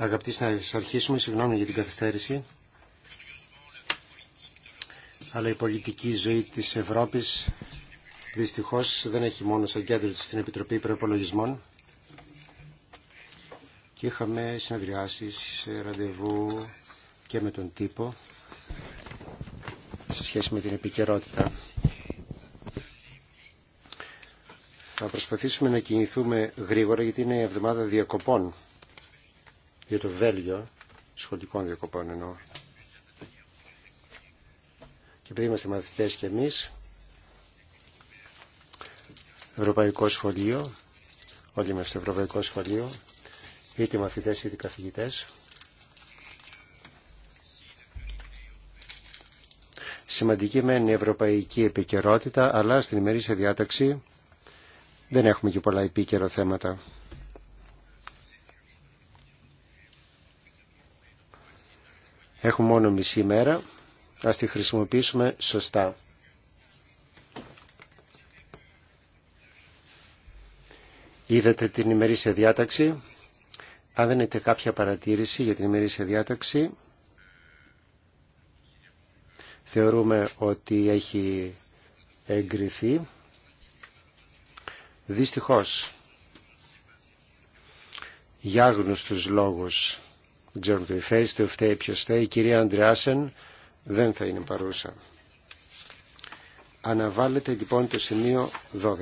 Αγαπητοί συνάδελφοι, Συγγνώμη για την καθυστέρηση. Αλλά η πολιτική ζωή τη Ευρώπη δυστυχώ δεν έχει μόνο σαν κέντρο τη την Επιτροπή Προπολογισμών. Και είχαμε συνεδριάσει, ραντεβού και με τον τύπο σε σχέση με την επικαιρότητα. Θα προσπαθήσουμε να κινηθούμε γρήγορα γιατί είναι η εβδομάδα διακοπών για το Βέλγιο, σχολικών διακοπών εννοώ. Και επειδή είμαστε μαθητές κι εμείς, Ευρωπαϊκό Σχολείο, όλοι είμαστε Ευρωπαϊκό Σχολείο, είτε μαθητές είτε καθηγητές. Σημαντική μενει η ευρωπαϊκή επικαιρότητα, αλλά στην ημερήσια διάταξη δεν έχουμε και πολλά επίκαιρο θέματα. Έχουμε μόνο μισή μέρα. Ας τη χρησιμοποιήσουμε σωστά. Είδατε την ημερήσια διάταξη. Αν δεν έχετε κάποια παρατήρηση για την ημερήσια διάταξη, θεωρούμε ότι έχει εγκριθεί. Δυστυχώς, για άγνωστους λόγους, δεν του το υφέρεις, το φταίει ποιος θέει, η κυρία Αντριάσεν δεν θα είναι παρούσα. Αναβάλλεται λοιπόν το σημείο 12.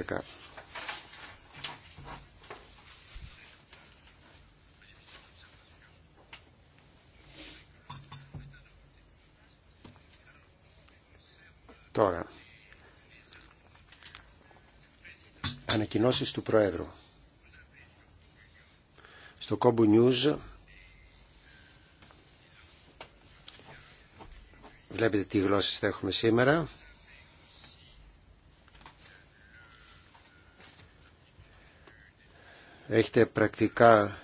Τώρα, Ανακοινώσεις του Προέδρου. Στο Κόμπου News βλέπετε τι γλώσσες θα έχουμε σήμερα. Έχετε πρακτικά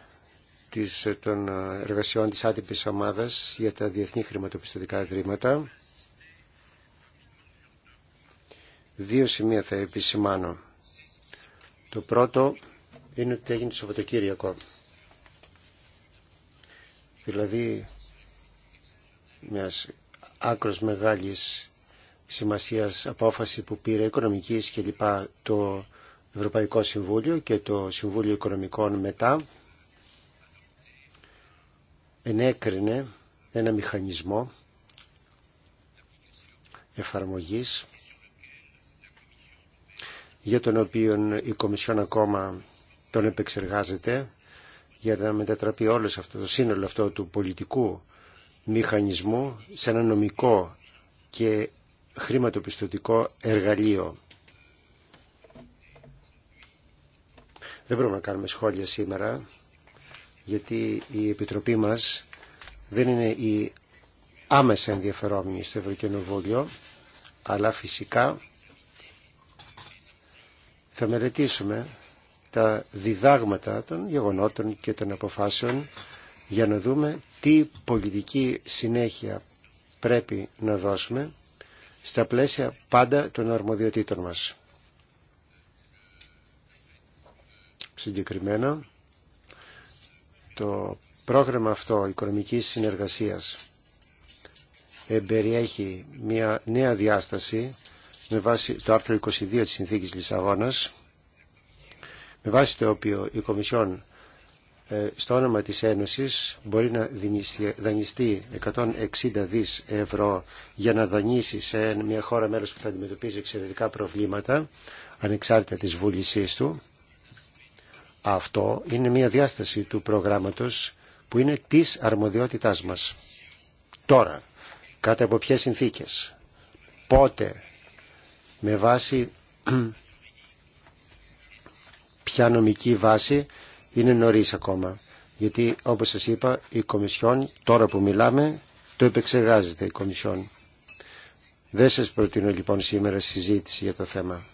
της, των εργασιών της άτυπης ομάδας για τα διεθνή χρηματοπιστωτικά ιδρύματα. Δύο σημεία θα επισημάνω. Το πρώτο είναι ότι έγινε το Σαββατοκύριακο. Δηλαδή μιας άκρος μεγάλης σημασίας απόφαση που πήρε οικονομικής και λοιπά το Ευρωπαϊκό Συμβούλιο και το Συμβούλιο Οικονομικών μετά ενέκρινε ένα μηχανισμό εφαρμογής για τον οποίο η Κομισιόν ακόμα τον επεξεργάζεται για να μετατραπεί όλο αυτό το σύνολο αυτό του πολιτικού μηχανισμού σε ένα νομικό και χρηματοπιστωτικό εργαλείο. Δεν μπορούμε να κάνουμε σχόλια σήμερα γιατί η Επιτροπή μας δεν είναι η άμεσα ενδιαφερόμενη στο Ευρωκοινοβούλιο αλλά φυσικά θα μελετήσουμε τα διδάγματα των γεγονότων και των αποφάσεων για να δούμε τι πολιτική συνέχεια πρέπει να δώσουμε στα πλαίσια πάντα των αρμοδιοτήτων μας. Συγκεκριμένα, το πρόγραμμα αυτό οικονομικής συνεργασίας εμπεριέχει μια νέα διάσταση με βάση το άρθρο 22 της Συνθήκης Λισαβόνας, με βάση το οποίο η Κομισιόν ε, στο όνομα της Ένωσης μπορεί να δανειστεί 160 δις ευρώ για να δανείσει σε μια χώρα μέλος που θα αντιμετωπίζει εξαιρετικά προβλήματα, ανεξάρτητα της βούλησής του. Αυτό είναι μια διάσταση του προγράμματος που είναι της αρμοδιότητάς μας. Τώρα, κατά από ποιες συνθήκες, πότε με βάση ποια νομική βάση είναι νωρίς ακόμα. Γιατί όπως σας είπα η Κομισιόν τώρα που μιλάμε το επεξεργάζεται η Κομισιόν. Δεν σας προτείνω λοιπόν σήμερα συζήτηση για το θέμα.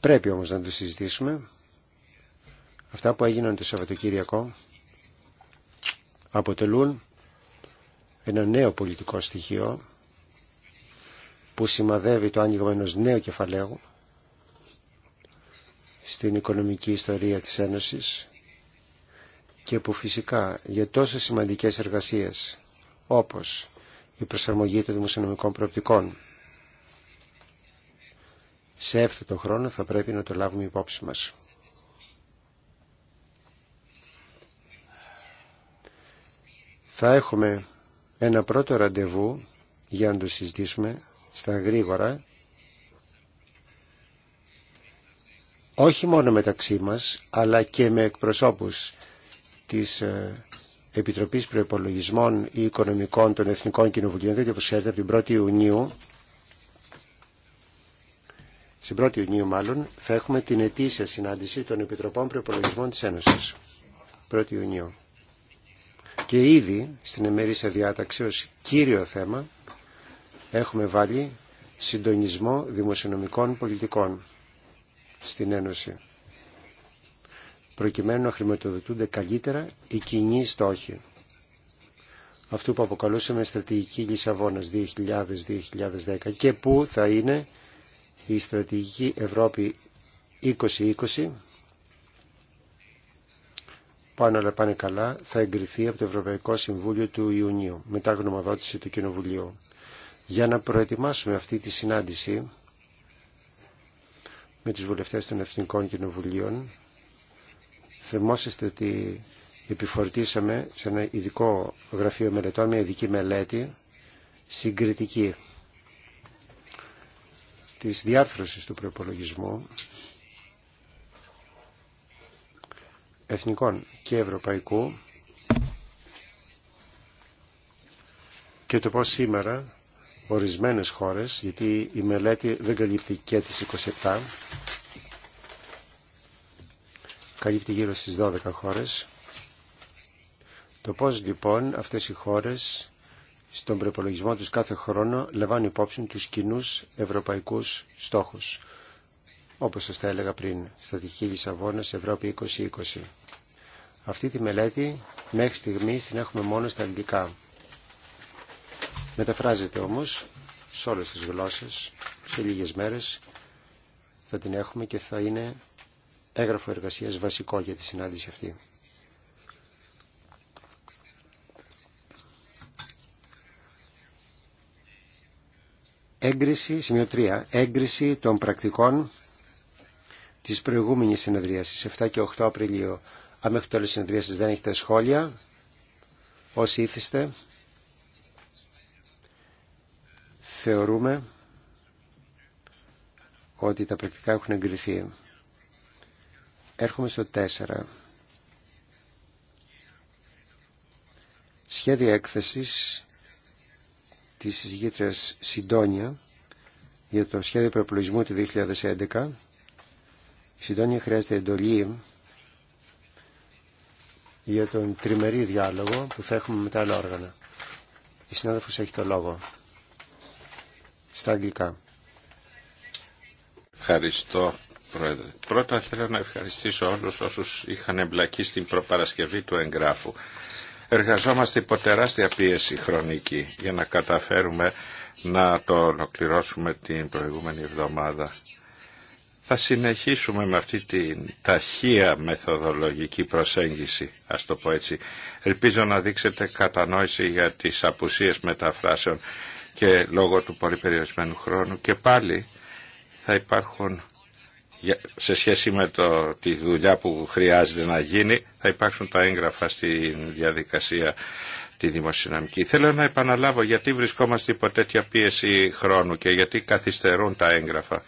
Πρέπει όμως να το συζητήσουμε. Αυτά που έγιναν το Σαββατοκύριακο αποτελούν ένα νέο πολιτικό στοιχείο που σημαδεύει το άνοιγμα ενός νέου κεφαλαίου στην οικονομική ιστορία της Ένωσης και που φυσικά για τόσες σημαντικές εργασίες όπως η προσαρμογή των δημοσιονομικών προοπτικών σε έφθετο χρόνο θα πρέπει να το λάβουμε υπόψη μας. Θα έχουμε ένα πρώτο ραντεβού για να το συζητήσουμε στα γρήγορα όχι μόνο μεταξύ μας αλλά και με εκπροσώπους της ε, Επιτροπής Προϋπολογισμών ή Οικονομικών των Εθνικών Κοινοβουλίων διότι όπως ξέρετε από την 1η Ιουνίου στην 1η Ιουνίου μάλλον θα έχουμε την ετήσια συνάντηση των Επιτροπών Προϋπολογισμών της Ένωσης 1η Ιουνίου και ήδη στην εμερήσια διάταξη ως κύριο θέμα έχουμε βάλει συντονισμό δημοσιονομικών πολιτικών στην Ένωση προκειμένου να χρηματοδοτούνται καλύτερα οι κοινοί στόχοι. Αυτού που αποκαλούσαμε στρατηγική Λισαβόνας 2000-2010 και που θα είναι η στρατηγική Ευρώπη 2020 πάνω όλα πάνε καλά, θα εγκριθεί από το Ευρωπαϊκό Συμβούλιο του Ιουνίου, μετά γνωμοδότηση του Κοινοβουλίου. Για να προετοιμάσουμε αυτή τη συνάντηση με τους βουλευτές των Εθνικών Κοινοβουλίων, θυμόσαστε ότι επιφορτήσαμε σε ένα ειδικό γραφείο μελετών μια ειδική μελέτη συγκριτική της διάρθρωσης του προπολογισμού εθνικών και ευρωπαϊκού και το πώς σήμερα ορισμένες χώρες, γιατί η μελέτη δεν καλύπτει και τις 27, καλύπτει γύρω στις 12 χώρες. Το πώς λοιπόν αυτές οι χώρες στον προπολογισμό τους κάθε χρόνο λαμβάνουν υπόψη τους κοινούς ευρωπαϊκούς στόχους όπως σας τα έλεγα πριν, στρατηγική σε Ευρώπη 2020. Αυτή τη μελέτη μέχρι στιγμής την έχουμε μόνο στα αγγλικά. Μεταφράζεται όμως σε όλες τις γλώσσες, σε λίγες μέρες θα την έχουμε και θα είναι έγγραφο εργασίας βασικό για τη συνάντηση αυτή. Έγκριση, σημείο 3, έγκριση των πρακτικών Τη προηγούμενη συνεδρίαση, 7 και 8 Απριλίου. Αν μέχρι το τέλο δεν έχετε σχόλια, όσοι ήθιστε, θεωρούμε ότι τα πρακτικά έχουν εγκριθεί. Έρχομαι στο 4. Σχέδιο έκθεσης της συζητήτρια Συντόνια για το σχέδιο προπολογισμού του 2011 Συντόνια χρειάζεται εντολή για τον τριμερή διάλογο που θα έχουμε με τα άλλα όργανα. Η συνάδελφος έχει το λόγο. Στα αγγλικά. Ευχαριστώ. Πρόεδρε. Πρώτα θέλω να ευχαριστήσω όλους όσους είχαν εμπλακεί στην προπαρασκευή του εγγράφου. Εργαζόμαστε υπό τεράστια πίεση χρονική για να καταφέρουμε να το ολοκληρώσουμε την προηγούμενη εβδομάδα. Θα συνεχίσουμε με αυτή την ταχεία μεθοδολογική προσέγγιση, ας το πω έτσι. Ελπίζω να δείξετε κατανόηση για τις απουσίες μεταφράσεων και λόγω του περιορισμένου χρόνου και πάλι θα υπάρχουν σε σχέση με τη δουλειά που χρειάζεται να γίνει θα υπάρξουν τα έγγραφα στη διαδικασία τη δημοσιονομική. Θέλω να επαναλάβω γιατί βρισκόμαστε υπό τέτοια πίεση χρόνου και γιατί καθυστερούν τα έγγραφα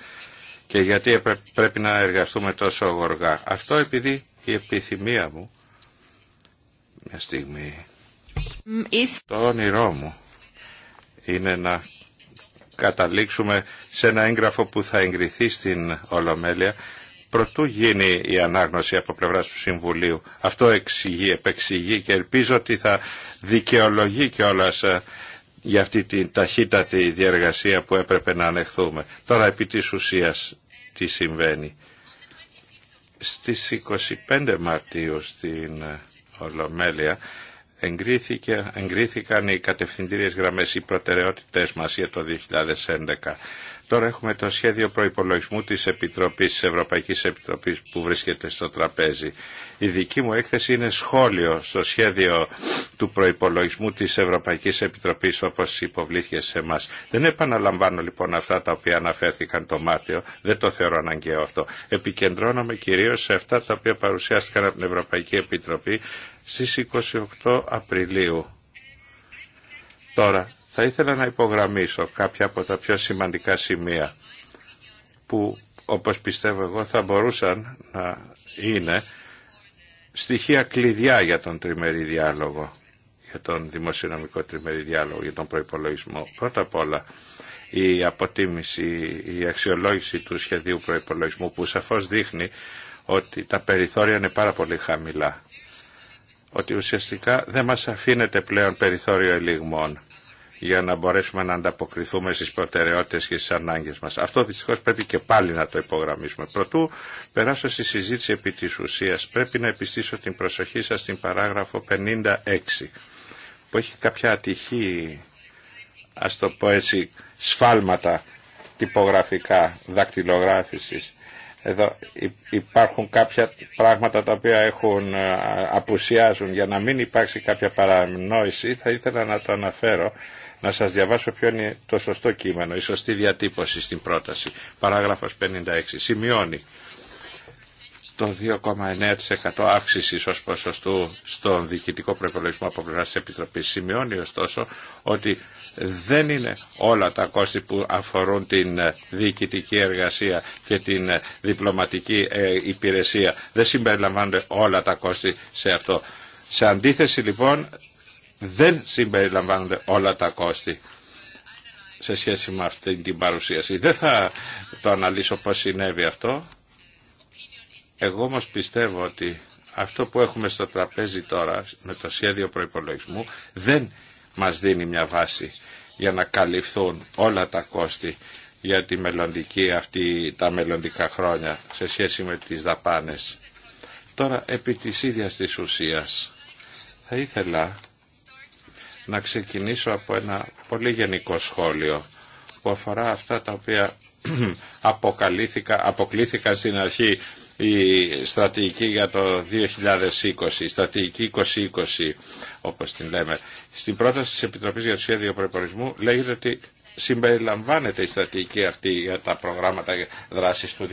και γιατί πρέπει να εργαστούμε τόσο γοργά. Αυτό επειδή η επιθυμία μου, μια στιγμή, το όνειρό μου είναι να καταλήξουμε σε ένα έγγραφο που θα εγκριθεί στην Ολομέλεια προτού γίνει η ανάγνωση από πλευρά του Συμβουλίου. Αυτό εξηγεί, επεξηγεί και ελπίζω ότι θα δικαιολογεί κιόλα ε, για αυτή την ταχύτατη διεργασία που έπρεπε να ανεχθούμε. Τώρα επί της ουσίας τι συμβαίνει. Στις 25 Μαρτίου στην ε, Ολομέλεια εγκρίθηκαν οι κατευθυντήριες γραμμές, οι προτεραιότητες μας για το 2011 Τώρα έχουμε το σχέδιο προϋπολογισμού της Επιτροπής, Ευρωπαϊκής Επιτροπής που βρίσκεται στο τραπέζι. Η δική μου έκθεση είναι σχόλιο στο σχέδιο του προϋπολογισμού της Ευρωπαϊκής Επιτροπής όπως υποβλήθηκε σε εμά. Δεν επαναλαμβάνω λοιπόν αυτά τα οποία αναφέρθηκαν το Μάρτιο, δεν το θεωρώ αναγκαίο αυτό. Επικεντρώνομαι κυρίως σε αυτά τα οποία παρουσιάστηκαν από την Ευρωπαϊκή Επιτροπή στις 28 Απριλίου. Τώρα, θα ήθελα να υπογραμμίσω κάποια από τα πιο σημαντικά σημεία που όπως πιστεύω εγώ θα μπορούσαν να είναι στοιχεία κλειδιά για τον τριμερή διάλογο, για τον δημοσιονομικό τριμερή διάλογο, για τον προϋπολογισμό. Πρώτα απ' όλα η αποτίμηση, η αξιολόγηση του σχεδίου προϋπολογισμού που σαφώς δείχνει ότι τα περιθώρια είναι πάρα πολύ χαμηλά. Ότι ουσιαστικά δεν μας αφήνεται πλέον περιθώριο ελιγμών για να μπορέσουμε να ανταποκριθούμε στις προτεραιότητες και στις ανάγκες μας. Αυτό δυστυχώς πρέπει και πάλι να το υπογραμμίσουμε. Πρωτού περάσω στη συζήτηση επί της ουσίας. Πρέπει να επιστήσω την προσοχή σας στην παράγραφο 56 που έχει κάποια ατυχή, ας το πω έτσι, σφάλματα τυπογραφικά δακτυλογράφησης. Εδώ υπάρχουν κάποια πράγματα τα οποία έχουν, ε, απουσιάζουν για να μην υπάρξει κάποια παρανόηση θα ήθελα να το αναφέρω να σας διαβάσω ποιο είναι το σωστό κείμενο, η σωστή διατύπωση στην πρόταση. Παράγραφος 56. Σημειώνει το 2,9% αύξησης ως ποσοστού στον διοικητικό προϋπολογισμό από πλευρά της Επιτροπής. Σημειώνει ωστόσο ότι δεν είναι όλα τα κόστη που αφορούν την διοικητική εργασία και την διπλωματική ε, υπηρεσία. Δεν συμπεριλαμβάνονται όλα τα κόστη σε αυτό. Σε αντίθεση λοιπόν δεν συμπεριλαμβάνονται όλα τα κόστη σε σχέση με αυτή την παρουσίαση. Δεν θα το αναλύσω πώς συνέβη αυτό. Εγώ όμω πιστεύω ότι αυτό που έχουμε στο τραπέζι τώρα με το σχέδιο προϋπολογισμού δεν μας δίνει μια βάση για να καλυφθούν όλα τα κόστη για τη μελλοντική αυτή, τα μελλοντικά χρόνια σε σχέση με τις δαπάνες. Τώρα επί της ίδιας της ουσίας θα ήθελα να ξεκινήσω από ένα πολύ γενικό σχόλιο που αφορά αυτά τα οποία αποκλήθηκα στην αρχή η στρατηγική για το 2020, η στρατηγική 2020 όπως την λέμε. Στην πρόταση της Επιτροπής για το Σχέδιο Προπορισμού λέγεται ότι συμπεριλαμβάνεται η στρατηγική αυτή για τα προγράμματα δράσης του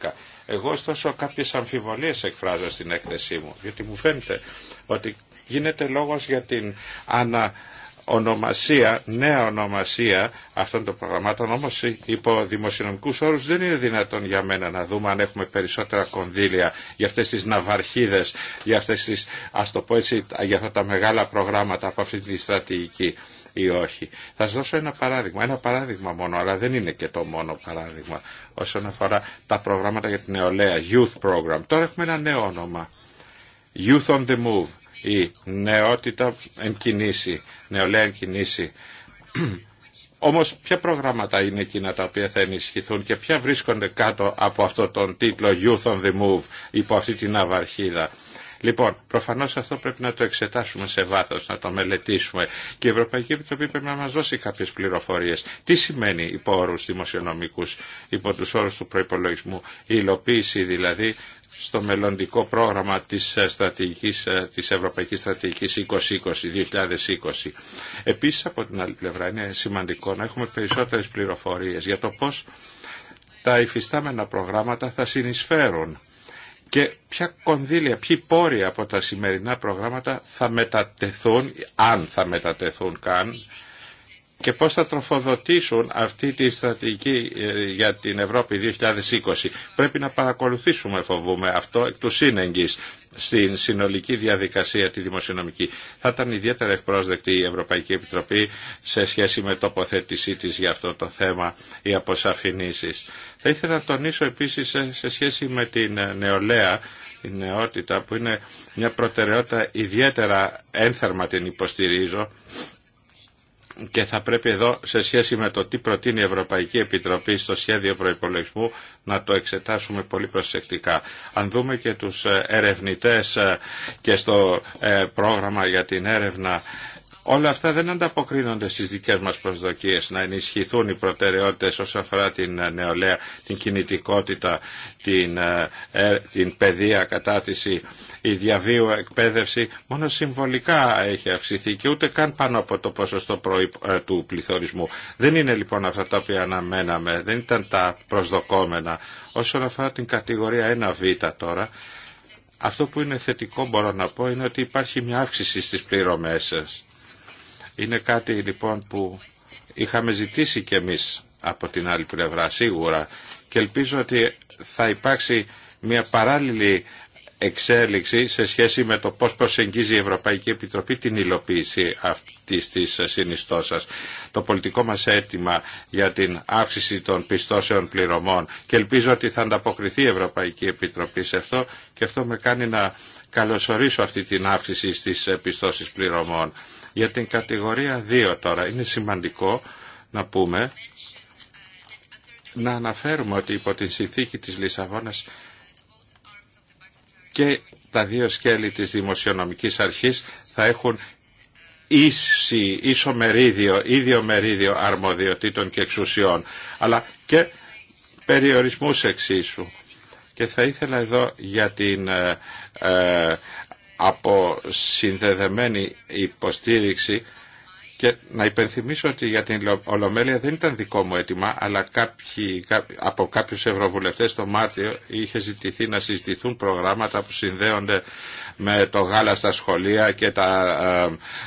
2011. Εγώ ωστόσο κάποιες αμφιβολίες εκφράζω στην έκθεσή μου, γιατί μου φαίνεται ότι γίνεται λόγος για την ανα ονομασία, νέα ονομασία αυτών των προγραμμάτων, όμως υπό δημοσιονομικούς όρους δεν είναι δυνατόν για μένα να δούμε αν έχουμε περισσότερα κονδύλια για αυτές τις ναυαρχίδες, για αυτές τις, ας το πω έτσι, για αυτά τα μεγάλα προγράμματα από αυτή τη στρατηγική ή όχι. Θα σας δώσω ένα παράδειγμα, ένα παράδειγμα μόνο, αλλά δεν είναι και το μόνο παράδειγμα όσον αφορά τα προγράμματα για την νεολαία, Youth Program. Τώρα έχουμε ένα νέο όνομα, Youth on the Move η νεότητα εμκινήσει, νεολαία εμκινήσει. Όμως ποια προγράμματα είναι εκείνα τα οποία θα ενισχυθούν και ποια βρίσκονται κάτω από αυτό τον τίτλο Youth on the Move υπό αυτή την αβαρχίδα. Λοιπόν, προφανώς αυτό πρέπει να το εξετάσουμε σε βάθος, να το μελετήσουμε. Και η Ευρωπαϊκή Επιτροπή πρέπει να μας δώσει κάποιες πληροφορίες. Τι σημαίνει υπό όρους δημοσιονομικού, υπό τους όρους του προϋπολογισμού, η υλοποίηση δηλαδή στο μελλοντικό πρόγραμμα της, ε, στρατηγικής, ε, της Ευρωπαϊκής Στρατηγικής 2020-2020. Επίσης από την άλλη πλευρά είναι σημαντικό να έχουμε περισσότερες πληροφορίες για το πώς τα υφιστάμενα προγράμματα θα συνεισφέρουν και ποια κονδύλια, ποιοι πόροι από τα σημερινά προγράμματα θα μετατεθούν, αν θα μετατεθούν καν, και πώς θα τροφοδοτήσουν αυτή τη στρατηγική ε, για την Ευρώπη 2020. Πρέπει να παρακολουθήσουμε φοβούμε αυτό εκ του σύνεγγυς στην συνολική διαδικασία τη δημοσιονομική. Θα ήταν ιδιαίτερα ευπρόσδεκτη η Ευρωπαϊκή Επιτροπή σε σχέση με τοποθέτησή της για αυτό το θέμα, ή αποσαφηνήσεις. Θα ήθελα να τονίσω επίσης ε, σε σχέση με την ε, νεολαία η νεότητα που είναι μια προτεραιότητα ιδιαίτερα ένθερμα την υποστηρίζω και θα πρέπει εδώ σε σχέση με το τι προτείνει η Ευρωπαϊκή Επιτροπή στο σχέδιο προϋπολογισμού να το εξετάσουμε πολύ προσεκτικά. Αν δούμε και τους ερευνητές ε, και στο ε, πρόγραμμα για την έρευνα Όλα αυτά δεν ανταποκρίνονται στις δικές μας προσδοκίες να ενισχυθούν οι προτεραιότητες όσον αφορά την ε, νεολαία, την κινητικότητα, την, ε, ε, την παιδεία, κατάρτιση, η διαβίου εκπαίδευση. Μόνο συμβολικά έχει αυξηθεί και ούτε καν πάνω από το ποσοστό του πληθωρισμού. Δεν είναι λοιπόν αυτά τα οποία αναμέναμε, δεν ήταν τα προσδοκόμενα. Όσον αφορά την κατηγορία 1β τώρα, αυτό που είναι θετικό μπορώ να πω είναι ότι υπάρχει μια αύξηση στις πληρωμές σας είναι κάτι λοιπόν που είχαμε ζητήσει κι εμείς από την άλλη πλευρά σίγουρα και ελπίζω ότι θα υπάρξει μια παράλληλη εξέλιξη σε σχέση με το πώς προσεγγίζει η Ευρωπαϊκή Επιτροπή την υλοποίηση αυτής της συνιστώσας. Το πολιτικό μας αίτημα για την αύξηση των πιστώσεων πληρωμών και ελπίζω ότι θα ανταποκριθεί η Ευρωπαϊκή Επιτροπή σε αυτό και αυτό με κάνει να καλωσορίσω αυτή την αύξηση στις πιστώσεις πληρωμών. Για την κατηγορία 2 τώρα είναι σημαντικό να πούμε να αναφέρουμε ότι υπό την συνθήκη της Λισαβόνας και τα δύο σκέλη της δημοσιονομικής αρχής θα έχουν ίση, ίσο μερίδιο, ίδιο μερίδιο αρμοδιοτήτων και εξουσιών, αλλά και περιορισμούς εξίσου. Και θα ήθελα εδώ για την ε, ε, από συνδεδεμένη υποστήριξη και να υπενθυμίσω ότι για την Ολομέλεια δεν ήταν δικό μου αίτημα, αλλά από κάποιους ευρωβουλευτές το Μάρτιο είχε ζητηθεί να συζητηθούν προγράμματα που συνδέονται με το γάλα στα σχολεία και τα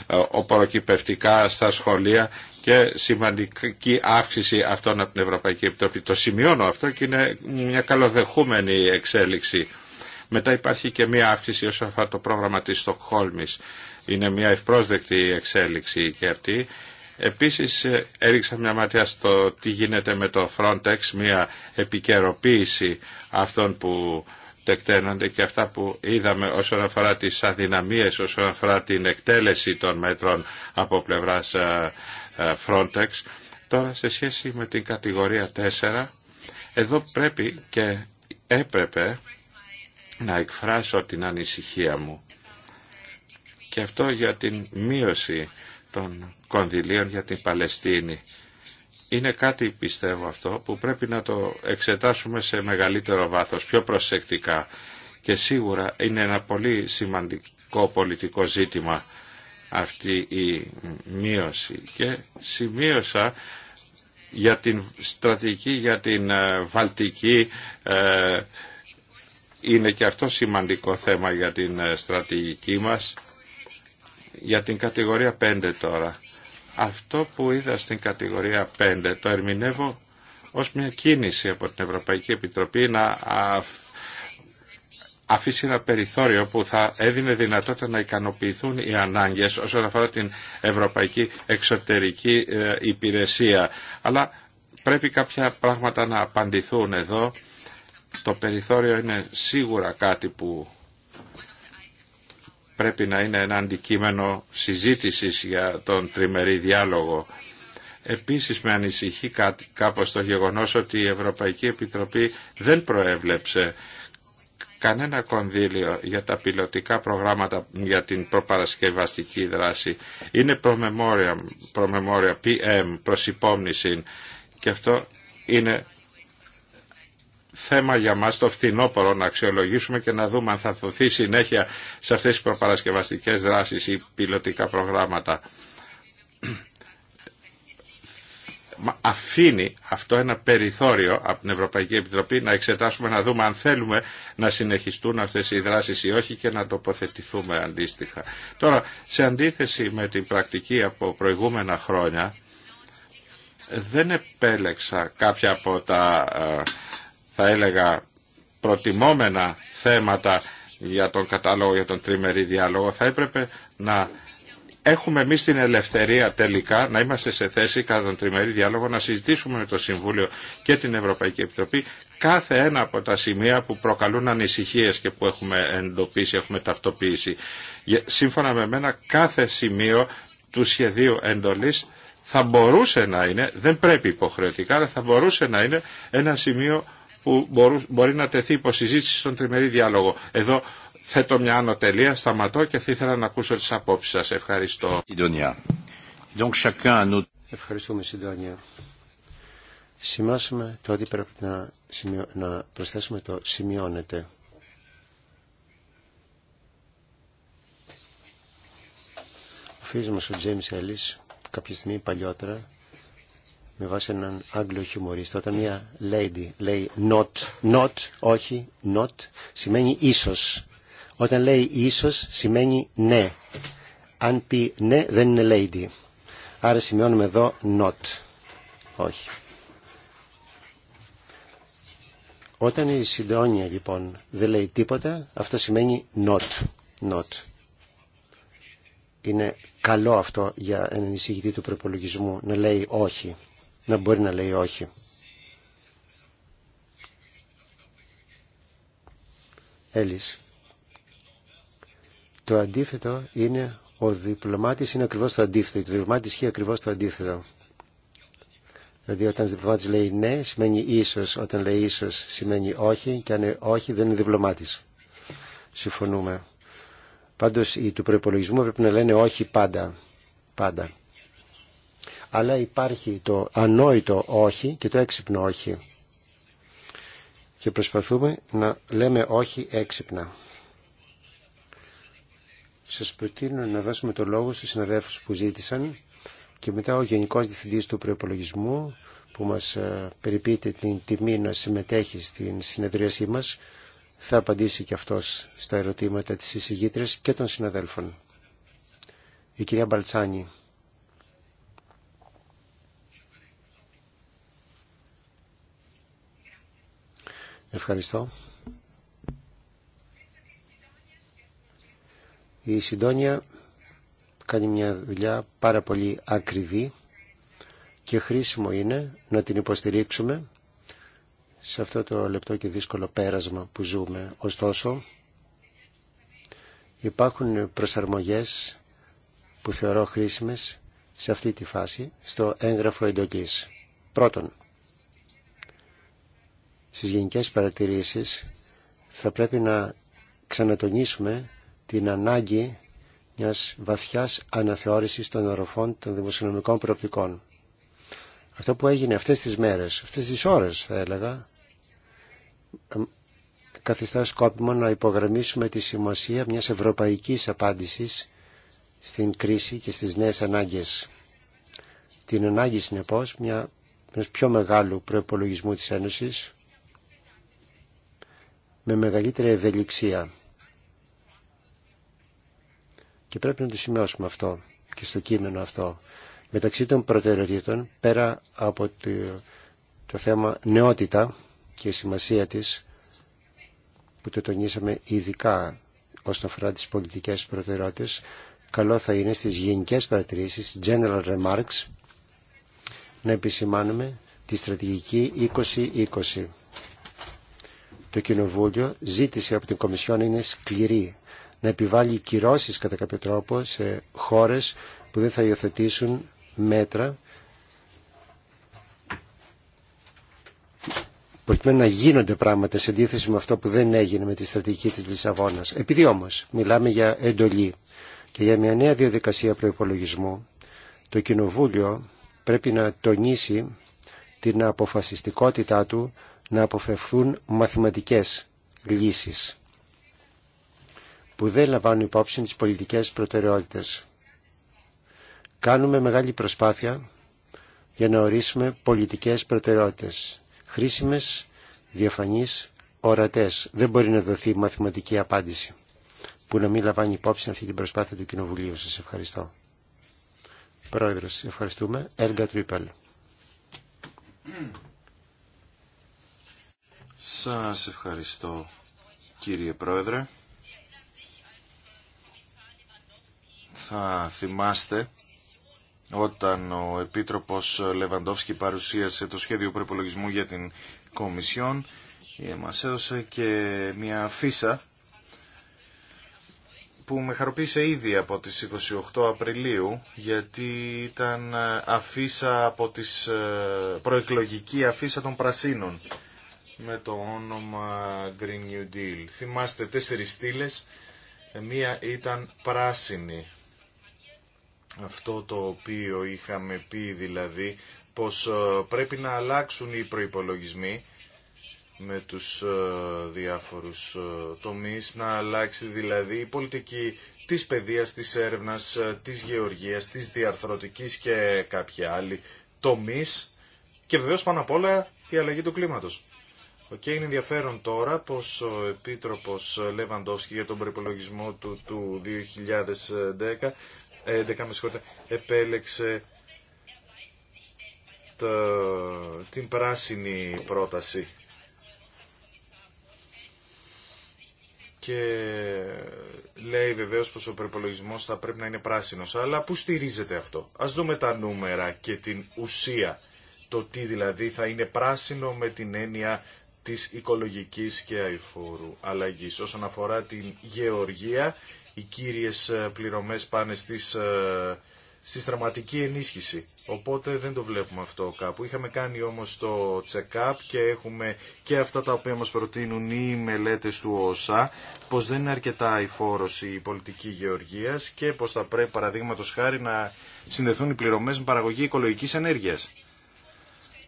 ε, ε, οποροκυπευτικά στα σχολεία και σημαντική αύξηση αυτών από την Ευρωπαϊκή Επιτροπή. Το σημειώνω αυτό και είναι μια καλοδεχούμενη εξέλιξη. Μετά υπάρχει και μία αύξηση όσον αφορά το πρόγραμμα της Στοκχόλμης. Είναι μία ευπρόσδεκτη εξέλιξη και αυτή. Επίσης ε, έριξα μια ματιά στο τι γίνεται με το Frontex, μια επικαιροποίηση αυτών που τεκταίνονται και αυτά που είδαμε όσον αφορά τις αδυναμίες, όσον αφορά την εκτέλεση των μέτρων από πλευράς ε, ε, Frontex. Τώρα σε σχέση με την κατηγορία 4, εδώ πρέπει και έπρεπε να εκφράσω την ανησυχία μου. Και αυτό για την μείωση των κονδυλίων για την Παλαιστίνη. Είναι κάτι, πιστεύω αυτό, που πρέπει να το εξετάσουμε σε μεγαλύτερο βάθος, πιο προσεκτικά. Και σίγουρα είναι ένα πολύ σημαντικό πολιτικό ζήτημα αυτή η μείωση. Και σημείωσα για την στρατηγική, για την ε, Βαλτική, ε, είναι και αυτό σημαντικό θέμα για την ε, στρατηγική μας. Για την κατηγορία 5 τώρα. Αυτό που είδα στην κατηγορία 5 το ερμηνεύω ως μια κίνηση από την Ευρωπαϊκή Επιτροπή να αφήσει ένα περιθώριο που θα έδινε δυνατότητα να ικανοποιηθούν οι ανάγκες όσον αφορά την ευρωπαϊκή εξωτερική ε, υπηρεσία. Αλλά πρέπει κάποια πράγματα να απαντηθούν εδώ το περιθώριο είναι σίγουρα κάτι που πρέπει να είναι ένα αντικείμενο συζήτησης για τον τριμερή διάλογο. Επίσης με ανησυχεί κάπως το γεγονός ότι η Ευρωπαϊκή Επιτροπή δεν προέβλεψε κανένα κονδύλιο για τα πιλωτικά προγράμματα για την προπαρασκευαστική δράση. Είναι προμεμόρια, προμεμόρια PM, προσυπόμνηση και αυτό είναι θέμα για μας το φθινόπωρο να αξιολογήσουμε και να δούμε αν θα δοθεί συνέχεια σε αυτές τις προπαρασκευαστικές δράσεις ή πιλωτικά προγράμματα. Αφήνει αυτό ένα περιθώριο από την Ευρωπαϊκή Επιτροπή να εξετάσουμε, να δούμε αν θέλουμε να συνεχιστούν αυτές οι δράσεις ή όχι και να τοποθετηθούμε αντίστοιχα. Τώρα, σε αντίθεση με την πρακτική από προηγούμενα χρόνια, δεν επέλεξα κάποια από τα ε, θα έλεγα προτιμόμενα θέματα για τον κατάλογο, για τον τριμερή διάλογο, θα έπρεπε να έχουμε εμεί την ελευθερία τελικά να είμαστε σε θέση κατά τον τριμερή διάλογο να συζητήσουμε με το Συμβούλιο και την Ευρωπαϊκή Επιτροπή κάθε ένα από τα σημεία που προκαλούν ανησυχίες και που έχουμε εντοπίσει, έχουμε ταυτοποιήσει. Σύμφωνα με μένα κάθε σημείο του σχεδίου εντολής θα μπορούσε να είναι, δεν πρέπει υποχρεωτικά, αλλά θα μπορούσε να είναι ένα σημείο που μπορεί να τεθεί υποσυζήτηση στον τριμερή διάλογο. Εδώ θέτω μια άνω σταματώ και θα ήθελα να ακούσω τις απόψεις σας. Ευχαριστώ. Ευχαριστούμε Συντόνια. Σημειώσουμε το ότι πρέπει να, προσθέσουμε το σημειώνεται. Ο φίλος μας ο Τζέιμς Έλλης κάποια στιγμή παλιότερα με βάση έναν Άγγλο χιουμορίστα. Όταν μια lady λέει not, not, όχι, not, σημαίνει ίσως. Όταν λέει ίσως σημαίνει ναι. Αν πει ναι δεν είναι lady. Άρα σημειώνουμε εδώ not, όχι. Όταν η συντονία λοιπόν δεν λέει τίποτα, αυτό σημαίνει not, not. Είναι καλό αυτό για έναν εισηγητή του προπολογισμού να λέει όχι να μπορεί να λέει όχι. Έλλης. Το αντίθετο είναι ο διπλωμάτης είναι ακριβώς το αντίθετο. Το διπλωμάτης ισχύει ακριβώς το αντίθετο. Δηλαδή όταν ο διπλωμάτης λέει ναι σημαίνει ίσως, όταν λέει ίσως σημαίνει όχι και αν είναι όχι δεν είναι διπλωμάτης. Συμφωνούμε. Πάντως οι του προπολογισμού πρέπει να λένε όχι πάντα. Πάντα αλλά υπάρχει το ανόητο όχι και το έξυπνο όχι. Και προσπαθούμε να λέμε όχι έξυπνα. Σας προτείνω να δώσουμε το λόγο στους συναδέλφους που ζήτησαν και μετά ο Γενικός Διευθυντής του Προϋπολογισμού που μας ε, περιπείται την τιμή να συμμετέχει στην συνεδρίασή μας θα απαντήσει και αυτός στα ερωτήματα της εισηγήτρες και των συναδέλφων. Η κυρία Μπαλτσάνη. Ευχαριστώ. Η Συντόνια κάνει μια δουλειά πάρα πολύ ακριβή και χρήσιμο είναι να την υποστηρίξουμε σε αυτό το λεπτό και δύσκολο πέρασμα που ζούμε. Ωστόσο, υπάρχουν προσαρμογές που θεωρώ χρήσιμες σε αυτή τη φάση στο έγγραφο εντοκής. Πρώτον, στις γενικές παρατηρήσεις θα πρέπει να ξανατονίσουμε την ανάγκη μιας βαθιάς αναθεώρησης των οροφών των δημοσιονομικών προοπτικών. Αυτό που έγινε αυτές τις μέρες, αυτές τις ώρες θα έλεγα, καθιστά σκόπιμο να υπογραμμίσουμε τη σημασία μιας ευρωπαϊκής απάντησης στην κρίση και στις νέες ανάγκες. Την ανάγκη συνεπώς μια, πιο μεγάλου προπολογισμού της Ένωσης με μεγαλύτερη ευελιξία. Και πρέπει να το σημειώσουμε αυτό και στο κείμενο αυτό. Μεταξύ των προτεραιοτήτων, πέρα από το, θέμα νεότητα και σημασία της, που το τονίσαμε ειδικά όσον αφορά τις πολιτικές προτεραιότητες, καλό θα είναι στις γενικές παρατηρήσεις, general remarks, να επισημάνουμε τη στρατηγική 2020 το Κοινοβούλιο ζήτησε από την Κομισιόν να είναι σκληρή, να επιβάλλει κυρώσεις κατά κάποιο τρόπο σε χώρες που δεν θα υιοθετήσουν μέτρα προκειμένου να γίνονται πράγματα σε αντίθεση με αυτό που δεν έγινε με τη στρατηγική της Λισαβόνας. Επειδή όμως μιλάμε για εντολή και για μια νέα διαδικασία προϋπολογισμού, το Κοινοβούλιο πρέπει να τονίσει την αποφασιστικότητά του να αποφευθούν μαθηματικές λύσεις που δεν λαμβάνουν υπόψη τις πολιτικές προτεραιότητες. Κάνουμε μεγάλη προσπάθεια για να ορίσουμε πολιτικές προτεραιότητες, χρήσιμες, διαφανείς, ορατές. Δεν μπορεί να δοθεί μαθηματική απάντηση που να μην λαμβάνει υπόψη αυτή την προσπάθεια του Κοινοβουλίου. Σας ευχαριστώ. Πρόεδρος, ευχαριστούμε. Έργα σας ευχαριστώ κύριε Πρόεδρε. Θα θυμάστε όταν ο Επίτροπος Λεβαντόφσκι παρουσίασε το σχέδιο προπολογισμού για την Κομισιόν μα έδωσε και μια αφίσα που με χαροποίησε ήδη από τις 28 Απριλίου γιατί ήταν αφίσα από τις ε, προεκλογική αφίσα των Πρασίνων με το όνομα Green New Deal. Θυμάστε τέσσερις στήλε, μία ήταν πράσινη. Αυτό το οποίο είχαμε πει δηλαδή πως ε, πρέπει να αλλάξουν οι προϋπολογισμοί με τους ε, διάφορους ε, τομείς, να αλλάξει δηλαδή η πολιτική της παιδείας, της έρευνας, της γεωργίας, της διαρθρωτικής και κάποια άλλη τομείς και βεβαίως πάνω απ' όλα η αλλαγή του κλίματος. Και είναι ενδιαφέρον τώρα πως ο Επίτροπος Λεβαντόφσκι για τον προπολογισμό του, του 2010 11, ε, επέλεξε την πράσινη πρόταση. Και λέει βεβαίως πως ο προπολογισμό θα πρέπει να είναι πράσινος. Αλλά πού στηρίζεται αυτό. Ας δούμε τα νούμερα και την ουσία. Το τι δηλαδή θα είναι πράσινο με την έννοια της οικολογικής και αηφόρου αλλαγής. Όσον αφορά την γεωργία, οι κύριες ε, πληρωμές πάνε στις, ε, στη στραματική ενίσχυση. Οπότε δεν το βλέπουμε αυτό κάπου. Είχαμε κάνει όμως το check-up και έχουμε και αυτά τα οποία μας προτείνουν οι μελέτες του ΩΣΑ, πως δεν είναι αρκετά η η πολιτική γεωργίας και πως θα πρέπει παραδείγματος χάρη να συνδεθούν οι πληρωμές με παραγωγή οικολογικής ενέργειας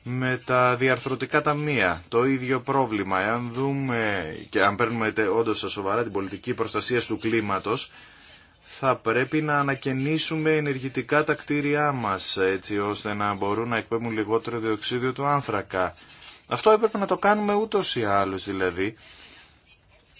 με τα διαρθρωτικά ταμεία. Το ίδιο πρόβλημα. Εάν δούμε και αν παίρνουμε όντω στα σοβαρά την πολιτική προστασία του κλίματο, θα πρέπει να ανακαινήσουμε ενεργητικά τα κτίρια μα, έτσι ώστε να μπορούν να εκπέμπουν λιγότερο διοξίδιο του άνθρακα. Αυτό έπρεπε να το κάνουμε ούτω ή άλλω δηλαδή,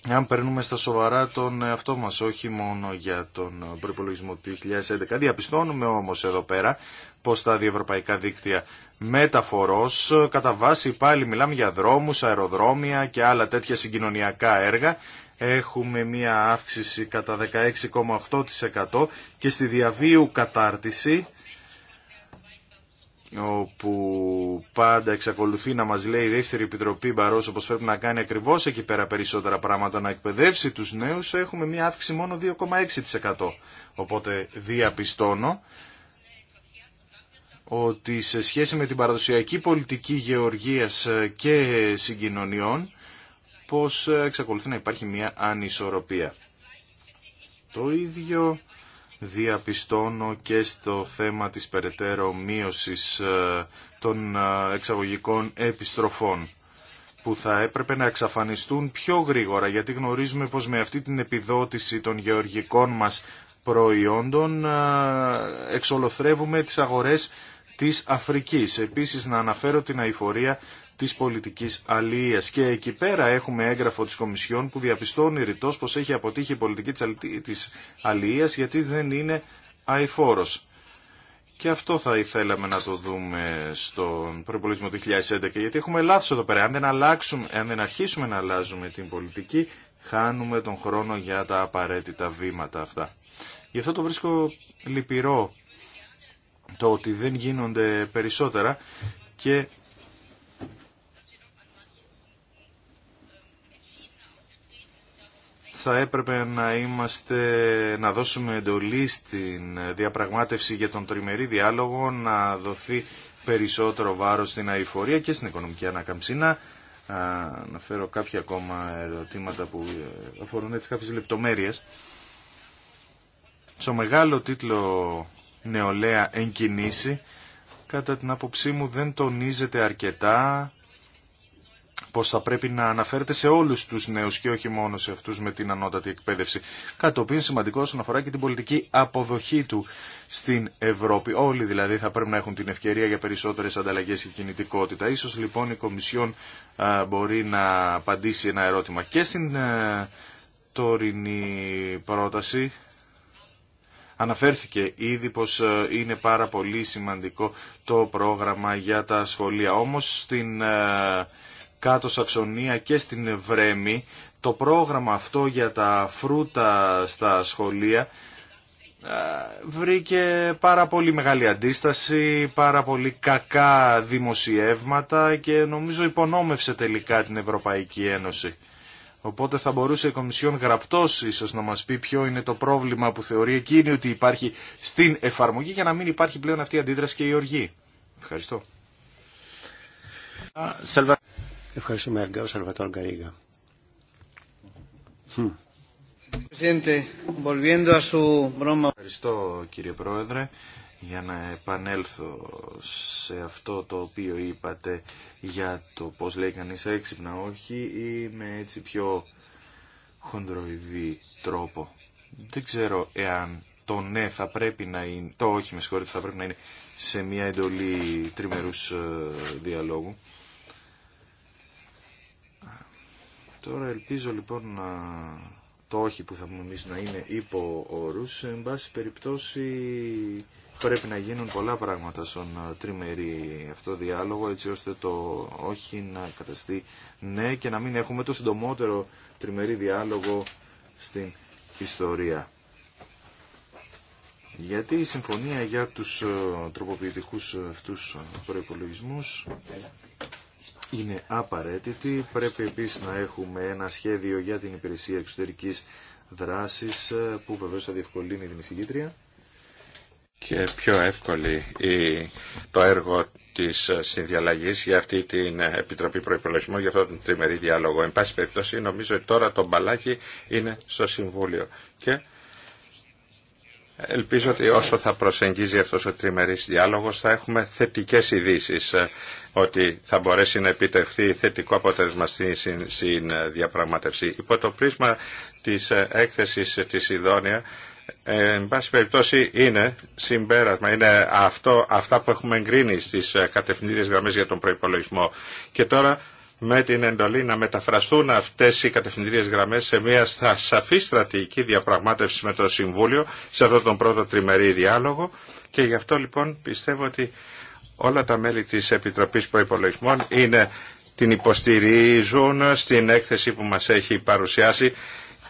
αν παίρνουμε στα σοβαρά τον εαυτό μα, όχι μόνο για τον προπολογισμό του 2011. Διαπιστώνουμε όμω εδώ πέρα πω τα διευρωπαϊκά δίκτυα μεταφορός, κατά βάση πάλι μιλάμε για δρόμους, αεροδρόμια και άλλα τέτοια συγκοινωνιακά έργα. Έχουμε μία αύξηση κατά 16,8% και στη διαβίου κατάρτιση όπου πάντα εξακολουθεί να μας λέει η δεύτερη επιτροπή Μπαρός όπως πρέπει να κάνει ακριβώς εκεί πέρα περισσότερα πράγματα να εκπαιδεύσει τους νέους έχουμε μια αύξηση μόνο 2,6% οπότε διαπιστώνω ότι σε σχέση με την παραδοσιακή πολιτική γεωργίας και συγκοινωνιών πως εξακολουθεί να υπάρχει μια ανισορροπία. Το ίδιο διαπιστώνω και στο θέμα της περαιτέρω μείωσης ε, των ε, εξαγωγικών επιστροφών που θα έπρεπε να εξαφανιστούν πιο γρήγορα γιατί γνωρίζουμε πως με αυτή την επιδότηση των γεωργικών μας προϊόντων ε, εξολοθρεύουμε τις αγορές της Αφρικής. Επίσης να αναφέρω την αηφορία της πολιτικής αλληλείας. Και εκεί πέρα έχουμε έγγραφο της Κομισιόν που διαπιστώνει ρητός πως έχει αποτύχει η πολιτική της αλληλείας γιατί δεν είναι αηφόρος. Και αυτό θα ήθελαμε να το δούμε στον προπολογισμό του 2011, γιατί έχουμε λάθος εδώ πέρα. Αν δεν, αλλάξουμε, αν δεν αρχίσουμε να αλλάζουμε την πολιτική, χάνουμε τον χρόνο για τα απαραίτητα βήματα αυτά. Γι' αυτό το βρίσκω λυπηρό το ότι δεν γίνονται περισσότερα και θα έπρεπε να, είμαστε, να δώσουμε εντολή στην διαπραγμάτευση για τον τριμερή διάλογο, να δοθεί περισσότερο βάρος στην αηφορία και στην οικονομική ανακαμψή. Να φέρω κάποια ακόμα ερωτήματα που ε, αφορούν έτσι κάποιες λεπτομέρειες. Στο μεγάλο τίτλο νεολαία εγκινήσει, κατά την άποψή μου δεν τονίζεται αρκετά πως θα πρέπει να αναφέρεται σε όλους τους νέους και όχι μόνο σε αυτούς με την ανώτατη εκπαίδευση. Κάτι το οποίο είναι σημαντικό όσον αφορά και την πολιτική αποδοχή του στην Ευρώπη. Όλοι δηλαδή θα πρέπει να έχουν την ευκαιρία για περισσότερες ανταλλαγές και κινητικότητα. Ίσως λοιπόν η Κομισιόν μπορεί να απαντήσει ένα ερώτημα και στην ε, τωρινή πρόταση Αναφέρθηκε ήδη πως ε, είναι πάρα πολύ σημαντικό το πρόγραμμα για τα σχολεία. Όμως στην ε, κάτω Σαξονία και στην Βρέμη το πρόγραμμα αυτό για τα φρούτα στα σχολεία ε, βρήκε πάρα πολύ μεγάλη αντίσταση, πάρα πολύ κακά δημοσιεύματα και νομίζω υπονόμευσε τελικά την Ευρωπαϊκή Ένωση. Οπότε θα μπορούσε η Κομισιόν γραπτός ίσως να μα πει ποιο είναι το πρόβλημα που θεωρεί εκείνη ότι υπάρχει στην εφαρμογή για να μην υπάρχει πλέον αυτή η αντίδραση και η οργή. Ευχαριστώ. Ευχαριστούμε Σαλβατόρ Γκαρίγα. Ευχαριστώ κύριε Πρόεδρε για να επανέλθω σε αυτό το οποίο είπατε για το πώς λέει κανείς έξυπνα όχι ή με έτσι πιο χοντροειδή τρόπο. Δεν ξέρω εάν το ναι θα πρέπει να είναι, το όχι με συγχωρείτε θα πρέπει να είναι σε μια εντολή τριμερούς ε, διαλόγου. Τώρα ελπίζω λοιπόν να το όχι που θα πούμε εμείς να είναι υπό όρους. Εν πάση περιπτώσει πρέπει να γίνουν πολλά πράγματα στον ε, τριμερή αυτό διάλογο έτσι ώστε το όχι να καταστεί ναι και να μην έχουμε το συντομότερο τριμερή διάλογο στην ιστορία. Γιατί η συμφωνία για τους ε, τροποποιητικούς ε, αυτούς προϋπολογισμούς είναι απαραίτητη. Πρέπει επίσης να έχουμε ένα σχέδιο για την υπηρεσία εξωτερικής δράσης που βεβαίως θα διευκολύνει την εισηγήτρια και πιο εύκολη το έργο της συνδιαλλαγής για αυτή την Επιτροπή Προϋπολογισμού, για αυτόν τον τριμερή διάλογο. Εν πάση περιπτώσει νομίζω ότι τώρα το μπαλάκι είναι στο Συμβούλιο και ελπίζω ότι όσο θα προσεγγίζει αυτός ο τριμερής διάλογος θα έχουμε θετικές ειδήσει ε, ότι θα μπορέσει να επιτευχθεί θετικό αποτέλεσμα στην, διαπραγματευσή. Υπό το πρίσμα της ε, έκθεσης της Ιδόνια εν πάση περιπτώσει είναι συμπέρασμα, είναι αυτό, αυτά που έχουμε εγκρίνει στις ε, κατευθυντήριες γραμμές για τον προϋπολογισμό. Και τώρα με την εντολή να μεταφραστούν αυτές οι κατευθυντήριες γραμμές σε μια σαφή στρατηγική διαπραγμάτευση με το Συμβούλιο σε αυτόν τον πρώτο τριμερή διάλογο και γι' αυτό λοιπόν πιστεύω ότι όλα τα μέλη της Επιτροπής Προϋπολογισμών είναι την υποστηρίζουν στην έκθεση που μας έχει παρουσιάσει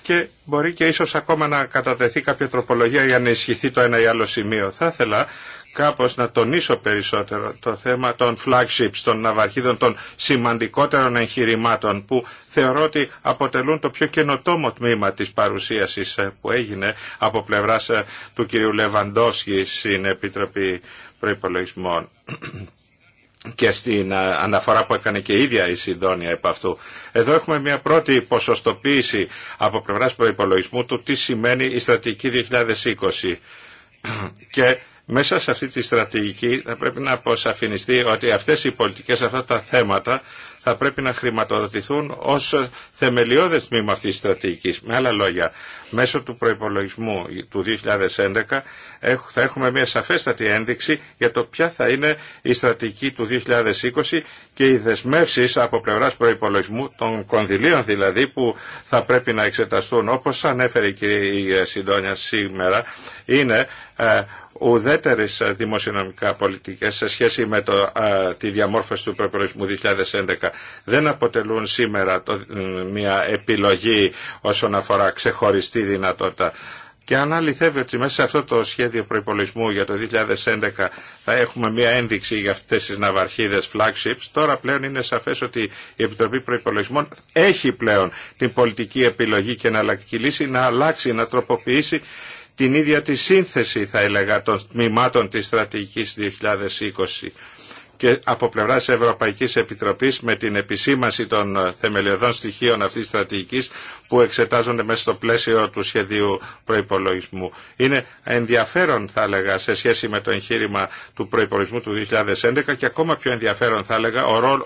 και μπορεί και ίσως ακόμα να κατατεθεί κάποια τροπολογία για να ισχυθεί το ένα ή άλλο σημείο. Θα ήθελα κάπως να τονίσω περισσότερο το θέμα των flagships, των ναυαρχίδων, των σημαντικότερων εγχειρημάτων που θεωρώ ότι αποτελούν το πιο καινοτόμο τμήμα της παρουσίασης ε, που έγινε από πλευράς ε, του κυρίου Λεβαντόσκη στην Επιτροπή Προϋπολογισμών και στην ε, αναφορά που έκανε και η ίδια η Συνδόνια επ' αυτού. Εδώ έχουμε μια πρώτη ποσοστοποίηση από πλευράς προϋπολογισμού του τι σημαίνει η στρατηγική 2020 και μέσα σε αυτή τη στρατηγική θα πρέπει να αποσαφινιστεί ότι αυτές οι πολιτικές, αυτά τα θέματα θα πρέπει να χρηματοδοτηθούν ως θεμελιώδες τμήμα αυτής της στρατηγικής. Με άλλα λόγια, μέσω του προϋπολογισμού του 2011 θα έχουμε μια σαφέστατη ένδειξη για το ποια θα είναι η στρατηγική του 2020 και οι δεσμεύσεις από πλευράς προϋπολογισμού των κονδυλίων δηλαδή που θα πρέπει να εξεταστούν όπως ανέφερε η κυρία Συντόνια σήμερα είναι ε, ουδέτερες δημοσιονομικά πολιτικές σε σχέση με το, τη διαμόρφωση του προπολογισμού 2011 δεν αποτελούν σήμερα μια επιλογή όσον αφορά ξεχωριστή δυνατότητα. Και αν αληθεύει ότι μέσα σε αυτό το σχέδιο προϋπολογισμού για το 2011 θα έχουμε μια ένδειξη για αυτές τις ναυαρχίδες flagships, τώρα πλέον είναι σαφές ότι η Επιτροπή Προϋπολογισμών έχει πλέον την πολιτική επιλογή και εναλλακτική λύση να αλλάξει, να τροποποιήσει την ίδια τη σύνθεση θα έλεγα των τμήματων της στρατηγικής 2020 και από πλευρά Ευρωπαϊκής Επιτροπής με την επισήμανση των θεμελιωδών στοιχείων αυτής της στρατηγικής που εξετάζονται μέσα στο πλαίσιο του σχεδίου προϋπολογισμού. Είναι ενδιαφέρον, θα έλεγα, σε σχέση με το εγχείρημα του προϋπολογισμού του 2011 και ακόμα πιο ενδιαφέρον, θα έλεγα, ο, ρόλ,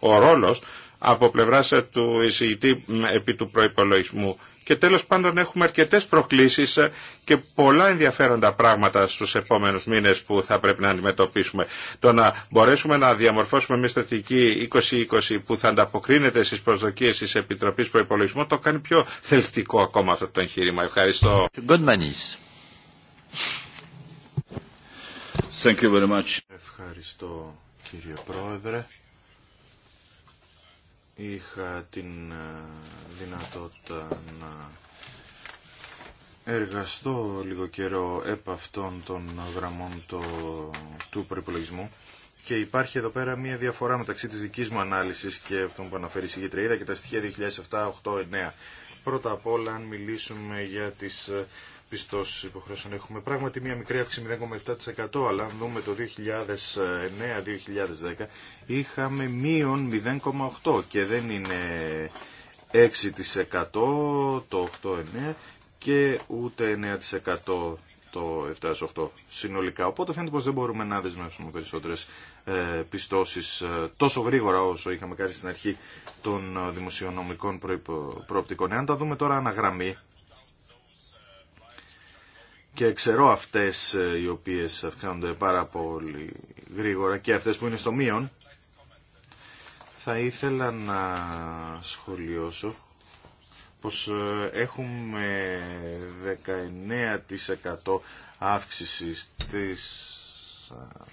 ρόλος από πλευρά του εισηγητή επί του προπολογισμού και τέλος πάντων έχουμε αρκετές προκλήσεις ε, και πολλά ενδιαφέροντα πράγματα στους επόμενους μήνες που θα πρέπει να αντιμετωπίσουμε. Το να μπορέσουμε να διαμορφώσουμε μια στρατηγική 2020 που θα ανταποκρίνεται στις προσδοκίες της Επιτροπής Προϋπολογισμού το κάνει πιο θελκτικό ακόμα αυτό το εγχείρημα. Ευχαριστώ. Ευχαριστώ κύριε Πρόεδρε είχα την ε, δυνατότητα να εργαστώ λίγο καιρό επ' αυτών των γραμμών το, του προπολογισμού. Και υπάρχει εδώ πέρα μια διαφορά μεταξύ της δικής μου ανάλυσης και αυτών που αναφέρει η Συγγετρία και τα στοιχεία 2007, 2008, 2009. Πρώτα απ' όλα, αν μιλήσουμε για τις ε, πιστώσεις υποχρεώσεων. Έχουμε πράγματι μία μικρή αύξηση 0,7%, αλλά αν δούμε το 2009-2010 είχαμε μείον 0,8% και δεν είναι 6% το 8-9% και ούτε 9% το 7-8 συνολικά. Οπότε φαίνεται πως δεν μπορούμε να δεσμεύσουμε περισσότερες ε, πιστώσεις ε, τόσο γρήγορα όσο είχαμε κάνει στην αρχή των δημοσιονομικών προοπτικών. Εάν τα δούμε τώρα αναγραμμή, και ξέρω αυτές ε, οι οποίες αυξάνονται πάρα πολύ γρήγορα και αυτές που είναι στο μείον, θα ήθελα να σχολιώσω πως ε, έχουμε 19% αύξηση στις, ε,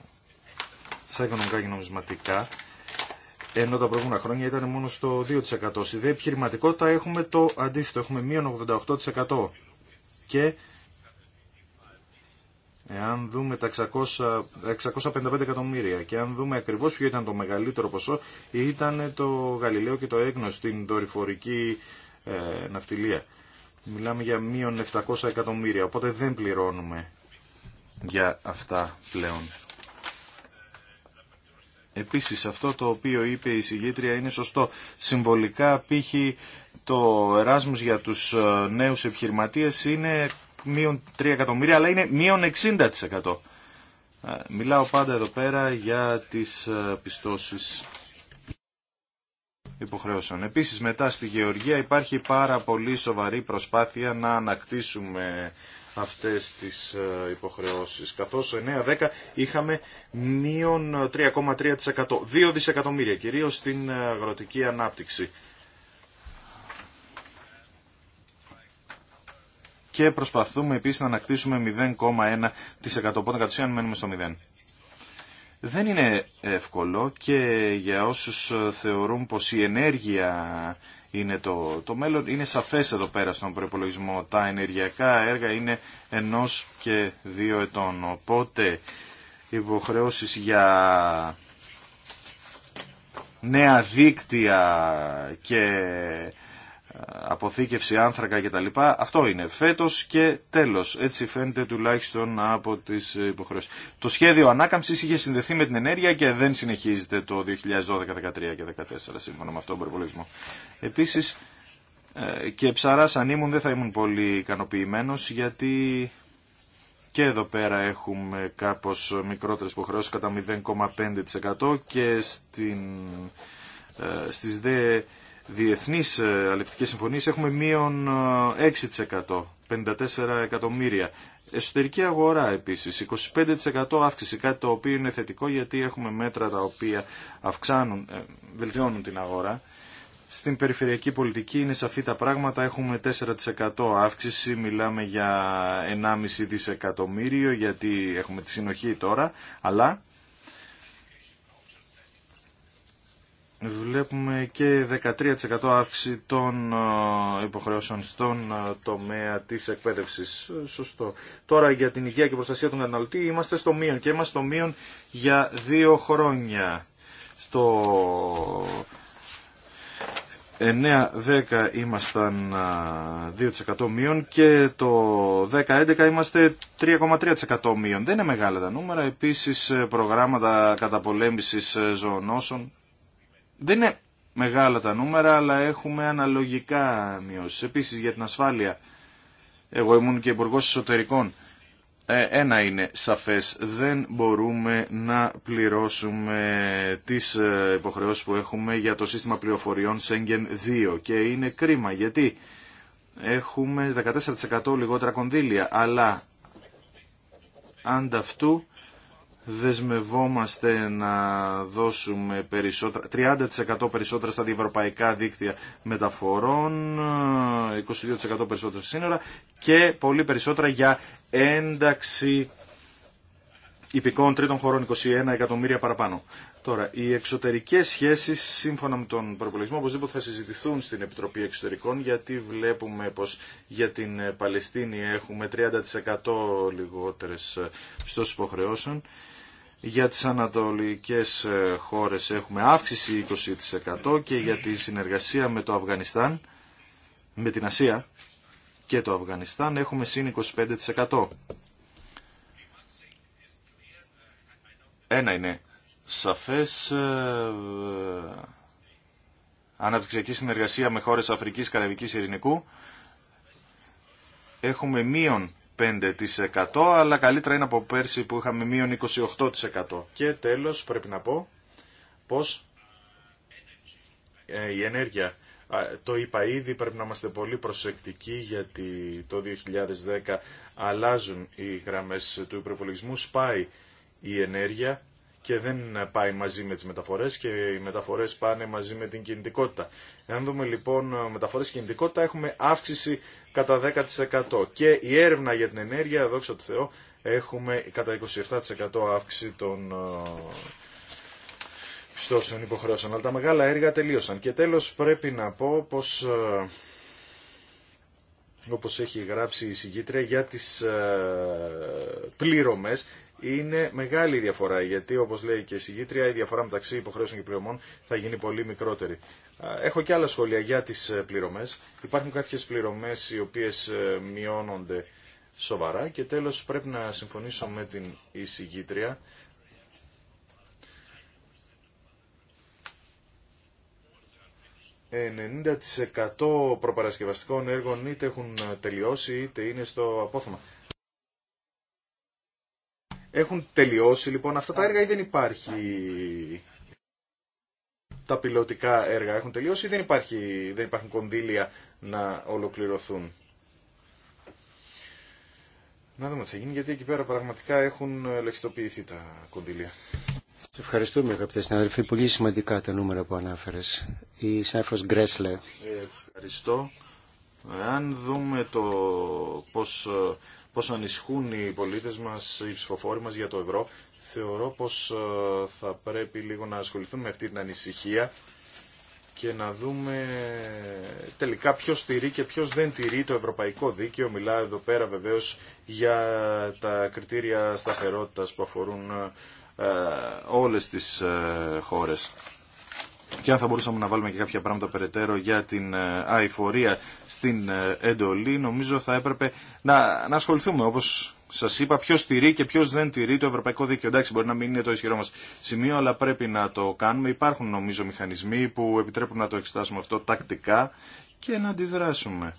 στα οικονομικά και νομισματικά ενώ τα προηγούμενα χρόνια ήταν μόνο στο 2%. Στη δε επιχειρηματικότητα έχουμε το αντίθετο, έχουμε μείον 88% και Εάν δούμε τα 600, 655 εκατομμύρια και αν δούμε ακριβώς ποιο ήταν το μεγαλύτερο ποσό, ήταν το Γαλιλαίο και το Έγνος στην δορυφορική ε, ναυτιλία. Μιλάμε για μείον 700 εκατομμύρια, οπότε δεν πληρώνουμε για αυτά πλέον. Επίσης αυτό το οποίο είπε η συγγήτρια είναι σωστό. Συμβολικά π.χ. το Εράσμους για τους ε, νέους επιχειρηματίες είναι μείον 3 εκατομμύρια, αλλά είναι μείον 60%. Ε, μιλάω πάντα εδώ πέρα για τις ε, πιστώσεις υποχρεώσεων. Επίσης μετά στη Γεωργία υπάρχει πάρα πολύ σοβαρή προσπάθεια να ανακτήσουμε αυτές τις ε, υποχρεώσεις. Καθώς 9-10 είχαμε μείον 3,3%. 2 δισεκατομμύρια, κυρίως στην αγροτική ανάπτυξη. και προσπαθούμε επίσης να ανακτήσουμε 0,1% οπότε κατ' ουσίαν μένουμε στο 0. Δεν είναι εύκολο και για όσους θεωρούν πως η ενέργεια είναι το, το μέλλον, είναι σαφές εδώ πέρα στον προϋπολογισμό. Τα ενεργειακά έργα είναι ενός και δύο ετών, οπότε υποχρεώσεις για νέα δίκτυα και αποθήκευση άνθρακα κτλ. Αυτό είναι φέτος και τέλος. Έτσι φαίνεται τουλάχιστον από τις υποχρεώσεις. Το σχέδιο ανάκαμψης είχε συνδεθεί με την ενέργεια και δεν συνεχίζεται το 2012, 2013 και 2014 σύμφωνα με αυτόν τον προπολογισμό. Επίσης ε, και ψαράς αν ήμουν δεν θα ήμουν πολύ ικανοποιημένο γιατί και εδώ πέρα έχουμε κάπως μικρότερες υποχρεώσεις κατά 0,5% και στην, ε, στις δε διεθνεί ε, αλευτικέ συμφωνίε έχουμε μείον 6%, ε, 54 εκατομμύρια. Εσωτερική αγορά επίσης, 25% αύξηση, κάτι το οποίο είναι θετικό γιατί έχουμε μέτρα τα οποία αυξάνουν, ε, βελτιώνουν την αγορά. Στην περιφερειακή πολιτική είναι σαφή τα πράγματα, έχουμε 4% αύξηση, μιλάμε για 1,5 δισεκατομμύριο γιατί έχουμε τη συνοχή τώρα, αλλά βλέπουμε και 13% αύξηση των ε, υποχρεώσεων στον ε, τομέα της εκπαίδευσης. Σωστό. Τώρα για την υγεία και προστασία των καταναλωτή είμαστε στο μείον και είμαστε στο μείον για δύο χρόνια. Στο 9-10 ήμασταν 2% ε, μείον και το 10-11 είμαστε 3,3% μείον. Δεν είναι μεγάλα τα νούμερα. Επίσης προγράμματα καταπολέμησης ζωονόσων δεν είναι μεγάλα τα νούμερα, αλλά έχουμε αναλογικά μειώσει. Επίσης για την ασφάλεια, εγώ ήμουν και υπουργό εσωτερικών, ε, ένα είναι σαφές, δεν μπορούμε να πληρώσουμε τις ε, υποχρεώσεις που έχουμε για το σύστημα πληροφοριών Schengen 2 και είναι κρίμα γιατί έχουμε 14% λιγότερα κονδύλια, αλλά ανταυτού δεσμευόμαστε να δώσουμε περισσότερα, 30% περισσότερα στα διευρωπαϊκά δίκτυα μεταφορών, 22% περισσότερα σύνορα και πολύ περισσότερα για ένταξη υπηκών τρίτων χωρών, 21 εκατομμύρια παραπάνω. Τώρα, οι εξωτερικές σχέσεις, σύμφωνα με τον προπολογισμό, οπωσδήποτε θα συζητηθούν στην Επιτροπή Εξωτερικών, γιατί βλέπουμε πως για την Παλαιστίνη έχουμε 30% λιγότερες πιστώσεις υποχρεώσεων. Για τις ανατολικές ε, χώρες έχουμε αύξηση 20% και για τη συνεργασία με το Αφγανιστάν, με την Ασία και το Αφγανιστάν έχουμε συν 25%. Ένα είναι σαφές ε, ε, αναπτυξιακή συνεργασία με χώρες Αφρικής, Καραβικής, Ειρηνικού. Έχουμε μείον 5% αλλά καλύτερα είναι από πέρσι που είχαμε μείον 28%. Και τέλος πρέπει να πω πως ε, η ενέργεια, το είπα ήδη, πρέπει να είμαστε πολύ προσεκτικοί γιατί το 2010 αλλάζουν οι γραμμές του υπερπολογισμού, σπάει η ενέργεια και δεν πάει μαζί με τις μεταφορές και οι μεταφορές πάνε μαζί με την κινητικότητα. Αν δούμε λοιπόν μεταφορές και κινητικότητα έχουμε αύξηση κατά 10% και η έρευνα για την ενέργεια, δόξα του Θεώ, έχουμε κατά 27% αύξηση των ε, πιστώσεων υποχρεώσεων. Αλλά τα μεγάλα έργα τελείωσαν. Και τέλος πρέπει να πω πως ε, όπως έχει γράψει η συγκήτρια, για τις ε, πλήρωμες είναι μεγάλη η διαφορά, γιατί όπως λέει και η συγκήτρια, η διαφορά μεταξύ υποχρέωσεων και πληρωμών θα γίνει πολύ μικρότερη. Έχω και άλλα σχόλια για τις ε, πληρωμές. Υπάρχουν κάποιες πληρωμές οι οποίες ε, μειώνονται σοβαρά και τέλος πρέπει να συμφωνήσω με την εισηγήτρια «90% προπαρασκευαστικών έργων είτε έχουν ε, τελειώσει είτε είναι στο απόθεμα». Έχουν τελειώσει λοιπόν αυτά τα έργα ή δεν υπάρχει τα πιλωτικά έργα έχουν τελειώσει, δεν, υπάρχει, δεν υπάρχουν κονδύλια να ολοκληρωθούν. Να δούμε τι θα γίνει, γιατί εκεί πέρα πραγματικά έχουν λεξιτοποιηθεί τα κονδύλια. Σε ευχαριστούμε αγαπητέ συνάδελφοι. Πολύ σημαντικά τα νούμερα που ανάφερε. Η συνάδελφο Γκρέσλε. Ε, ευχαριστώ. Αν δούμε το πώς ε, πώς ανισχούν οι πολίτες μας, οι ψηφοφόροι μας για το ευρώ. Θεωρώ πως ε, θα πρέπει λίγο να ασχοληθούμε με αυτή την ανησυχία και να δούμε τελικά ποιος τηρεί και ποιος δεν τηρεί το ευρωπαϊκό δίκαιο. Μιλάω εδώ πέρα βεβαίως για τα κριτήρια σταθερότητας που αφορούν ε, όλες τις ε, χώρες και αν θα μπορούσαμε να βάλουμε και κάποια πράγματα περαιτέρω για την ε, αηφορία στην ε, εντολή, νομίζω θα έπρεπε να, να ασχοληθούμε. όπως σας είπα, ποιο τηρεί και ποιο δεν τηρεί το ευρωπαϊκό δίκαιο. Εντάξει, μπορεί να μην είναι το ισχυρό μας σημείο, αλλά πρέπει να το κάνουμε. Υπάρχουν νομίζω μηχανισμοί που επιτρέπουν να το εξετάσουμε αυτό τακτικά και να αντιδράσουμε.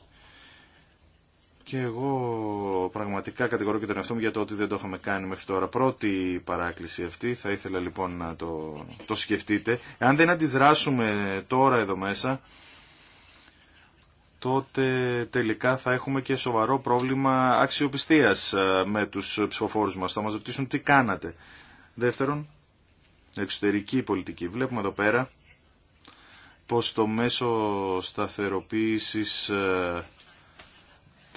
Και εγώ πραγματικά κατηγορώ και τον εαυτό μου για το ότι δεν το είχαμε κάνει μέχρι τώρα. Πρώτη παράκληση αυτή, θα ήθελα λοιπόν να το, το σκεφτείτε. Εάν δεν αντιδράσουμε τώρα εδώ μέσα, τότε τελικά θα έχουμε και σοβαρό πρόβλημα αξιοπιστίας ε, με τους ψηφοφόρους μας. Θα μας ρωτήσουν τι κάνατε. Δεύτερον, εξωτερική πολιτική. Βλέπουμε εδώ πέρα πως το μέσο σταθεροποίησης ε,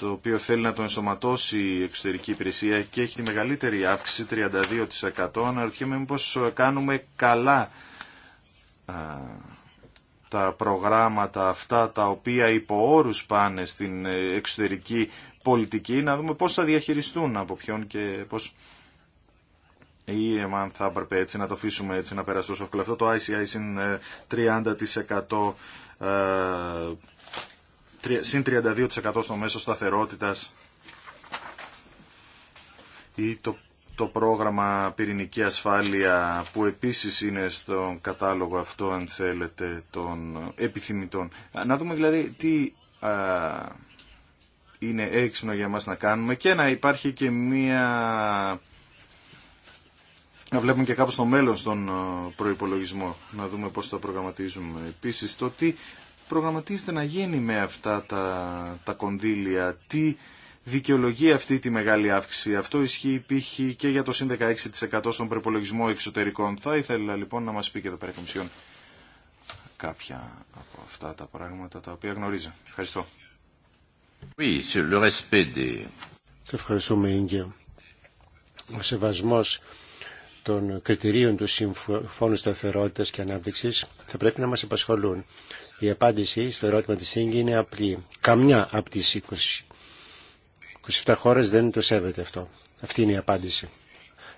το οποίο θέλει να το ενσωματώσει η εξωτερική υπηρεσία και έχει τη μεγαλύτερη αύξηση, 32%. Αναρωτιέμαι μήπως ε, κάνουμε καλά ε, τα προγράμματα αυτά τα οποία υπό όρους πάνε στην ε, εξωτερική πολιτική, να δούμε πώς θα διαχειριστούν από ποιον και πώς ή αν θα έπρεπε έτσι να το αφήσουμε έτσι να περάσει τόσο εύκολα. Αυτό το ICI είναι 30% συν 32% στο μέσο σταθερότητας ή το, το πρόγραμμα πυρηνική ασφάλεια που επίσης είναι στον κατάλογο αυτό αν θέλετε των επιθυμητών. Να δούμε δηλαδή τι είναι έξυπνο για μας να κάνουμε και να υπάρχει και μία... Να βλέπουμε και κάπως το μέλλον στον προϋπολογισμό, να δούμε πώς το προγραμματίζουμε. Επίσης, το τι προγραμματίζεται να γίνει με αυτά τα, τα κονδύλια, τι δικαιολογεί αυτή τη μεγάλη αύξηση. Αυτό ισχύει π.χ. και για το συν 16% στον προπολογισμό εξωτερικών. Θα ήθελα λοιπόν να μας πει και εδώ πέρα κάποια από αυτά τα πράγματα τα οποία γνωρίζω. Ευχαριστώ. Oui, le respect Ευχαριστούμε, Ο σεβασμός των κριτηρίων του Συμφώνου Σταθερότητας και Ανάπτυξης θα πρέπει να μας απασχολούν. Η απάντηση στο ερώτημα της ΣΥΝΚΙ είναι απλή. Καμιά από τις 20. 27 χώρες δεν το σέβεται αυτό. Αυτή είναι η απάντηση.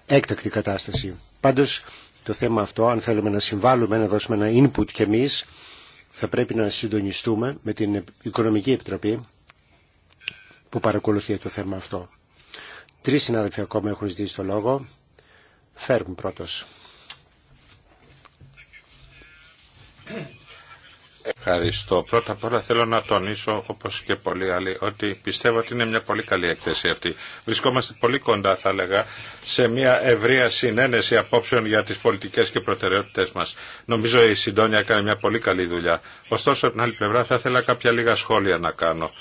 Έκτακτη κατάσταση. Πάντως το θέμα αυτό, αν θέλουμε να συμβάλλουμε, να δώσουμε ένα input κι εμείς, θα πρέπει να συντονιστούμε με την Οικονομική Επιτροπή που παρακολουθεί το θέμα αυτό. Τρεις συνάδελφοι ακόμα έχουν ζητήσει το λόγο. Φέρουν πρώτος. Ευχαριστώ. Πρώτα απ' όλα θέλω να τονίσω, όπως και πολλοί άλλοι, ότι πιστεύω ότι είναι μια πολύ καλή έκθεση αυτή. Βρισκόμαστε πολύ κοντά, θα έλεγα, σε μια ευρεία συνένεση απόψεων για τις πολιτικές και προτεραιότητες μας. Νομίζω η Συντόνια έκανε μια πολύ καλή δουλειά. Ωστόσο, από την άλλη πλευρά, θα ήθελα κάποια λίγα σχόλια να κάνω.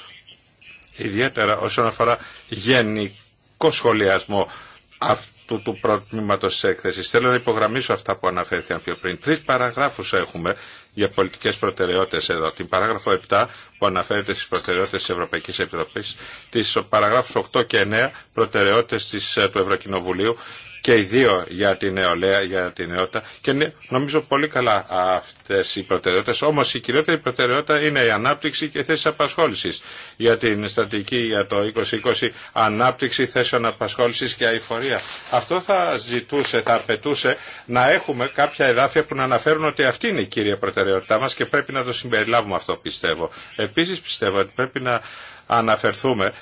Ιδιαίτερα όσον αφορά γενικό σχολιασμό αυτό του πρώτου τη έκθεση. Θέλω να υπογραμμίσω αυτά που αναφέρθηκαν πιο πριν. Τρει παραγράφου έχουμε για πολιτικέ προτεραιότητε εδώ. Την παράγραφο 7 που αναφέρεται στι προτεραιότητε τη Ευρωπαϊκή Επιτροπή, τι παραγράφου 8 και 9 προτεραιότητε ε, του Ευρωκοινοβουλίου και οι δύο για την νεολαία, για την νεότητα και ναι, νομίζω πολύ καλά αυτές οι προτεραιότητες. Όμως η κυριότερη προτεραιότητα είναι η ανάπτυξη και θέσεις απασχόλησης. Για την στατική για το 2020 ανάπτυξη θέσεων απασχόλησης και αηφορία. Αυτό θα ζητούσε, θα απαιτούσε να έχουμε κάποια εδάφια που να αναφέρουν ότι αυτή είναι η κύρια προτεραιότητά μας και πρέπει να το συμπεριλάβουμε αυτό πιστεύω. Επίσης πιστεύω ότι πρέπει να αναφερθούμε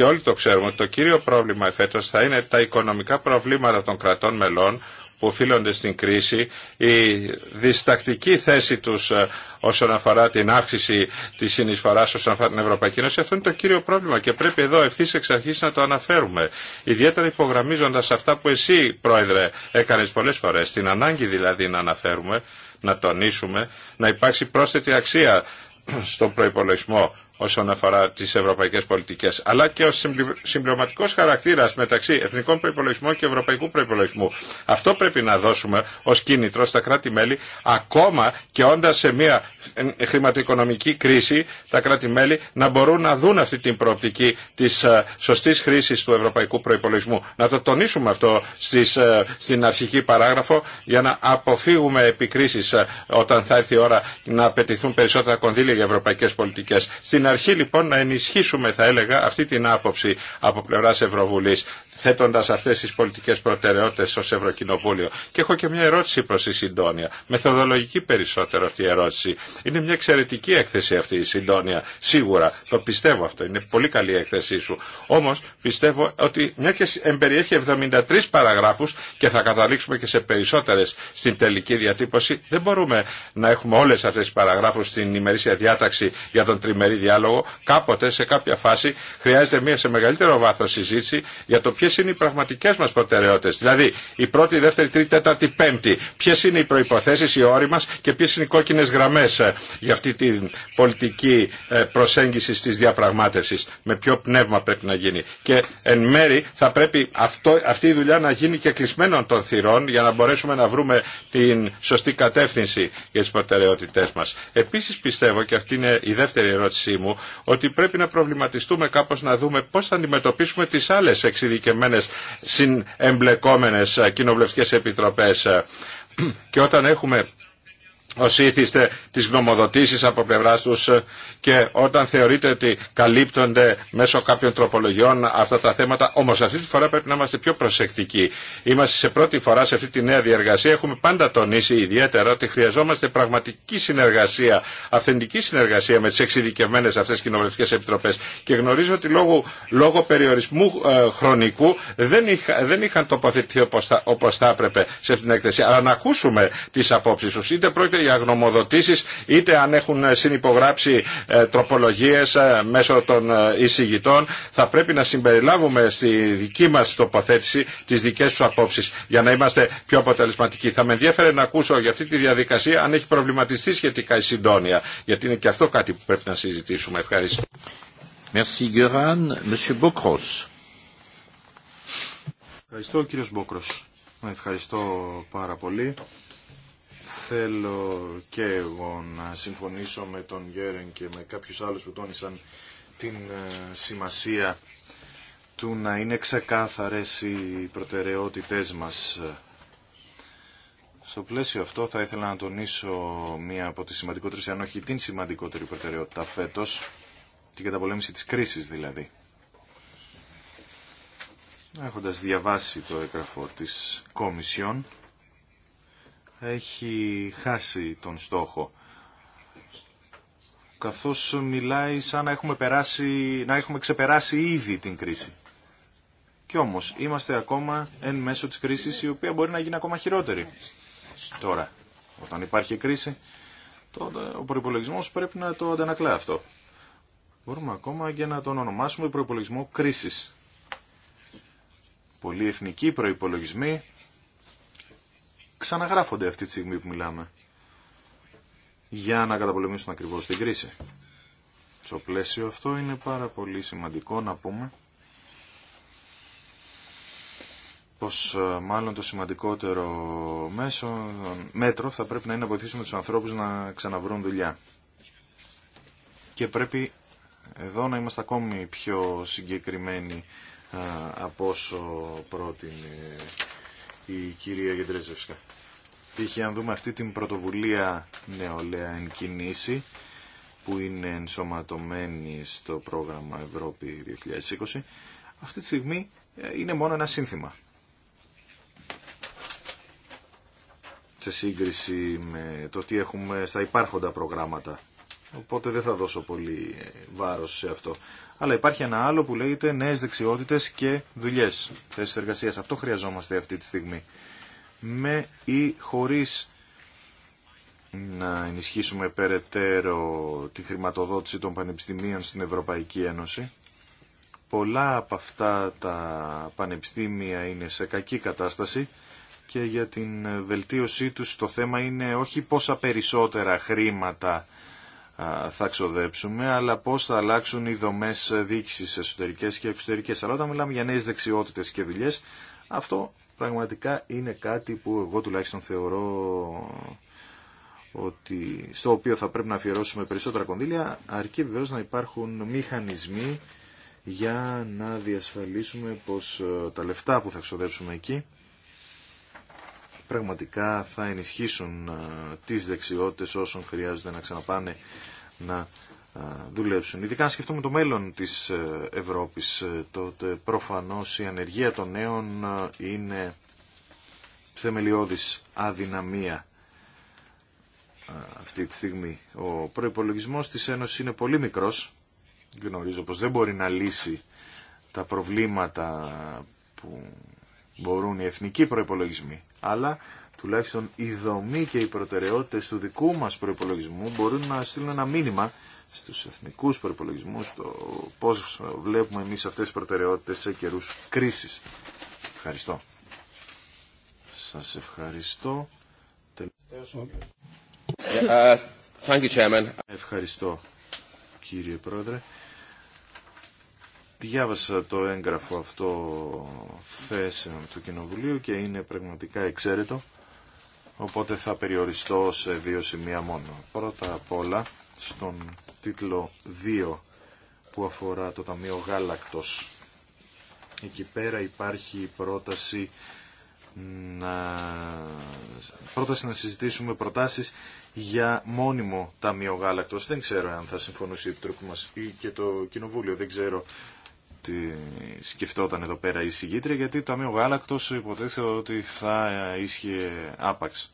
και όλοι το ξέρουμε ότι το κύριο πρόβλημα εφέτος θα είναι τα οικονομικά προβλήματα των κρατών μελών που οφείλονται στην κρίση, η διστακτική θέση τους ε, όσον αφορά την αύξηση τη συνεισφορά όσον αφορά την Ευρωπαϊκή Ένωση. Αυτό είναι το κύριο πρόβλημα και πρέπει εδώ ευθύ εξ αρχή να το αναφέρουμε. Ιδιαίτερα υπογραμμίζοντα αυτά που εσύ, Πρόεδρε, έκανε πολλέ φορέ, την ανάγκη δηλαδή να αναφέρουμε, να τονίσουμε, να υπάρξει πρόσθετη αξία στον προπολογισμό όσον αφορά τι ευρωπαϊκέ πολιτικέ, αλλά και ο συμπληρωματικό χαρακτήρα μεταξύ εθνικών προπολογισμών και ευρωπαϊκού προπολογισμού. Αυτό πρέπει να δώσουμε ω κίνητρο στα κράτη-μέλη, ακόμα και όντα σε μια χρηματοοικονομική κρίση, τα κράτη-μέλη να μπορούν να δουν αυτή την προοπτική τη ε, σωστή χρήση του ευρωπαϊκού προπολογισμού. Να το τονίσουμε αυτό στις, ε, στην αρχική παράγραφο για να αποφύγουμε επικρίσει ε, όταν θα έρθει η ώρα να απαιτηθούν περισσότερα κονδύλια για ευρωπαϊκέ πολιτικέ αρχή λοιπόν να ενισχύσουμε θα έλεγα αυτή την άποψη από πλευράς Ευρωβουλής θέτοντας αυτές τις πολιτικές προτεραιότητες ως Ευρωκοινοβούλιο. Και έχω και μια ερώτηση προς τη Συντόνια. Μεθοδολογική περισσότερο αυτή η ερώτηση. Είναι μια εξαιρετική έκθεση αυτή η Συντόνια. Σίγουρα. Το πιστεύω αυτό. Είναι πολύ καλή η έκθεσή σου. Όμως πιστεύω ότι μια και εμπεριέχει 73 παραγράφους και θα καταλήξουμε και σε περισσότερες στην τελική διατύπωση, δεν μπορούμε να έχουμε όλες αυτές τις παραγράφους στην ημερήσια διάταξη για τον τριμερή διάλογο. Κάποτε σε κάποια φάση χρειάζεται μια σε μεγαλύτερο βάθος συζήτηση για το ποιε ποιε είναι οι πραγματικέ μας προτεραιότητες Δηλαδή, η πρώτη, η δεύτερη, η τρίτη, η τέταρτη, η πέμπτη. Ποιε είναι οι προϋποθέσεις, οι όροι μας και ποιε είναι οι κόκκινε γραμμέ ε, για αυτή την πολιτική ε, προσέγγιση της διαπραγμάτευσης Με ποιο πνεύμα πρέπει να γίνει. Και εν μέρη θα πρέπει αυτό, αυτή η δουλειά να γίνει και κλεισμένων των θυρών για να μπορέσουμε να βρούμε την σωστή κατεύθυνση για τις προτεραιότητες μας επίσης πιστεύω, και αυτή είναι η δεύτερη ερώτησή μου, ότι πρέπει να προβληματιστούμε κάπω να δούμε πώ θα αντιμετωπίσουμε τις άλλες εξειδικευμένες συγκεκριμένες συνεμπλεκόμενες ε, κοινοβουλευτικές επιτροπές. Ε, και όταν έχουμε ως ήθιστε τις γνωμοδοτήσεις από πλευρά τους ε, και όταν θεωρείτε ότι καλύπτονται μέσω κάποιων τροπολογιών αυτά τα θέματα, όμως αυτή τη φορά πρέπει να είμαστε πιο προσεκτικοί. Είμαστε σε πρώτη φορά σε αυτή τη νέα διεργασία, έχουμε πάντα τονίσει ιδιαίτερα ότι χρειαζόμαστε πραγματική συνεργασία, αυθεντική συνεργασία με τις εξειδικευμένες αυτές κοινοβουλευτικές επιτροπές και γνωρίζω ότι λόγω, λόγω περιορισμού ε, χρονικού δεν, είχα, δεν είχαν τοποθετηθεί όπως θα, όπως θα έπρεπε σε αυτή την έκθεση, αλλά να ακούσουμε τις απόψεις τους, είτε πρόκειται είτε αν έχουν συνυπογράψει ε, τροπολογίες ε, μέσω των ε, εισηγητών θα πρέπει να συμπεριλάβουμε στη δική μας τοποθέτηση τι δικέ του απόψει για να είμαστε πιο αποτελεσματικοί. Θα με ενδιαφέρε να ακούσω για αυτή τη διαδικασία αν έχει προβληματιστεί σχετικά η συντόνια γιατί είναι και αυτό κάτι που πρέπει να συζητήσουμε. Ευχαριστώ. Merci, Monsieur Ευχαριστώ κύριος Μπόκρος. Ευχαριστώ πάρα πολύ θέλω και εγώ να συμφωνήσω με τον Γέρεν και με κάποιους άλλους που τόνισαν την ε, σημασία του να είναι ξεκάθαρες οι προτεραιότητές μας. Στο πλαίσιο αυτό θα ήθελα να τονίσω μία από τις σημαντικότερες, αν όχι την σημαντικότερη προτεραιότητα φέτος, την καταπολέμηση της κρίσης δηλαδή. Έχοντας διαβάσει το έγγραφο της Κομισιόν, έχει χάσει τον στόχο καθώς μιλάει σαν να έχουμε, περάσει, να έχουμε ξεπεράσει ήδη την κρίση. Κι όμως είμαστε ακόμα εν μέσω της κρίσης η οποία μπορεί να γίνει ακόμα χειρότερη. Τώρα, όταν υπάρχει κρίση, τότε ο προϋπολογισμός πρέπει να το αντανακλά αυτό. Μπορούμε ακόμα και να τον ονομάσουμε προϋπολογισμό κρίσης. εθνικοί προϋπολογισμοί ξαναγράφονται αυτή τη στιγμή που μιλάμε για να καταπολεμήσουν ακριβώς την κρίση. Στο πλαίσιο αυτό είναι πάρα πολύ σημαντικό να πούμε πως ε, μάλλον το σημαντικότερο μέσο, μέτρο θα πρέπει να είναι να βοηθήσουμε τους ανθρώπους να ξαναβρούν δουλειά. Και πρέπει εδώ να είμαστε ακόμη πιο συγκεκριμένοι ε, από όσο πρότεινε η κυρία Γεντρέζευσκα. Τύχει αν δούμε αυτή την πρωτοβουλία νεολαία εν κινήσει, που είναι ενσωματωμένη στο πρόγραμμα Ευρώπη 2020, αυτή τη στιγμή ε, είναι μόνο ένα σύνθημα. Σε σύγκριση με το τι έχουμε στα υπάρχοντα προγράμματα. Οπότε δεν θα δώσω πολύ ε, βάρος σε αυτό αλλά υπάρχει ένα άλλο που λέγεται νέε δεξιότητε και δουλειέ θέσει εργασία. Αυτό χρειαζόμαστε αυτή τη στιγμή. Με ή χωρίς να ενισχύσουμε περαιτέρω τη χρηματοδότηση των πανεπιστημίων στην Ευρωπαϊκή Ένωση. Πολλά από αυτά τα πανεπιστήμια είναι σε κακή κατάσταση και για την βελτίωσή τους το θέμα είναι όχι πόσα περισσότερα χρήματα θα ξοδέψουμε, αλλά πώς θα αλλάξουν οι δομές διοίκηση εσωτερικέ και εξωτερικές. Αλλά όταν μιλάμε για νέε δεξιότητες και δουλειέ. αυτό πραγματικά είναι κάτι που εγώ τουλάχιστον θεωρώ ότι στο οποίο θα πρέπει να αφιερώσουμε περισσότερα κονδύλια, αρκεί βεβαίω να υπάρχουν μηχανισμοί για να διασφαλίσουμε πως ε, τα λεφτά που θα ξοδέψουμε εκεί πραγματικά θα ενισχύσουν τις δεξιότητες όσων χρειάζονται να ξαναπάνε να δουλέψουν. Ειδικά να σκεφτούμε το μέλλον της ε, Ευρώπης, ε, τότε προφανώς η ανεργία των νέων είναι θεμελιώδης αδυναμία αυτή τη στιγμή. Ο προϋπολογισμός της Ένωσης είναι πολύ μικρός, γνωρίζω πως δεν μπορεί να λύσει τα προβλήματα που μπορούν οι εθνικοί προϋπολογισμοί αλλά τουλάχιστον η δομή και οι προτεραιότητες του δικού μας προϋπολογισμού μπορούν να στείλουν ένα μήνυμα στους εθνικούς προϋπολογισμούς, το πώς βλέπουμε εμείς αυτές τις προτεραιότητες σε καιρούς κρίσης. Ευχαριστώ. Σας ευχαριστώ. Ε, ε, ευχαριστώ, κύριε Πρόεδρε. Διάβασα το έγγραφο αυτό θέσεων του Κοινοβουλίου και είναι πραγματικά εξαίρετο, οπότε θα περιοριστώ σε δύο σημεία μόνο. Πρώτα απ' όλα, στον τίτλο 2 που αφορά το Ταμείο Γάλακτος. Εκεί πέρα υπάρχει πρόταση να, πρόταση να συζητήσουμε προτάσεις για μόνιμο Ταμείο Γάλακτος. Δεν ξέρω αν θα συμφωνούσε η Επιτροπή μας ή και το Κοινοβούλιο. Δεν ξέρω ότι σκεφτόταν εδώ πέρα η συγκήτρια γιατί το Ταμείο Γάλακτος υποτίθεται ότι θα ίσχυε άπαξ.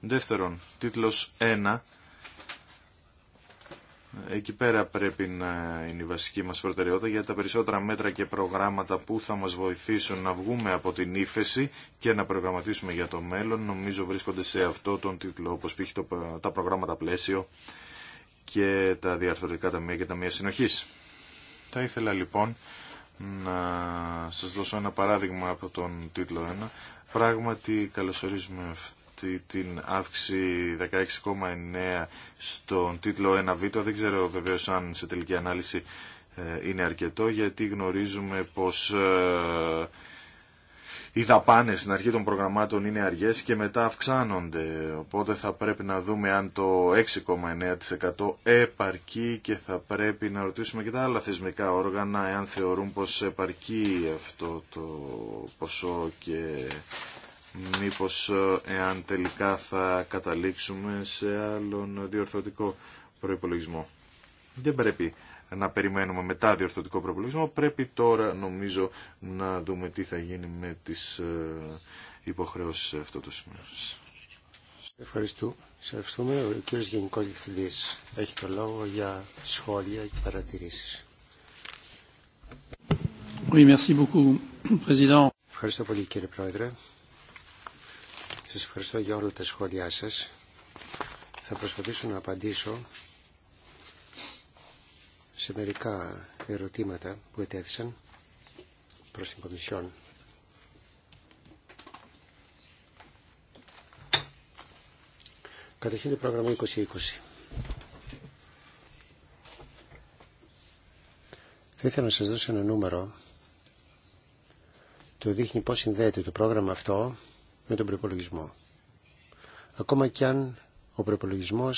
Δεύτερον, τίτλος 1. Εκεί πέρα πρέπει να είναι η βασική μας προτεραιότητα για τα περισσότερα μέτρα και προγράμματα που θα μας βοηθήσουν να βγούμε από την ύφεση και να προγραμματίσουμε για το μέλλον. Νομίζω βρίσκονται σε αυτό τον τίτλο όπως πήγε τα προγράμματα πλαίσιο και τα διαρθρωτικά ταμεία και ταμεία συνοχής. Θα ήθελα λοιπόν να σας δώσω ένα παράδειγμα από τον τίτλο 1. Πράγματι καλωσορίζουμε αυτή την αύξηση 16,9 στον τίτλο 1β. Δεν ξέρω βεβαίως αν σε τελική ανάλυση ε, είναι αρκετό γιατί γνωρίζουμε πως ε, οι δαπάνε στην αρχή των προγραμμάτων είναι αργέ και μετά αυξάνονται. Οπότε θα πρέπει να δούμε αν το 6,9% επαρκεί και θα πρέπει να ρωτήσουμε και τα άλλα θεσμικά όργανα εάν θεωρούν πως επαρκεί αυτό το ποσό και μήπως ε, εάν τελικά θα καταλήξουμε σε άλλον διορθωτικό προπολογισμό. Δεν πρέπει να περιμένουμε μετά διορθωτικό προπολογισμό. Πρέπει τώρα νομίζω να δούμε τι θα γίνει με τις ε, υποχρεώσεις σε αυτό το σημείο. Ευχαριστώ. Σε ευχαριστούμε. Ο κ. Γενικό Διευθυντή έχει το λόγο για σχόλια και παρατηρήσεις Oui, ευχαριστώ πολύ κύριε Πρόεδρε. Σας ευχαριστώ για όλα τα σχόλιά σας. Θα προσπαθήσω να απαντήσω σε μερικά ερωτήματα που ετέθησαν προς την Κομισιόν. Καταρχήν το πρόγραμμα 2020. Θα ήθελα να σας δώσω ένα νούμερο. Το δείχνει πώς συνδέεται το πρόγραμμα αυτό με τον προπολογισμό. Ακόμα κι αν ο προπολογισμό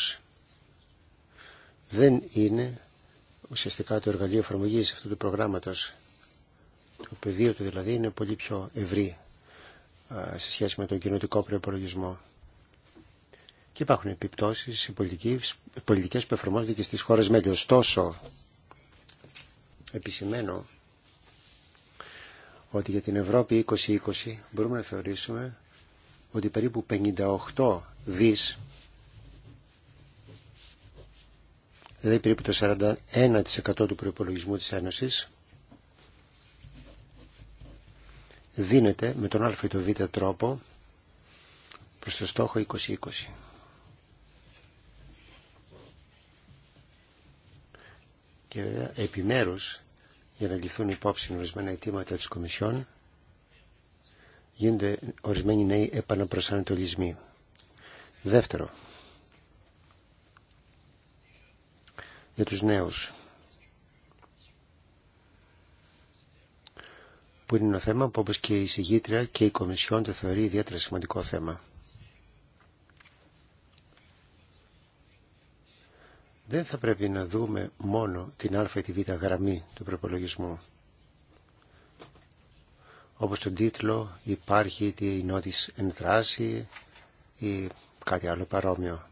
δεν είναι ουσιαστικά το εργαλείο εφαρμογή αυτού του προγράμματος, το πεδίο του δηλαδή, είναι πολύ πιο ευρύ σε σχέση με τον κοινωτικό προπολογισμό. Και υπάρχουν επιπτώσει οι πολιτικές που εφαρμόζονται και στις χώρες μέλη. Ωστόσο, επισημαίνω ότι για την Ευρώπη 2020 μπορούμε να θεωρήσουμε ότι περίπου 58 δις δηλαδή περίπου το 41% του προϋπολογισμού της Ένωσης, δίνεται με τον α ή το β τρόπο προς το στόχο 2020. Και επιμέρους για να ληφθούν υπόψη ορισμένα αιτήματα της Κομισιόν γίνονται ορισμένοι νέοι επαναπροσανατολισμοί. Δεύτερο, για τους νέους. Που είναι ένα θέμα που όπως και η συγγήτρια και η Κομισιόν το θεωρεί ιδιαίτερα σημαντικό θέμα. Δεν θα πρέπει να δούμε μόνο την α ή τη β γραμμή του προπολογισμού. Όπως τον τίτλο υπάρχει η νότης ενδράση ή κάτι άλλο παρόμοιο.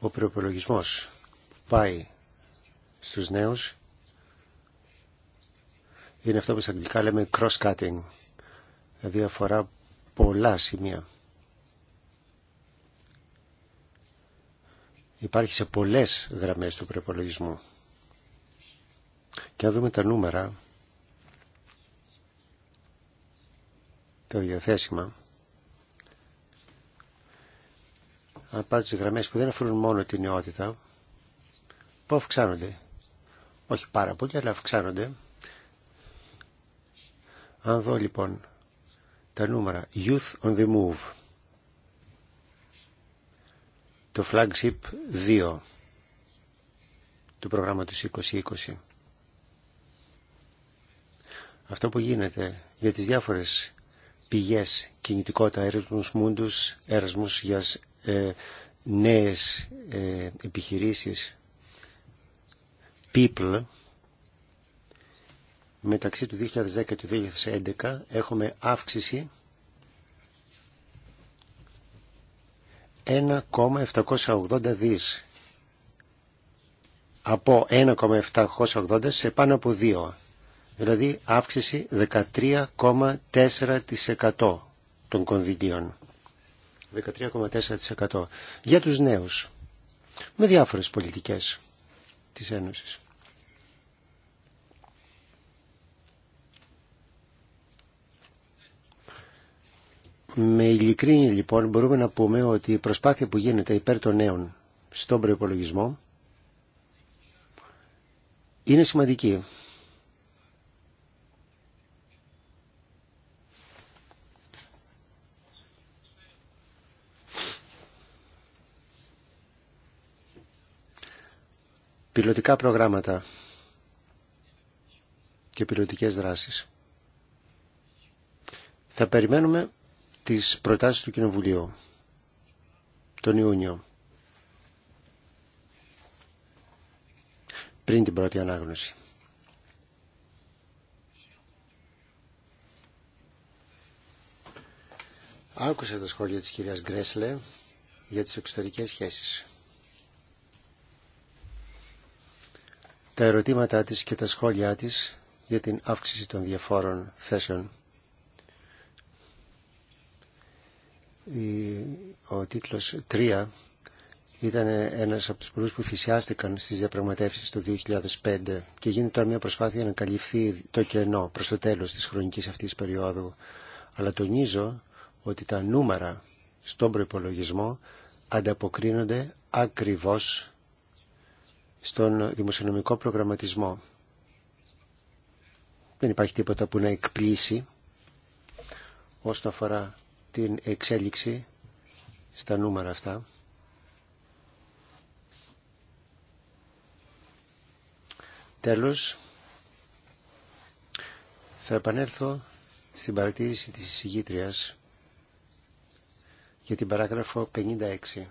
Ο προπολογισμό πάει στους νέους είναι αυτό που στα αγγλικά λέμε cross-cutting, δηλαδή αφορά πολλά σημεία. Υπάρχει σε πολλές γραμμές του προπολογισμού. Και αν δούμε τα νούμερα, το διαθέσιμα, αν Απάντως τι γραμμές που δεν αφορούν μόνο την νεότητα, που αυξάνονται. Όχι πάρα πολύ, αλλά αυξάνονται. Αν δω λοιπόν τα νούμερα Youth on the Move το flagship 2 του προγράμματος 2020 αυτό που γίνεται για τις διάφορες πηγές κινητικότητα έρευνους μούντους, έρασμους για ε, νέες ε, επιχειρήσεις people μεταξύ του 2010 και του 2011 έχουμε αύξηση 1,780 δις από 1,780 σε πάνω από 2 δηλαδή αύξηση 13,4% των κονδυλίων 13,4% για τους νέους με διάφορες πολιτικές της Ένωσης. Με ειλικρίνη λοιπόν μπορούμε να πούμε ότι η προσπάθεια που γίνεται υπέρ των νέων στον προϋπολογισμό είναι σημαντική. πιλωτικά προγράμματα και πιλωτικές δράσεις. Θα περιμένουμε τις προτάσεις του Κοινοβουλίου τον Ιούνιο πριν την πρώτη ανάγνωση. Άκουσα τα σχόλια της κυρίας Γκρέσλε για τις εξωτερικές σχέσεις. τα ερωτήματά της και τα σχόλιά της για την αύξηση των διαφόρων θέσεων. Ο τίτλος 3 ήταν ένας από τους πολλούς που θυσιάστηκαν στις διαπραγματεύσεις του 2005 και γίνεται τώρα μια προσπάθεια να καλυφθεί το κενό προς το τέλος της χρονικής αυτής περίοδου. Αλλά τονίζω ότι τα νούμερα στον προϋπολογισμό ανταποκρίνονται ακριβώς στον δημοσιονομικό προγραμματισμό. Δεν υπάρχει τίποτα που να εκπλήσει όσον αφορά την εξέλιξη στα νούμερα αυτά. Τέλος, θα επανέλθω στην παρατήρηση της εισηγήτριας για την παράγραφο 56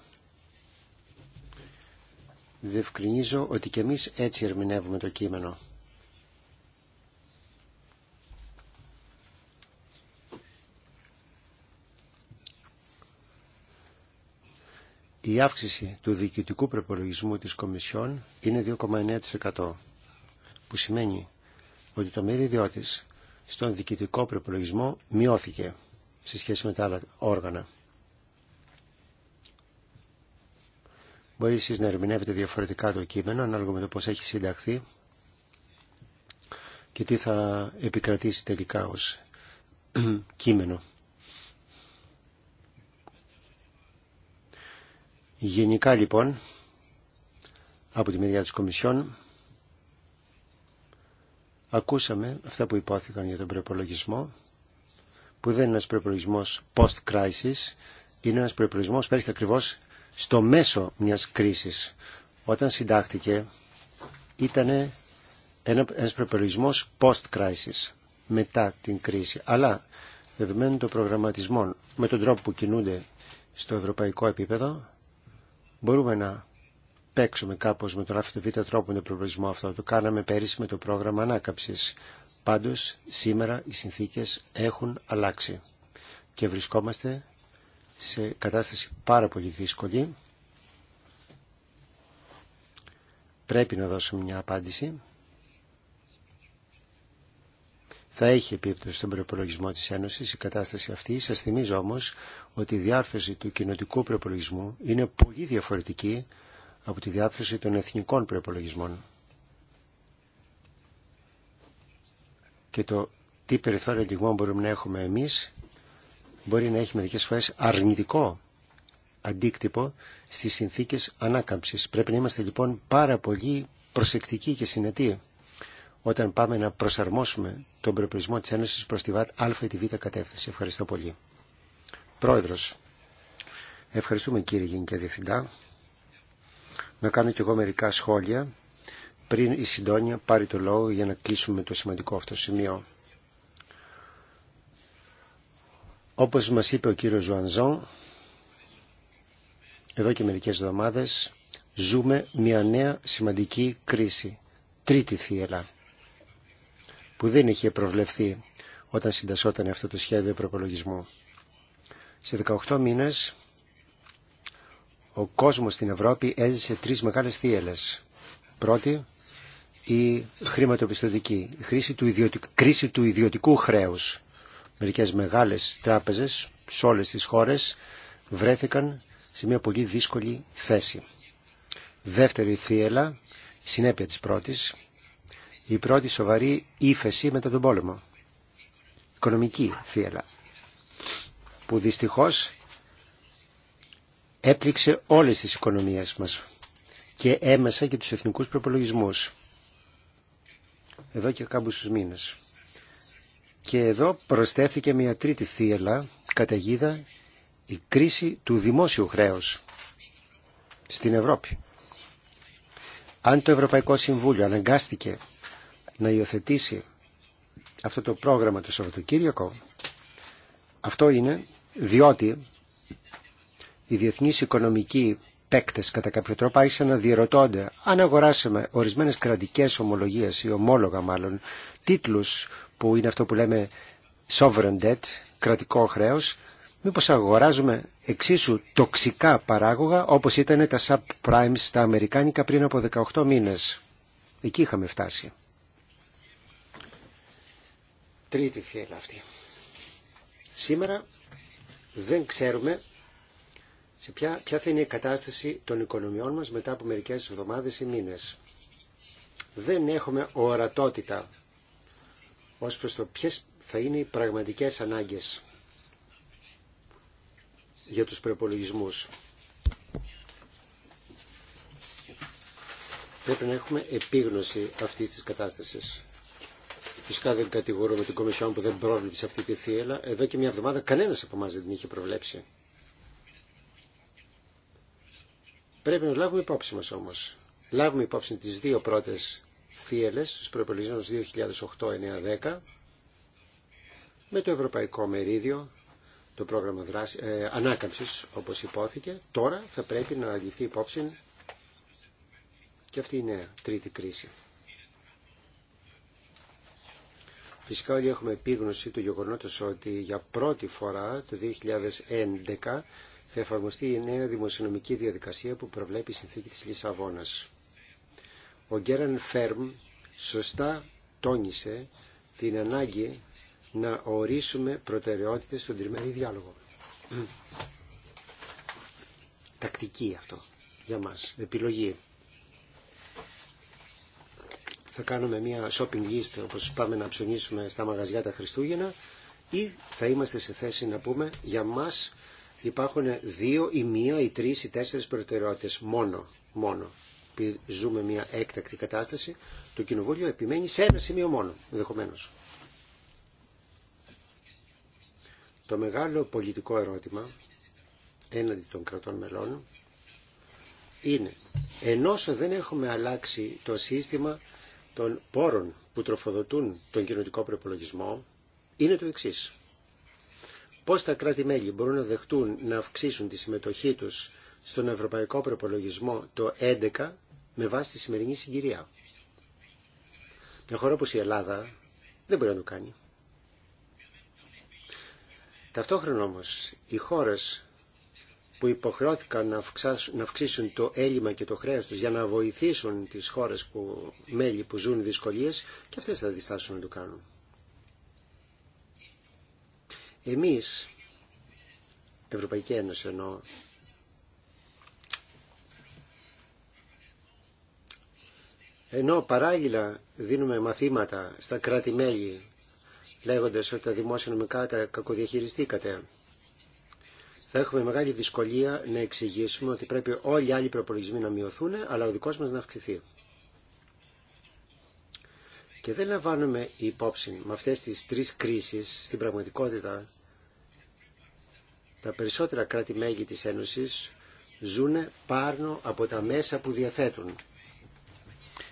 διευκρινίζω ότι και εμείς έτσι ερμηνεύουμε το κείμενο. Η αύξηση του διοικητικού προπολογισμού της Κομισιόν είναι 2,9% που σημαίνει ότι το μερίδιό της στον διοικητικό προπολογισμό μειώθηκε σε σχέση με τα άλλα όργανα. Μπορεί εσείς να ερμηνεύετε διαφορετικά το κείμενο ανάλογα με το πώς έχει συνταχθεί και τι θα επικρατήσει τελικά ως κείμενο. Γενικά λοιπόν, από τη μεριά της Κομισιόν, ακούσαμε αυτά που υπόθηκαν για τον προπολογισμό, που δεν είναι ένας προπολογισμός post-crisis, είναι ένας προπολογισμός που έρχεται ακριβώς στο μέσο μιας κρίσης. Όταν συντάχθηκε ήταν ένας προπερισμός post-crisis, μετά την κρίση. Αλλά δεδομένου των προγραμματισμών, με τον τρόπο που κινούνται στο ευρωπαϊκό επίπεδο, μπορούμε να παίξουμε κάπως με τον αφιτοβήτα τρόπο τον προπολογισμό αυτό. Το κάναμε πέρυσι με το πρόγραμμα ανάκαψης Πάντως, σήμερα οι συνθήκες έχουν αλλάξει και βρισκόμαστε σε κατάσταση πάρα πολύ δύσκολη. Πρέπει να δώσουμε μια απάντηση. Θα έχει επίπτωση στον προπολογισμό της Ένωσης η κατάσταση αυτή. Σας θυμίζω όμως ότι η διάρθρωση του κοινοτικού προπολογισμού είναι πολύ διαφορετική από τη διάρθρωση των εθνικών προπολογισμών. Και το τι περιθώρια λιγμών μπορούμε να έχουμε εμείς μπορεί να έχει μερικές φορές αρνητικό αντίκτυπο στις συνθήκες ανάκαμψης. Πρέπει να είμαστε λοιπόν πάρα πολύ προσεκτικοί και συνετοί όταν πάμε να προσαρμόσουμε τον προπλησμό της Ένωσης προς τη ΒΑΤ Α ή τη Β κατεύθυνση. Ευχαριστώ πολύ. Πρόεδρος, ευχαριστούμε κύριε και Διευθυντά. Να κάνω κι εγώ μερικά σχόλια πριν η Συντόνια πάρει το λόγο για να κλείσουμε το σημαντικό αυτό σημείο. Όπως μας είπε ο κύριος Ζουανζόν, εδώ και μερικές εβδομάδες ζούμε μια νέα σημαντική κρίση, τρίτη θύελα, που δεν είχε προβλεφθεί όταν συντασσόταν αυτό το σχέδιο προπολογισμού. Σε 18 μήνες ο κόσμος στην Ευρώπη έζησε τρεις μεγάλες θύελες. Πρώτη, η χρηματοπιστωτική, η κρίση του ιδιωτικού χρέους μερικές μεγάλες τράπεζες σε όλες τις χώρες βρέθηκαν σε μια πολύ δύσκολη θέση. Δεύτερη θύελα, συνέπεια της πρώτης, η πρώτη σοβαρή ύφεση μετά τον πόλεμο. Οικονομική θύελα, που δυστυχώς έπληξε όλες τις οικονομίες μας και έμεσα και τους εθνικούς προπολογισμούς. Εδώ και κάμπους μήνες. Και εδώ προσθέθηκε μια τρίτη θύελα, καταγίδα, η κρίση του δημόσιου χρέους στην Ευρώπη. Αν το Ευρωπαϊκό Συμβούλιο αναγκάστηκε να υιοθετήσει αυτό το πρόγραμμα το Σαββατοκύριακο, αυτό είναι διότι η διεθνής οικονομική παίκτες κατά κάποιο τρόπο άρχισαν να διερωτώνται αν αγοράσαμε ορισμένες κρατικές ομολογίες ή ομόλογα μάλλον τίτλους που είναι αυτό που λέμε sovereign debt, κρατικό χρέος μήπως αγοράζουμε εξίσου τοξικά παράγωγα όπως ήταν τα subprimes στα αμερικάνικα πριν από 18 μήνες. Εκεί είχαμε φτάσει. Τρίτη φιέλα αυτή. Σήμερα δεν ξέρουμε σε ποια, ποια θα είναι η κατάσταση των οικονομιών μας μετά από μερικές εβδομάδες ή μήνες. Δεν έχουμε ορατότητα ως προς το ποιες θα είναι οι πραγματικές ανάγκες για τους προπολογισμού. Πρέπει να έχουμε επίγνωση αυτής της κατάστασης. Φυσικά δεν κατηγορούμε την Κομισιόν που δεν πρόβλεψε αυτή τη θύελα. Εδώ και μια εβδομάδα κανένας από εμάς δεν την είχε προβλέψει. Πρέπει να λάβουμε υπόψη μας όμως. Λάβουμε υπόψη τις δύο πρώτες θύελες στους προπολογισμούς 2008-2010 με το Ευρωπαϊκό Μερίδιο, το πρόγραμμα δράση, ε, ανάκαμψης όπως υπόθηκε. Τώρα θα πρέπει να αγγιθεί υπόψη και αυτή η νέα τρίτη κρίση. Φυσικά όλοι έχουμε επίγνωση του γεγονότος ότι για πρώτη φορά το 2011 θα εφαρμοστεί η νέα δημοσιονομική διαδικασία που προβλέπει η συνθήκη της Λισαβόνας. Ο Γκέραν Φέρμ σωστά τόνισε την ανάγκη να ορίσουμε προτεραιότητες στον τριμερή διάλογο. Τακτική αυτό για μας, επιλογή. Θα κάνουμε μια shopping list όπως πάμε να ψωνίσουμε στα μαγαζιά τα Χριστούγεννα ή θα είμαστε σε θέση να πούμε για μας υπάρχουν δύο ή μία ή τρεις ή τέσσερις προτεραιότητες μόνο, μόνο. Ζούμε μια έκτακτη κατάσταση, το Κοινοβούλιο επιμένει σε ένα σημείο μόνο, ενδεχομένω. Το μεγάλο πολιτικό ερώτημα έναντι των κρατών μελών είναι ενώ δεν έχουμε αλλάξει το σύστημα των πόρων που τροφοδοτούν τον κοινωνικό προπολογισμό, είναι το εξής πώς τα κράτη-μέλη μπορούν να δεχτούν να αυξήσουν τη συμμετοχή τους στον ευρωπαϊκό προπολογισμό το 11 με βάση τη σημερινή συγκυρία. Μια χώρα όπως η Ελλάδα δεν μπορεί να το κάνει. Ταυτόχρονα όμως οι χώρες που υποχρεώθηκαν να, να αυξήσουν το έλλειμμα και το χρέος τους για να βοηθήσουν τις χώρες που, μέλη που ζουν δυσκολίες και αυτές θα διστάσουν να το κάνουν. Εμείς, Ευρωπαϊκή Ένωση εννοώ, ενώ παράλληλα δίνουμε μαθήματα στα κράτη-μέλη λέγοντας ότι τα δημόσια νομικά τα κακοδιαχειριστήκατε, θα έχουμε μεγάλη δυσκολία να εξηγήσουμε ότι πρέπει όλοι οι άλλοι προπολογισμοί να μειωθούν, αλλά ο δικός μας να αυξηθεί. Και δεν λαμβάνουμε υπόψη με αυτές τις τρεις κρίσεις στην πραγματικότητα τα περισσότερα κράτη-μέγη της Ένωσης ζουν πάνω από τα μέσα που διαθέτουν.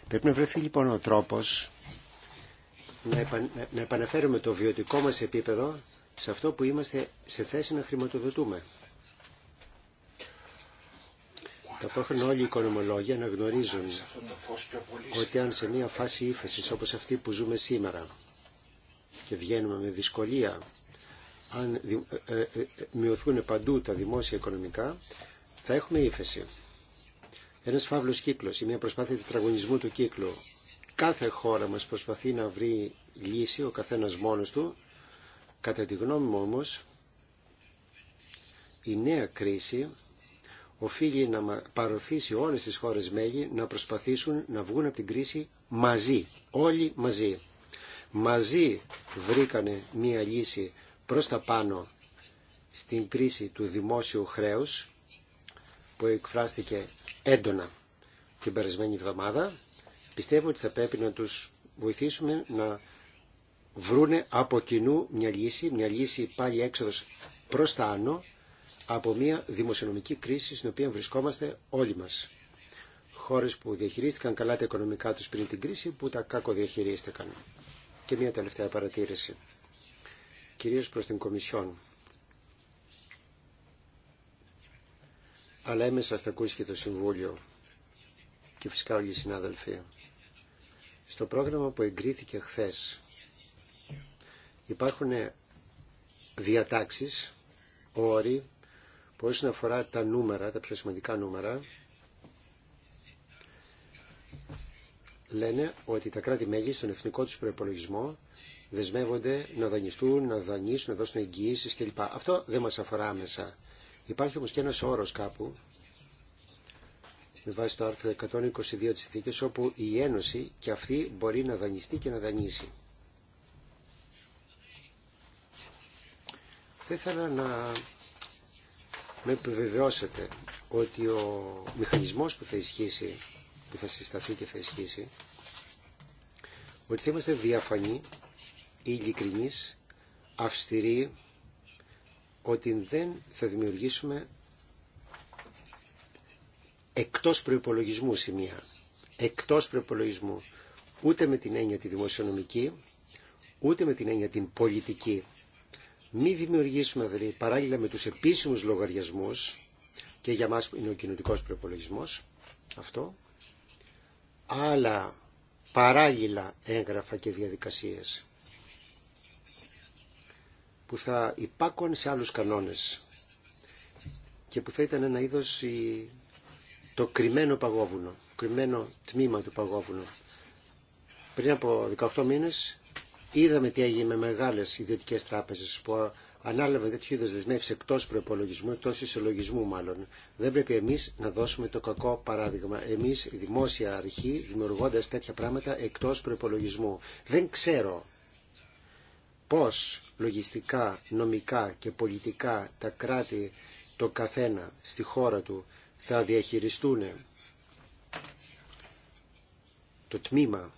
Πρέπει να βρεθεί λοιπόν ο τρόπος να επαναφέρουμε το βιωτικό μας επίπεδο σε αυτό που είμαστε σε θέση να χρηματοδοτούμε. Ταυτόχρονα όλοι οι οικονομολόγοι αναγνωρίζουν ότι αν σε μια φάση ύφεση όπως αυτή που ζούμε σήμερα και βγαίνουμε με δυσκολία αν ε, ε, ε, μειωθούν παντού τα δημόσια οικονομικά, θα έχουμε ύφεση. Ένα φαύλο κύκλο ή μια προσπάθεια τετραγωνισμού του κύκλου. Κάθε χώρα μα προσπαθεί να βρει λύση, ο καθένα μόνο του. Κατά τη γνώμη μου όμω, η νέα κρίση οφείλει να παροθήσει όλες τις χώρες μέλη να προσπαθήσουν να βγουν από την κρίση μαζί, όλοι μαζί. Μαζί βρήκανε μία λύση προς τα πάνω στην κρίση του δημόσιου χρέους που εκφράστηκε έντονα την περασμένη εβδομάδα, πιστεύω ότι θα πρέπει να τους βοηθήσουμε να βρούνε από κοινού μια λύση, μια λύση πάλι έξοδος προς τα άνω, από μια δημοσιονομική κρίση στην οποία βρισκόμαστε όλοι μας. Χώρες που διαχειρίστηκαν καλά τα οικονομικά τους πριν την κρίση, που τα κάκο Και μια τελευταία παρατήρηση κυρίως προς την Κομισιόν. Αλλά έμεσα θα ακούσει και το Συμβούλιο και φυσικά όλοι οι συνάδελφοι. Στο πρόγραμμα που εγκρίθηκε χθες υπάρχουν διατάξεις, όροι, που όσον αφορά τα νούμερα, τα πιο σημαντικά νούμερα, λένε ότι τα κράτη-μέλη στον εθνικό τους προπολογισμό δεσμεύονται να δανειστούν, να δανείσουν, να δώσουν εγγυήσει κλπ. Αυτό δεν μα αφορά άμεσα. Υπάρχει όμω και ένα όρο κάπου, με βάση το άρθρο 122 τη συνθήκη, όπου η Ένωση και αυτή μπορεί να δανειστεί και να δανείσει. Θα ήθελα να με επιβεβαιώσετε ότι ο μηχανισμός που θα ισχύσει, που θα συσταθεί και θα ισχύσει, ότι θα είμαστε διαφανή ειλικρινείς, αυστηρή ότι δεν θα δημιουργήσουμε εκτός προϋπολογισμού σημεία, εκτός προϋπολογισμού, ούτε με την έννοια τη δημοσιονομική, ούτε με την έννοια την πολιτική. Μη δημιουργήσουμε δηλαδή παράλληλα με τους επίσημους λογαριασμούς, και για μας είναι ο κοινωνικός προϋπολογισμός, αυτό, άλλα παράλληλα έγγραφα και διαδικασίες που θα υπάκουν σε άλλους κανόνες και που θα ήταν ένα είδος το κρυμμένο παγόβουνο, κρυμμένο τμήμα του παγόβουνου. Πριν από 18 μήνες είδαμε τι έγινε με μεγάλες ιδιωτικές τράπεζες που ανάλαβαν τέτοιου είδους δεσμεύσεις εκτός προπολογισμού, εκτός ισολογισμού μάλλον. Δεν πρέπει εμείς να δώσουμε το κακό παράδειγμα. Εμείς η δημόσια αρχή δημιουργώντας τέτοια πράγματα εκτός προπολογισμού. Δεν ξέρω πώς λογιστικά, νομικά και πολιτικά τα κράτη το καθένα στη χώρα του θα διαχειριστούν το τμήμα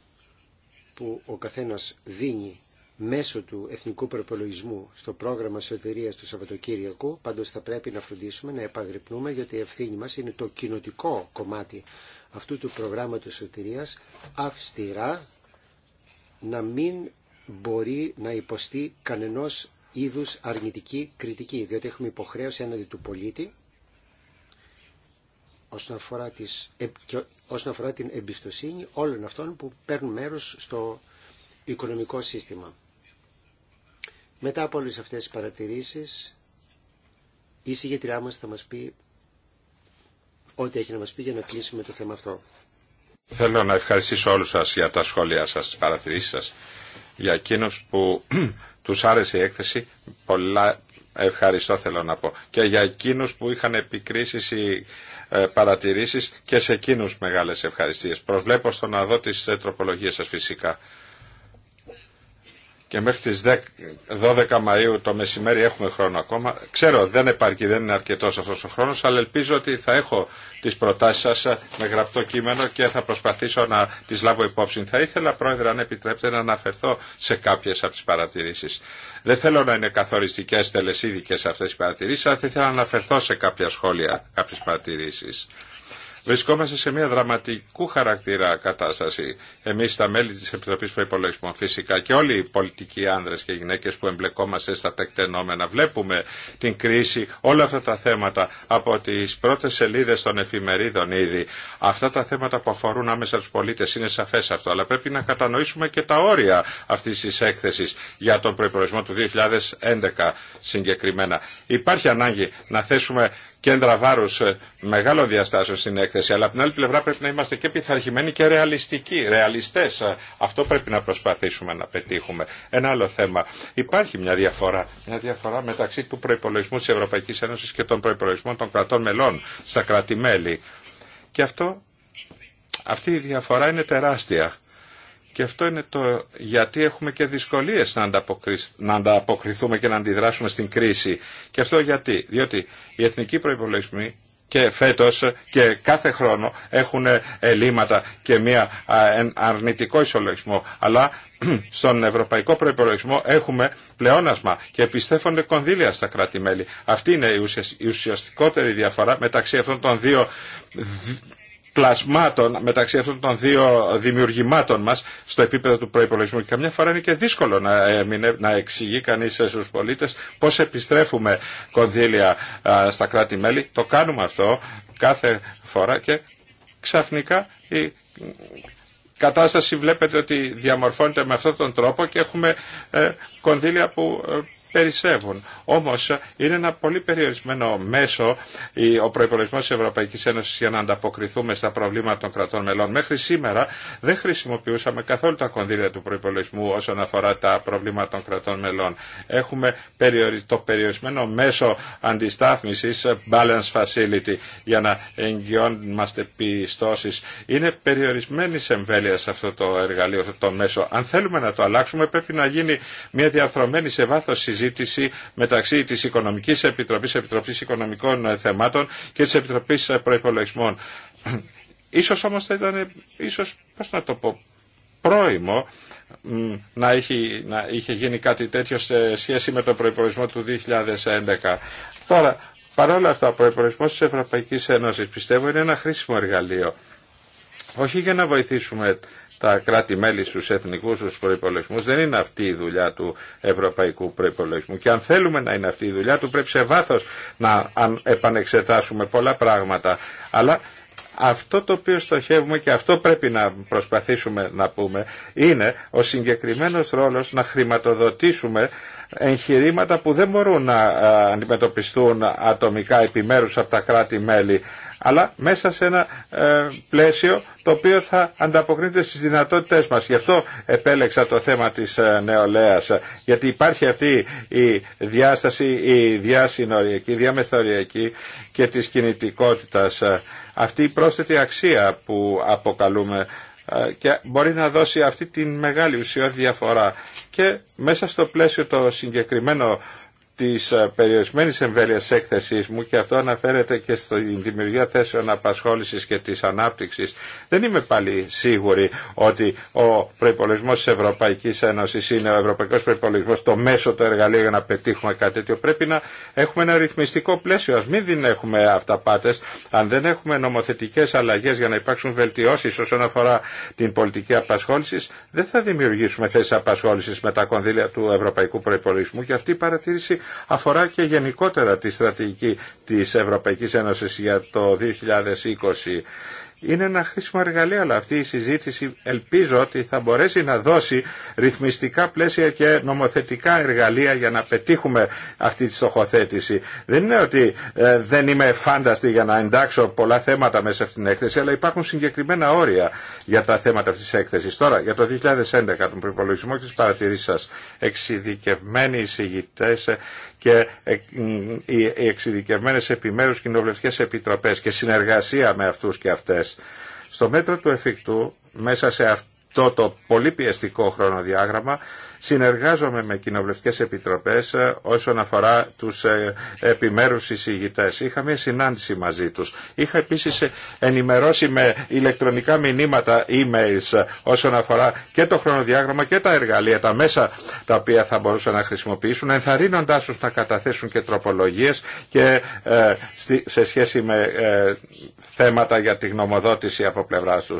που ο καθένας δίνει μέσω του εθνικού προπολογισμού στο πρόγραμμα σωτηρία του Σαββατοκύριακου, πάντω θα πρέπει να φροντίσουμε να επαγρυπνούμε γιατί η ευθύνη μα είναι το κοινοτικό κομμάτι αυτού του προγράμματος σωτηρίας αυστηρά να μην μπορεί να υποστεί κανενός είδους αρνητική κριτική, διότι έχουμε υποχρέωση έναντι του πολίτη όσον αφορά, τις, ε, όσον αφορά την εμπιστοσύνη όλων αυτών που παίρνουν μέρος στο οικονομικό σύστημα. Μετά από όλες αυτές τις παρατηρήσεις, η συγγετριά μας θα μας πει ό,τι έχει να μας πει για να κλείσουμε το θέμα αυτό. Θέλω να ευχαριστήσω όλους σας για τα σχόλια σας, τις παρατηρήσεις σας για εκείνου που τους άρεσε η έκθεση, πολλά ευχαριστώ θέλω να πω. Και για εκείνου που είχαν επικρίσεις ή ε, παρατηρήσεις και σε εκείνου μεγάλες ευχαριστίες. Προσβλέπω στο να δω τι ε, τροπολογίε σα φυσικά και μέχρι τις 12 Μαΐου το μεσημέρι έχουμε χρόνο ακόμα. Ξέρω δεν επαρκεί, δεν είναι αρκετός αυτός ο χρόνος, αλλά ελπίζω ότι θα έχω τις προτάσεις σας με γραπτό κείμενο και θα προσπαθήσω να τις λάβω υπόψη. Θα ήθελα, Πρόεδρε, αν επιτρέπετε, να αναφερθώ σε κάποιες από τις παρατηρήσεις. Δεν θέλω να είναι καθοριστικές, τελεσίδικες αυτές οι παρατηρήσεις, αλλά θα ήθελα να αναφερθώ σε κάποια σχόλια, κάποιες παρατηρήσεις. Βρισκόμαστε σε μια δραματικού χαρακτήρα κατάσταση. Εμεί τα μέλη τη Επιτροπή Προπολογισμών, φυσικά και όλοι οι πολιτικοί άνδρε και γυναίκε που εμπλεκόμαστε στα τεκτενόμενα βλέπουμε την κρίση, όλα αυτά τα θέματα από τι πρώτε σελίδε των εφημερίδων ήδη. Αυτά τα θέματα που αφορούν άμεσα τους πολίτες είναι σαφές αυτό, αλλά πρέπει να κατανοήσουμε και τα όρια αυτής της έκθεσης για τον προϋπολογισμό του 2011 συγκεκριμένα. Υπάρχει ανάγκη να θέσουμε κέντρα βάρου ε, μεγάλων διαστάσεων στην έκθεση, αλλά από την άλλη πλευρά πρέπει να είμαστε και πειθαρχημένοι και ρεαλιστικοί, ρεαλιστέ. Ε, αυτό πρέπει να προσπαθήσουμε να πετύχουμε. Ένα άλλο θέμα. Υπάρχει μια διαφορά, μεταξύ του προπολογισμού τη Ευρωπαϊκή Ένωση και των προπολογισμών των κρατών μελών στα κρατη και αυτό, αυτή η διαφορά είναι τεράστια. Και αυτό είναι το γιατί έχουμε και δυσκολίες να, να ανταποκριθούμε και να αντιδράσουμε στην κρίση. Και αυτό γιατί. Διότι οι εθνικοί προϋπολογισμοί και φέτος και κάθε χρόνο έχουν ελλείμματα και μια, αρνητικό ισολογισμό. Αλλά στον ευρωπαϊκό προπολογισμό έχουμε πλεόνασμα και επιστρέφονται κονδύλια στα κράτη-μέλη. Αυτή είναι η ουσιαστικότερη διαφορά μεταξύ αυτών των δύο πλασμάτων μεταξύ αυτών των δύο δημιουργημάτων μας στο επίπεδο του προϋπολογισμού και καμιά φορά είναι και δύσκολο να, να εξηγεί κανείς στους πολίτες πώς επιστρέφουμε κονδύλια στα κράτη-μέλη. Το κάνουμε αυτό κάθε φορά και ξαφνικά η κατάσταση βλέπετε ότι διαμορφώνεται με αυτόν τον τρόπο και έχουμε ε, κονδύλια που ε, περισσεύουν. Όμως είναι ένα πολύ περιορισμένο μέσο ο προπολογισμό τη Ευρωπαϊκή Ένωση για να ανταποκριθούμε στα προβλήματα των κρατών μελών. Μέχρι σήμερα δεν χρησιμοποιούσαμε καθόλου τα κονδύλια του προπολογισμού όσον αφορά τα προβλήματα των κρατών μελών. Έχουμε το περιορισμένο μέσο αντιστάθμιση, balance facility για να εγγυόμαστε πιστώσει. Είναι περιορισμένη εμβέλεια σε αυτό το εργαλείο, αυτό το μέσο. Αν θέλουμε να το αλλάξουμε πρέπει να γίνει μια διαρθρωμένη σε βάθο συζήτηση συζήτηση μεταξύ της Οικονομικής Επιτροπής, Επιτροπής Οικονομικών Θεμάτων και της Επιτροπής Προϋπολογισμών. Ίσως όμως θα ήταν, ίσως, πώς να το πω, πρόημο να, έχει, να είχε γίνει κάτι τέτοιο σε σχέση με τον προϋπολογισμό του 2011. Τώρα, παρόλα αυτά, ο προϋπολογισμός της Ευρωπαϊκής Ένωσης πιστεύω είναι ένα χρήσιμο εργαλείο. Όχι για να βοηθήσουμε τα κράτη-μέλη στους εθνικούς του προπολογισμού Δεν είναι αυτή η δουλειά του ευρωπαϊκού προπολογισμού. Και αν θέλουμε να είναι αυτή η δουλειά του πρέπει σε βάθος να επανεξετάσουμε πολλά πράγματα. Αλλά αυτό το οποίο στοχεύουμε και αυτό πρέπει να προσπαθήσουμε να πούμε είναι ο συγκεκριμένος ρόλος να χρηματοδοτήσουμε εγχειρήματα που δεν μπορούν να ε, αντιμετωπιστούν ατομικά επιμέρους από τα κράτη-μέλη αλλά μέσα σε ένα ε, πλαίσιο το οποίο θα ανταποκρίνεται στις δυνατότητές μας. Γι' αυτό επέλεξα το θέμα της ε, νεολαίας, γιατί υπάρχει αυτή η διάσταση, η διασυνοριακή, η διαμεθοριακή και της κινητικότητας. Αυτή η πρόσθετη αξία που αποκαλούμε ε, και μπορεί να δώσει αυτή την μεγάλη ουσιώδη διαφορά. Και μέσα στο πλαίσιο το συγκεκριμένο της ε, περιορισμένης εμβέλειας έκθεσής μου και αυτό αναφέρεται και στην δημιουργία θέσεων απασχόλησης και της ανάπτυξης. Δεν είμαι πάλι σίγουρη ότι ο προϋπολογισμός της Ευρωπαϊκής Ένωσης είναι ο ευρωπαϊκός προϋπολογισμός το μέσο το εργαλείο για να πετύχουμε κάτι τέτοιο. Πρέπει να έχουμε ένα ρυθμιστικό πλαίσιο. Ας μην δεν έχουμε αυταπάτες. Αν δεν έχουμε νομοθετικές αλλαγές για να υπάρξουν βελτιώσεις όσον αφορά την πολιτική απασχόληση, δεν θα δημιουργήσουμε θέσεις απασχόλησης με τα κονδύλια του ευρωπαϊκού προϋπολογισμού και αυτή η παρατήρηση αφορά και γενικότερα τη στρατηγική της Ευρωπαϊκής Ένωσης για το 2020. Είναι ένα χρήσιμο εργαλείο, αλλά αυτή η συζήτηση ελπίζω ότι θα μπορέσει να δώσει ρυθμιστικά πλαίσια και νομοθετικά εργαλεία για να πετύχουμε αυτή τη στοχοθέτηση. Δεν είναι ότι ε, δεν είμαι φάνταστη για να εντάξω πολλά θέματα μέσα αυτήν την έκθεση, αλλά υπάρχουν συγκεκριμένα όρια για τα θέματα αυτή τη έκθεση. Τώρα, για το 2011, τον προπολογισμό και τι παρατηρήσει σα εξειδικευμένοι εισηγητέ και ε, οι εξειδικευμένε επιμέρους κοινοβουλευτικέ επιτροπές και συνεργασία με αυτούς και αυτές. Στο μέτρο του εφικτού, μέσα σε αυτό το πολύ πιεστικό χρονοδιάγραμμα, Συνεργάζομαι με κοινοβουλευτικέ επιτροπέ ε, όσον αφορά του ε, επιμέρου εισηγητέ. Είχα μια συνάντηση μαζί του. Είχα επίση ε, ενημερώσει με ηλεκτρονικά μηνύματα emails όσον αφορά και το χρονοδιάγραμμα και τα εργαλεία, τα μέσα τα οποία θα μπορούσαν να χρησιμοποιήσουν, ενθαρρύνοντά του να καταθέσουν και τροπολογίε και σε σχέση με θέματα για τη γνωμοδότηση από πλευρά του.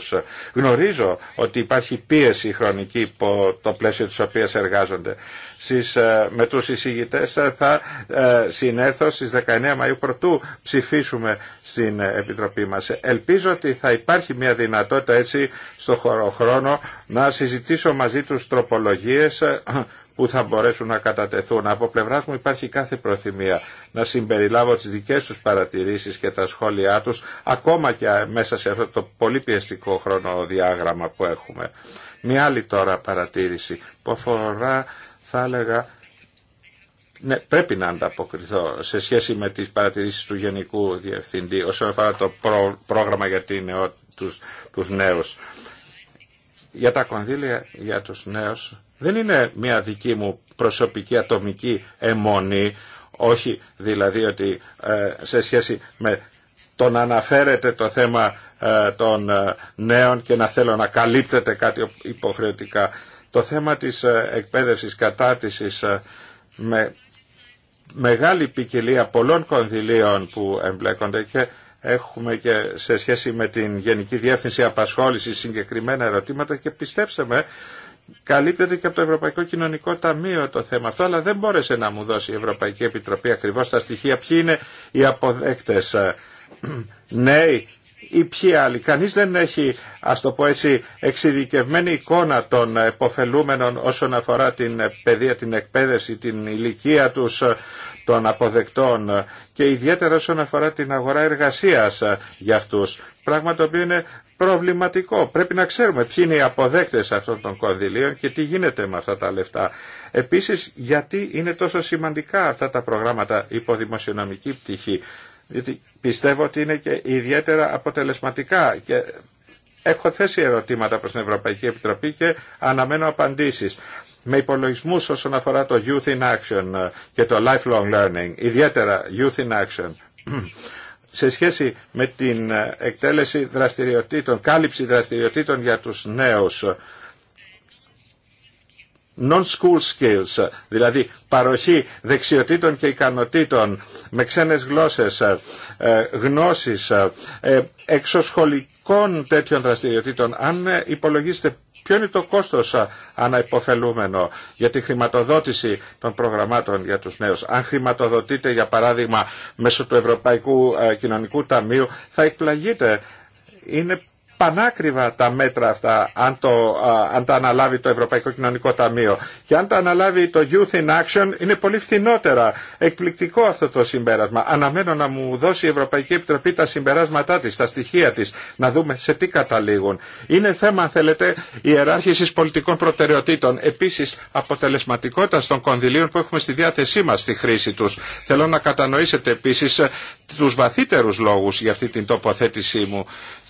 Γνωρίζω ότι υπάρχει πίεση χρονική το πλαίσιο τη οποία εργάζονται. Στις, ε, με τους εισηγητές ε, θα ε, συνέρθω στις 19 Μαΐου πρωτού ψηφίσουμε στην Επιτροπή μας. Ελπίζω ότι θα υπάρχει μια δυνατότητα έτσι στο χρόνο να συζητήσω μαζί τους τροπολογίες που θα μπορέσουν να κατατεθούν. Από πλευρά μου υπάρχει κάθε προθυμία να συμπεριλάβω τις δικές τους παρατηρήσεις και τα σχόλιά τους ακόμα και μέσα σε αυτό το πολύ πιεστικό χρονοδιάγραμμα που έχουμε. Μια άλλη τώρα παρατήρηση που αφορά θα έλεγα ναι, πρέπει να ανταποκριθώ σε σχέση με τις παρατηρήσεις του Γενικού Διευθυντή όσον αφορά το πρόγραμμα για την, τους, τους νέους. Για τα κονδύλια για τους νέους δεν είναι μια δική μου προσωπική ατομική αιμονή, όχι δηλαδή ότι ε, σε σχέση με το να αναφέρετε το θέμα ε, των ε, νέων και να θέλω να καλύπτεται κάτι υποχρεωτικά. Το θέμα της ε, εκπαίδευσης, κατάτησης με μεγάλη ποικιλία πολλών κονδυλίων που εμπλέκονται και έχουμε και σε σχέση με την Γενική Διεύθυνση Απασχόληση συγκεκριμένα ερωτήματα και πιστέψτε με, καλύπτεται και από το Ευρωπαϊκό Κοινωνικό Ταμείο το θέμα αυτό, αλλά δεν μπόρεσε να μου δώσει η Ευρωπαϊκή Επιτροπή ακριβώς τα στοιχεία ποιοι είναι οι αποδέκτες νέοι ή ποιοι άλλοι. Κανείς δεν έχει, ας το πω έτσι, εξειδικευμένη εικόνα των εποφελούμενων όσον αφορά την παιδεία, την εκπαίδευση, την ηλικία τους των αποδεκτών και ιδιαίτερα όσον αφορά την αγορά εργασίας για αυτούς. Πράγμα το οποίο είναι προβληματικό. Πρέπει να ξέρουμε ποιοι είναι οι αποδέκτες αυτών των κονδυλίων και τι γίνεται με αυτά τα λεφτά. Επίσης, γιατί είναι τόσο σημαντικά αυτά τα προγράμματα υποδημοσιονομική πτυχή πιστεύω ότι είναι και ιδιαίτερα αποτελεσματικά και έχω θέσει ερωτήματα προς την Ευρωπαϊκή Επιτροπή και αναμένω απαντήσεις με υπολογισμού όσον αφορά το Youth in Action και το Lifelong Learning, ιδιαίτερα Youth in Action, σε σχέση με την εκτέλεση δραστηριοτήτων, κάλυψη δραστηριοτήτων για τους νέους, non-school skills, δηλαδή παροχή δεξιοτήτων και ικανοτήτων με ξένες γλώσσες, ε, γνώσεις, ε, ε, εξωσχολικών τέτοιων δραστηριοτήτων, αν υπολογίσετε ποιο είναι το κόστος αναϋποθελούμενο για τη χρηματοδότηση των προγραμμάτων για τους νέους. Αν χρηματοδοτείτε, για παράδειγμα, μέσω του Ευρωπαϊκού Κοινωνικού Ταμείου, θα εκπλαγείτε. Είναι πανάκριβα τα μέτρα αυτά αν, το, αν τα αναλάβει το Ευρωπαϊκό Κοινωνικό Ταμείο. Και αν τα αναλάβει το Youth in Action είναι πολύ φθηνότερα. Εκπληκτικό αυτό το συμπέρασμα. Αναμένω να μου δώσει η Ευρωπαϊκή Επιτροπή τα συμπεράσματά της, τα στοιχεία της, να δούμε σε τι καταλήγουν. Είναι θέμα, αν θέλετε, ιεράρχησης πολιτικών προτεραιοτήτων. Επίσης, αποτελεσματικότητα των κονδυλίων που έχουμε στη διάθεσή μας στη χρήση τους. Θέλω να κατανοήσετε επίσης ε, τους βαθύτερους λόγους για αυτή την τοποθέτησή μου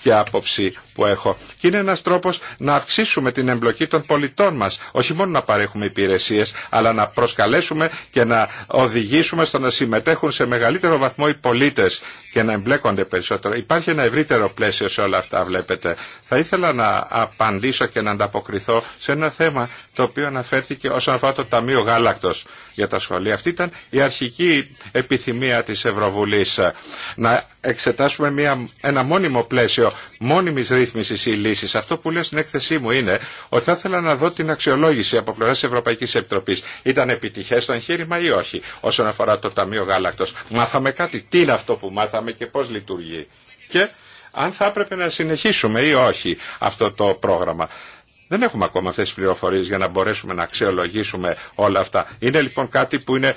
και άποψη που έχω. Και είναι ένας τρόπος να αυξήσουμε την εμπλοκή των πολιτών μας. Όχι μόνο να παρέχουμε υπηρεσίες, αλλά να προσκαλέσουμε και να οδηγήσουμε στο να συμμετέχουν σε μεγαλύτερο βαθμό οι πολίτες και να εμπλέκονται περισσότερο. Υπάρχει ένα ευρύτερο πλαίσιο σε όλα αυτά, βλέπετε. Θα ήθελα να απαντήσω και να ανταποκριθώ σε ένα θέμα το οποίο αναφέρθηκε όσον αφορά το Ταμείο Γάλακτος για τα σχολεία. Αυτή ήταν η αρχική επιθυμία της Ευρωβουλής. Ε, να εξετάσουμε μια, ένα μόνιμο πλαίσιο μόνιμης ρύθμισης ή λύσης. Αυτό που λέω στην έκθεσή μου είναι ότι θα ήθελα να δω την αξιολόγηση από πλευρά της Ευρωπαϊκής Επιτροπής. Ήταν επιτυχέ το εγχείρημα ή όχι όσον αφορά το Ταμείο Γάλακτο. Μάθαμε κάτι. Τι είναι αυτό που μάθαμε και πώς λειτουργεί. Και αν θα έπρεπε να συνεχίσουμε ή όχι αυτό το πρόγραμμα. Δεν έχουμε ακόμα αυτές τις πληροφορίες για να μπορέσουμε να αξιολογήσουμε όλα αυτά. Είναι λοιπόν κάτι που είναι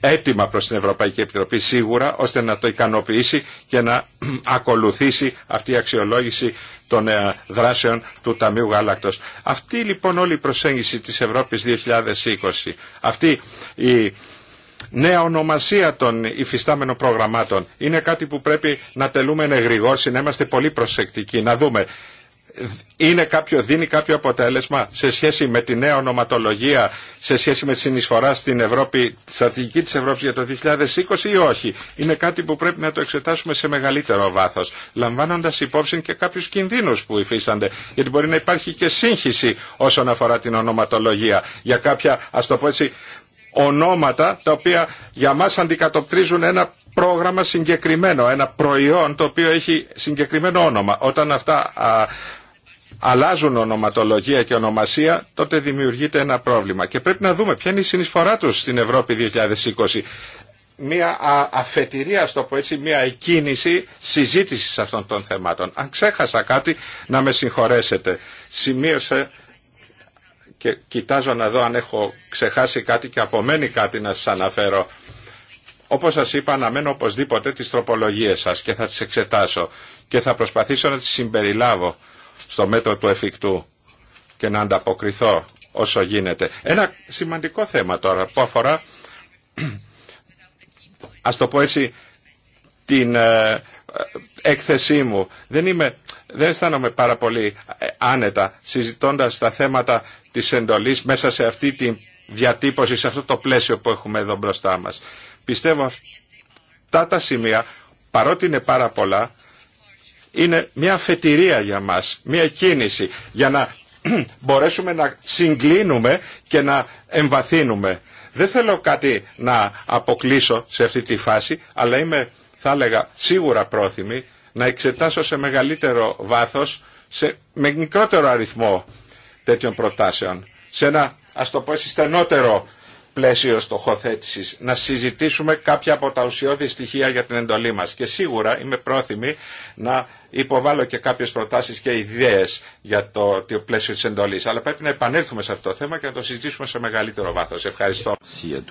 έτοιμα προς την Ευρωπαϊκή Επιτροπή σίγουρα ώστε να το ικανοποιήσει και να ακολουθήσει αυτή η αξιολόγηση των ε, δράσεων του Ταμείου Γάλακτος. Αυτή λοιπόν όλη η προσέγγιση της Ευρώπης 2020, αυτή η νέα ονομασία των υφιστάμενων προγραμμάτων. Είναι κάτι που πρέπει να τελούμε ενεγρηγόρση, να είμαστε πολύ προσεκτικοί, να δούμε είναι κάποιο, δίνει κάποιο αποτέλεσμα σε σχέση με τη νέα ονοματολογία, σε σχέση με τη συνεισφορά στην Ευρώπη, τη στρατηγική της Ευρώπης για το 2020 ή όχι. Είναι κάτι που πρέπει να το εξετάσουμε σε μεγαλύτερο βάθος, λαμβάνοντας υπόψη και κάποιους κινδύνους που υφίστανται, γιατί μπορεί να υπάρχει και σύγχυση όσον αφορά την ονοματολογία για κάποια, α το πω έτσι, ονόματα τα οποία για μας αντικατοπτρίζουν ένα πρόγραμμα συγκεκριμένο, ένα προϊόν το οποίο έχει συγκεκριμένο όνομα. Όταν αυτά α, αλλάζουν ονοματολογία και ονομασία, τότε δημιουργείται ένα πρόβλημα. Και πρέπει να δούμε ποια είναι η συνεισφορά τους στην Ευρώπη 2020. Μια αφετηρία, στο το πω έτσι, μια εκκίνηση συζήτησης αυτών των θεμάτων. Αν ξέχασα κάτι, να με συγχωρέσετε. Σημείωσε και κοιτάζω να δω αν έχω ξεχάσει κάτι και απομένει κάτι να σας αναφέρω. Όπως σας είπα αναμένω οπωσδήποτε τις τροπολογίες σας και θα τις εξετάσω και θα προσπαθήσω να τις συμπεριλάβω στο μέτρο του εφικτού και να ανταποκριθώ όσο γίνεται. Ένα σημαντικό θέμα τώρα που αφορά, ας το πω έτσι, την ε, έκθεσή μου. Δεν, είμαι, δεν αισθάνομαι πάρα πολύ ε, άνετα συζητώντας τα θέματα της εντολής μέσα σε αυτή τη διατύπωση, σε αυτό το πλαίσιο που έχουμε εδώ μπροστά μας. Πιστεύω αυτά τα σημεία, παρότι είναι πάρα πολλά, είναι μια αφετηρία για μας, μια κίνηση για να μπορέσουμε να συγκλίνουμε και να εμβαθύνουμε. Δεν θέλω κάτι να αποκλείσω σε αυτή τη φάση, αλλά είμαι, θα έλεγα, σίγουρα πρόθυμη να εξετάσω σε μεγαλύτερο βάθος, σε, με μικρότερο αριθμό τέτοιων προτάσεων. Σε ένα, ας το πω έτσι, στενότερο πλαίσιο στοχοθέτησης, να συζητήσουμε κάποια από τα ουσιώδη στοιχεία για την εντολή μας. Και σίγουρα είμαι πρόθυμη να υποβάλω και κάποιες προτάσεις και ιδέες για το, το πλαίσιο της εντολής. Αλλά πρέπει να επανέλθουμε σε αυτό το θέμα και να το συζητήσουμε σε μεγαλύτερο βάθος. Ευχαριστώ. Σε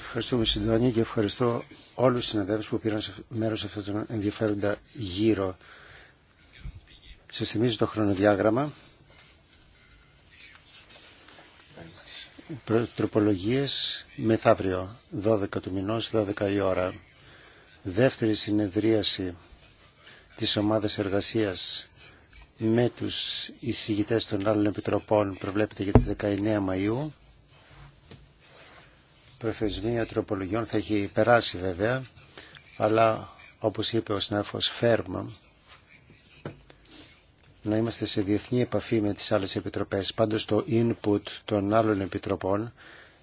ευχαριστούμε συντόνια και ευχαριστώ όλους τους συναδέλφους που πήραν μέρος σε αυτόν τον ενδιαφέροντα γύρο. Σας θυμίζω το χρονοδιάγραμμα. Τροπολογίες μεθαύριο, 12 του μηνό 12 η ώρα. Δεύτερη συνεδρίαση τη ομάδα εργασίας με του εισηγητέ των άλλων επιτροπών προβλέπεται για τις 19 Μαΐου. Προθεσμία τροπολογιών θα έχει περάσει βέβαια, αλλά όπως είπε ο συνάδελφος Φέρμα, να είμαστε σε διεθνή επαφή με τις άλλες επιτροπές. Πάντως το input των άλλων επιτροπών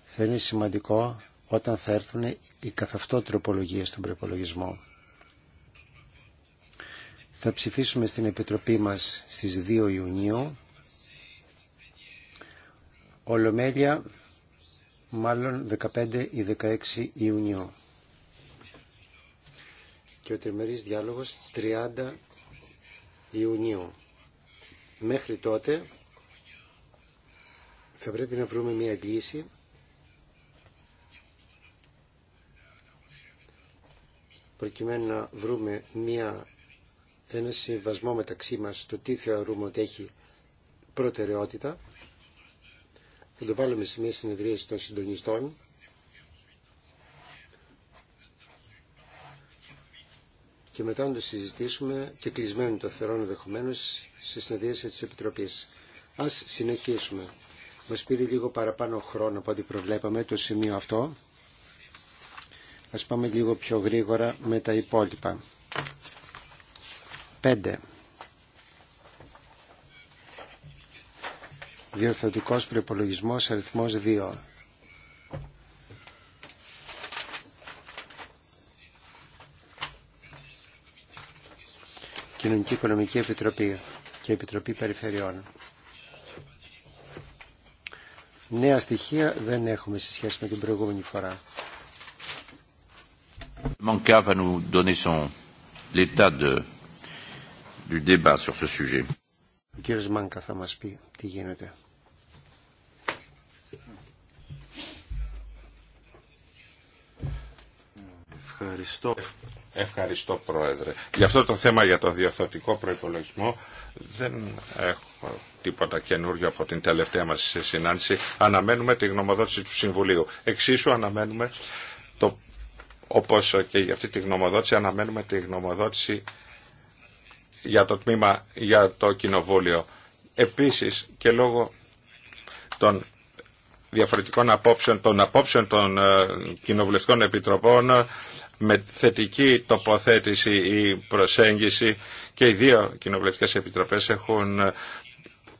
θα είναι σημαντικό όταν θα έρθουν οι καθ' αυτό στον προπολογισμό. Θα ψηφίσουμε στην Επιτροπή μας στις 2 Ιουνίου. Ολομέλεια μάλλον 15 ή 16 Ιουνίου. Και ο τριμερής διάλογος 30 Ιουνίου. Μέχρι τότε θα πρέπει να βρούμε μια λύση προκειμένου να βρούμε μια, ένα συμβασμό μεταξύ μας στο τι θεωρούμε ότι έχει προτεραιότητα. Θα το βάλουμε σε μια συνεδρίαση των συντονιστών και μετά να το συζητήσουμε και κλεισμένο το θεωρώ ενδεχομένω σε συνεδρίαση τη Επιτροπή. Α συνεχίσουμε. Μα πήρε λίγο παραπάνω χρόνο από ό,τι προβλέπαμε το σημείο αυτό. Ας πάμε λίγο πιο γρήγορα με τα υπόλοιπα. 5. Διορθωτικός προπολογισμό αριθμός 2. Κοινωνική Οικονομική Επιτροπή και Επιτροπή Περιφερειών. Νέα στοιχεία δεν έχουμε σε σχέση με την προηγούμενη φορά. Manca va nous donner son l'état de du débat sur ce sujet. Ο κύριος Μάνκα θα μας πει τι γίνεται. Ευχαριστώ. Ευχαριστώ Πρόεδρε. Γι' αυτό το θέμα για το διορθωτικό προϋπολογισμό δεν έχω τίποτα καινούργιο από την τελευταία μας συνάντηση. Αναμένουμε τη γνωμοδότηση του Συμβουλίου. Εξίσου αναμένουμε το όπως και για αυτή τη γνωμοδότηση αναμένουμε τη γνωμοδότηση για το τμήμα για το κοινοβούλιο. Επίσης και λόγω των διαφορετικών απόψεων, των απόψεων των ε, κοινοβουλευτικών επιτροπών με θετική τοποθέτηση ή προσέγγιση και οι δύο κοινοβουλευτικές επιτροπές έχουν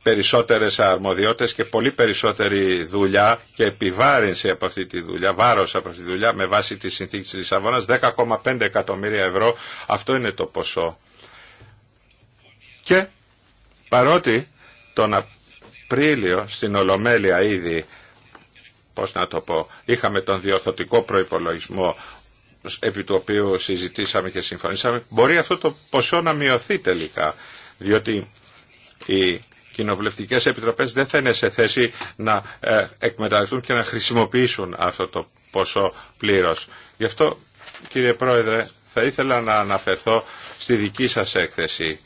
περισσότερες αρμοδιότητες και πολύ περισσότερη δουλειά και επιβάρυνση από αυτή τη δουλειά, βάρος από αυτή τη δουλειά με βάση τη συνθήκη της Λισαβόνας 10,5 εκατομμύρια ευρώ, αυτό είναι το ποσό. Και παρότι τον Απρίλιο στην Ολομέλεια ήδη πώς να το πω, είχαμε τον διορθωτικό προϋπολογισμό επί του οποίου συζητήσαμε και συμφωνήσαμε, μπορεί αυτό το ποσό να μειωθεί τελικά, διότι οι κοινοβουλευτικές επιτροπές δεν θα είναι σε θέση να ε, εκμεταλλευτούν και να χρησιμοποιήσουν αυτό το ποσό πλήρως. Γι' αυτό, κύριε Πρόεδρε, θα ήθελα να αναφερθώ στη δική σας έκθεση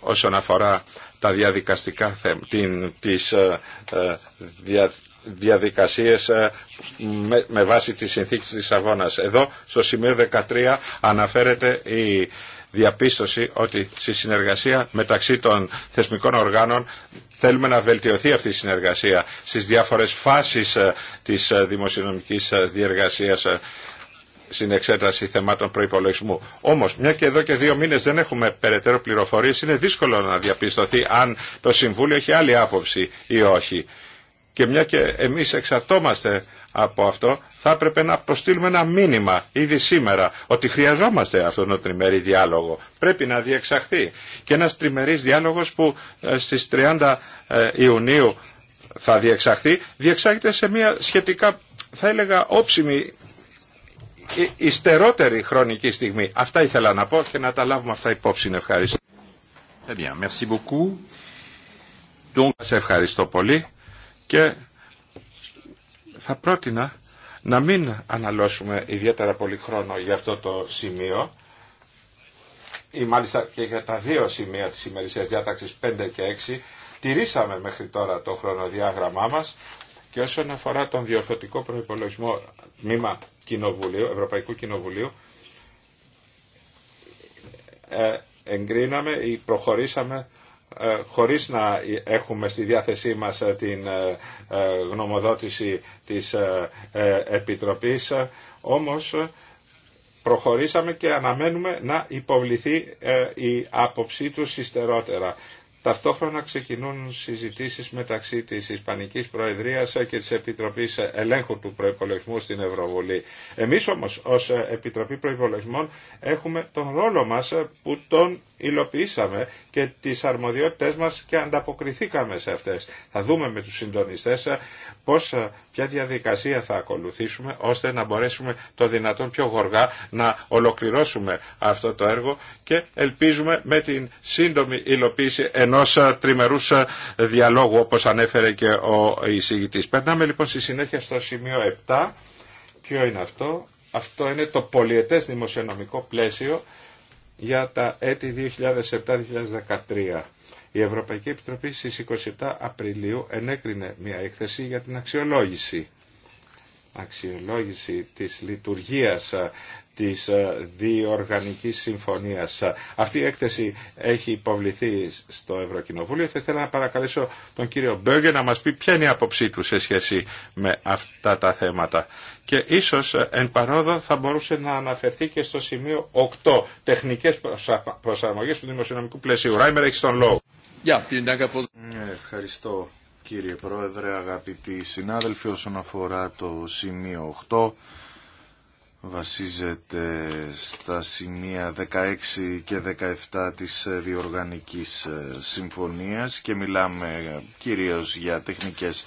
όσον αφορά τα διαδικαστικά θέματα, την, ε, ε, διαδικασίες ε, με, με βάση τις συνθήκες της αγώνας. Εδώ στο σημείο 13 αναφέρεται η διαπίστωση ότι στη συνεργασία μεταξύ των θεσμικών οργάνων θέλουμε να βελτιωθεί αυτή η συνεργασία στις διάφορες φάσεις ε, της ε, δημοσιονομικής διεργασίας στην εξέταση θεμάτων προϋπολογισμού. Όμως, μια και εδώ και δύο μήνες δεν έχουμε περαιτέρω πληροφορίες είναι δύσκολο να διαπιστωθεί αν το Συμβούλιο έχει άλλη άποψη ή όχι. Και μια και εμείς εξαρτώμαστε από αυτό, θα έπρεπε να προστείλουμε ένα μήνυμα ήδη σήμερα ότι χρειαζόμαστε αυτόν τον τριμερή διάλογο. Πρέπει να διεξαχθεί. Και ένας τριμερής διάλογος που ε, στις 30 ε, Ιουνίου θα διεξαχθεί, διεξάγεται σε μια σχετικά, θα έλεγα, όψιμη ε, ιστερότερη χρονική στιγμή. Αυτά ήθελα να πω και να τα λάβουμε αυτά υπόψη. Ευχαριστώ. ευχαριστώ πολύ και θα πρότεινα να μην αναλώσουμε ιδιαίτερα πολύ χρόνο για αυτό το σημείο ή μάλιστα και για τα δύο σημεία της ημερησίας διάταξης 5 και 6 τηρήσαμε μέχρι τώρα το χρονοδιάγραμμά μας και όσον αφορά τον διορθωτικό προϋπολογισμό τμήμα Κοινοβουλίου, Ευρωπαϊκού Κοινοβουλίου ε, εγκρίναμε ή προχωρήσαμε ε, χωρίς να έχουμε στη διάθεσή μας ε, την ε, γνωμοδότηση της Επιτροπής, όμως προχωρήσαμε και αναμένουμε να υποβληθεί η άποψή τους ιστερότερα. Ταυτόχρονα ξεκινούν συζητήσεις μεταξύ της Ισπανικής Προεδρίας και της Επιτροπής Ελέγχου του Προϋπολογισμού στην Ευρωβουλή. Εμείς όμως ως Επιτροπή Προϋπολογισμών έχουμε τον ρόλο μας που τον υλοποιήσαμε και τις αρμοδιότητες μας και ανταποκριθήκαμε σε αυτές. Θα δούμε με τους συντονιστές ε, πώς, ε, ποια διαδικασία θα ακολουθήσουμε ώστε να μπορέσουμε το δυνατόν πιο γοργά να ολοκληρώσουμε αυτό το έργο και ελπίζουμε με την σύντομη υλοποίηση ενός ε, τριμερούς διαλόγου όπως ανέφερε και ο εισηγητής. Περνάμε λοιπόν στη συνέχεια στο σημείο 7. Ποιο είναι αυτό. Αυτό είναι το πολιετές δημοσιονομικό πλαίσιο για τα έτη 2007-2013. Η Ευρωπαϊκή Επιτροπή στις 27 Απριλίου ενέκρινε μια έκθεση για την αξιολόγηση αξιολόγηση της λειτουργίας της ε, διοργανικής συμφωνίας. Αυτή η έκθεση έχει υποβληθεί στο Ευρωκοινοβούλιο. Θα ήθελα να παρακαλέσω τον κύριο Μπέγκε να μας πει ποια είναι η άποψή του σε σχέση με αυτά τα θέματα. Και ίσως ε, εν παρόδο θα μπορούσε να αναφερθεί και στο σημείο 8, τεχνικές προσαρμογές του δημοσιονομικού πλαισίου. Ράιμερ, έχει τον λόγο. Ε, ευχαριστώ κύριε Πρόεδρε, αγαπητοί συνάδελφοι, όσον αφορά το σημείο 8 βασίζεται στα σημεία 16 και 17 της διοργανικής ε, συμφωνίας και μιλάμε ε, κυρίως για τεχνικές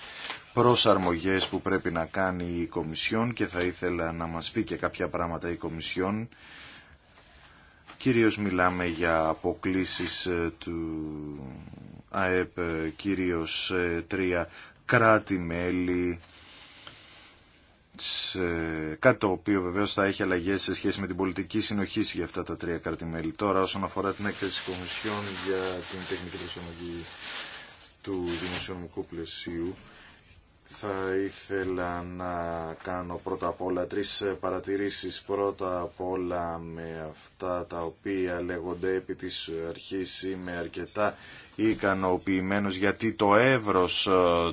προσαρμογές που πρέπει να κάνει η Κομισιόν και θα ήθελα να μας πει και κάποια πράγματα η Κομισιόν. Κυρίως μιλάμε για αποκλήσεις ε, του ΑΕΠ, κυρίως τρία κράτη-μέλη σε κάτι το οποίο βεβαίως θα έχει αλλαγές σε σχέση με την πολιτική συνοχή για αυτά τα τρία κρατημέλη. Τώρα όσον αφορά την έκθεση Κομισιόν για την τεχνική προσαρμογή του δημοσιονομικού πλαισίου θα ήθελα να κάνω πρώτα απ' όλα τρεις παρατηρήσεις. Πρώτα απ' όλα με αυτά τα οποία λέγονται επί της αρχής είμαι αρκετά ικανοποιημένος γιατί το εύρος ε,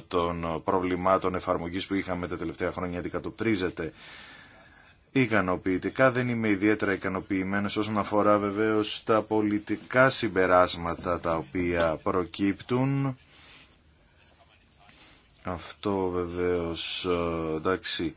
των προβλημάτων εφαρμογής που είχαμε τα τελευταία χρόνια αντικατοπτρίζεται ικανοποιητικά. Δεν είμαι ιδιαίτερα ικανοποιημένος όσον αφορά βεβαίως τα πολιτικά συμπεράσματα τα οποία προκύπτουν αυτό βεβαίως, ε, εντάξει,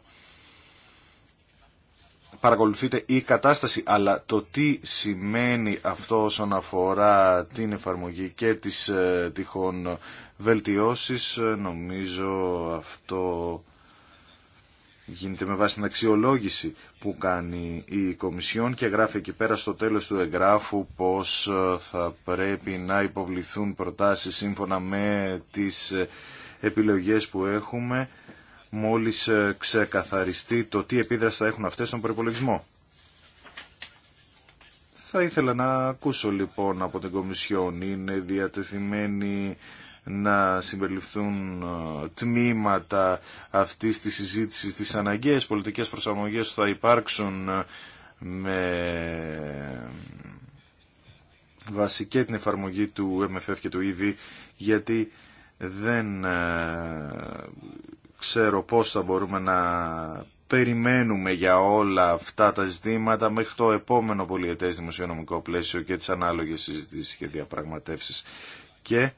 παρακολουθείτε η κατάσταση, αλλά το τι σημαίνει αυτό όσον αφορά την εφαρμογή και τις ε, τυχόν βελτιώσεις, ε, νομίζω αυτό γίνεται με βάση την αξιολόγηση που κάνει η Κομισιόν και γράφει εκεί πέρα στο τέλος του εγγράφου πως θα πρέπει να υποβληθούν προτάσεις σύμφωνα με τις επιλογές που έχουμε μόλις ε, ξεκαθαριστεί το τι επίδραση θα έχουν αυτές στον προπολογισμό. Θα ήθελα να ακούσω λοιπόν από την Κομισιόν. Είναι διατεθειμένη να συμπεριληφθούν ε, τμήματα αυτής της συζήτησης, της αναγκαίες πολιτικές προσαρμογές που θα υπάρξουν ε, με βασική την εφαρμογή του MFF και του EV, γιατί δεν ε, ξέρω πώς θα μπορούμε να περιμένουμε για όλα αυτά τα ζητήματα μέχρι το επόμενο πολιετές δημοσιονομικό πλαίσιο και τις ανάλογες συζητήσεις και διαπραγματεύσεις. Και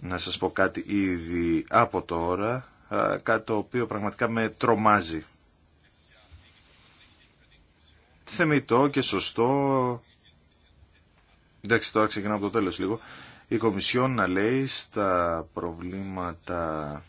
να σας πω κάτι ήδη από τώρα, ε, κάτι το οποίο πραγματικά με τρομάζει. Θεμητό και σωστό, εντάξει τώρα ξεκινάω από το τέλος λίγο, η Κομισιόν να λέει στα προβλήματα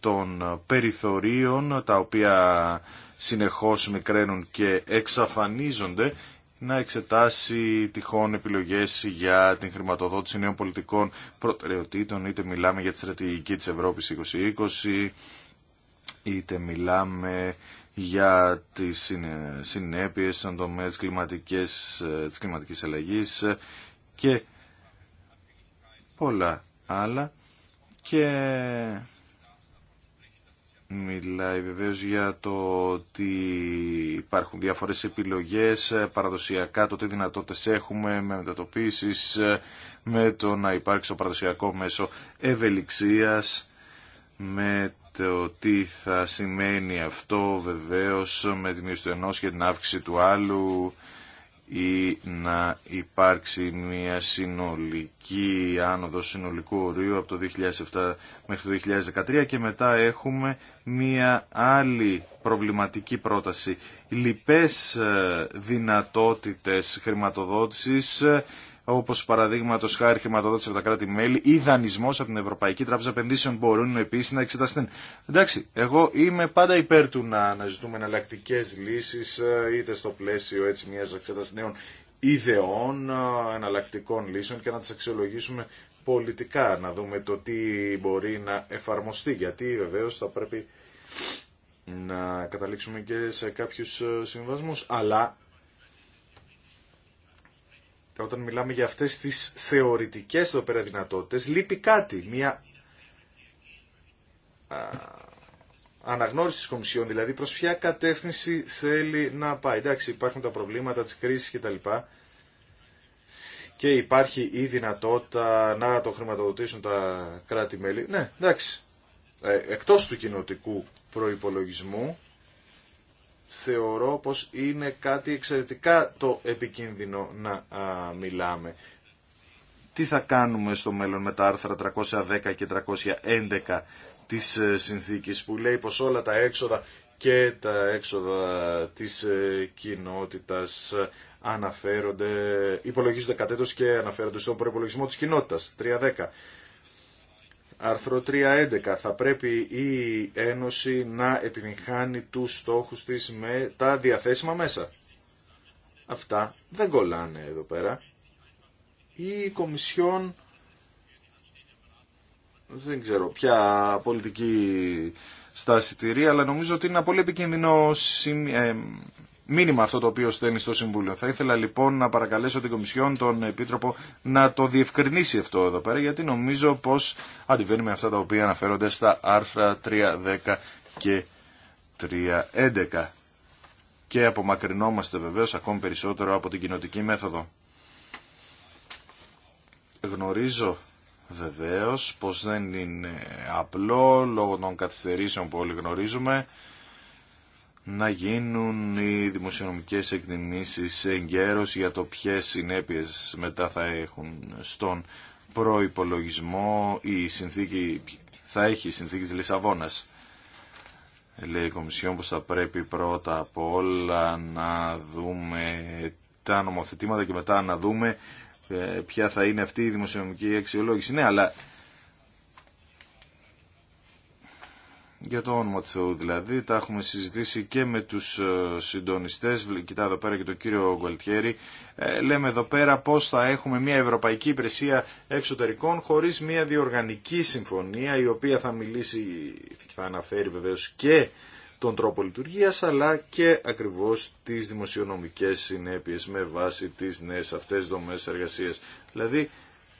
των περιθωρίων τα οποία συνεχώς μικραίνουν και εξαφανίζονται να εξετάσει τυχόν επιλογές για την χρηματοδότηση νέων πολιτικών προτεραιοτήτων είτε μιλάμε για τη στρατηγική της Ευρώπης 2020 είτε μιλάμε για τις συνέπειες των τομέα της ε, της κλιματικής αλλαγής ε, και πολλά άλλα και Μιλάει βεβαίως για το ότι υπάρχουν διάφορες επιλογές παραδοσιακά, το τι δυνατότητες έχουμε με μετατοπίσεις, με το να υπάρξει το παραδοσιακό μέσο ευελιξίας, με το τι θα σημαίνει αυτό βεβαίως με τη μείωση του και την αύξηση του άλλου, ή να υπάρξει μια συνολική άνοδο συνολικού ορίου από το 2007 μέχρι το 2013 και μετά έχουμε μια άλλη προβληματική πρόταση. Λοιπές ε, δυνατότητες χρηματοδότησης όπως παραδείγματο χάρη χρηματοδότηση από τα κράτη-μέλη ή δανεισμό από την Ευρωπαϊκή Τράπεζα Επενδύσεων μπορούν επίσης να εξεταστούν. Εντάξει, εγώ είμαι πάντα υπέρ του να αναζητούμε εναλλακτικέ λύσει ε, είτε στο πλαίσιο έτσι μιας εξέταση ιδεών, ε, εναλλακτικών λύσεων και να τι αξιολογήσουμε πολιτικά, να δούμε το τι μπορεί να εφαρμοστεί, γιατί βεβαίω θα πρέπει να καταλήξουμε και σε κάποιους ε, συμβασμούς, αλλά όταν μιλάμε για αυτές τις θεωρητικές εδώ πέρα δυνατότητες, λείπει κάτι, μια αναγνώριση της Κομισιόν, δηλαδή προς ποια κατεύθυνση θέλει να πάει. Εντάξει, υπάρχουν τα προβλήματα της κρίσης κτλ. Και υπάρχει η δυνατότητα να το χρηματοδοτήσουν τα κράτη-μέλη. Ναι, εντάξει. Ε, εκτός του κοινοτικού προϋπολογισμού, θεωρώ πως είναι κάτι εξαιρετικά το επικίνδυνο να μιλάμε. Τι θα κάνουμε στο μέλλον με τα άρθρα 310 και 311 της ε, συνθήκης που λέει πως όλα τα έξοδα και τα έξοδα της ε, κοινότητας ε, αναφέρονται, υπολογίζονται κατ' και αναφέρονται στον προπολογισμό της κοινότητας, 310. Άρθρο 3.11. Θα πρέπει η Ένωση να επιτυγχάνει τους στόχους της με τα διαθέσιμα μέσα. Αυτά δεν κολλάνε εδώ πέρα. Η Κομισιόν δεν ξέρω ποια πολιτική στάση τηρεί, αλλά νομίζω ότι είναι ένα πολύ επικίνδυνο ε, μήνυμα αυτό το οποίο στέλνει στο Συμβούλιο. Θα ήθελα λοιπόν να παρακαλέσω την Κομισιόν, τον Επίτροπο, να το διευκρινίσει αυτό εδώ πέρα, γιατί νομίζω πως αντιβαίνει με αυτά τα οποία αναφέρονται στα άρθρα 3.10 και 3.11. Και απομακρυνόμαστε βεβαίω ακόμη περισσότερο από την κοινοτική μέθοδο. Γνωρίζω βεβαίως πως δεν είναι απλό λόγω των καθυστερήσεων που όλοι γνωρίζουμε να γίνουν οι δημοσιονομικές εκτιμήσεις εγκαίρως για το ποιες συνέπειες μετά θα έχουν στον προϋπολογισμό η συνθήκη, θα έχει η συνθήκη της Λισαβόνας. Λέει η Κομισιόν πως θα πρέπει πρώτα απ' όλα να δούμε τα νομοθετήματα και μετά να δούμε ε, ποια θα είναι αυτή η δημοσιονομική αξιολόγηση. Ναι, αλλά Για το όνομα του Θεού δηλαδή, τα έχουμε συζητήσει και με τους ε, συντονιστές, κοιτά εδώ πέρα και τον κύριο Γκολτιέρη. Ε, λέμε εδώ πέρα πώς θα έχουμε μια ευρωπαϊκή υπηρεσία εξωτερικών χωρίς μια διοργανική συμφωνία η οποία θα μιλήσει, θα αναφέρει βεβαίως και τον τρόπο λειτουργίας αλλά και ακριβώς τις δημοσιονομικές συνέπειες με βάση τις νέες αυτές δομές εργασίας. Δηλαδή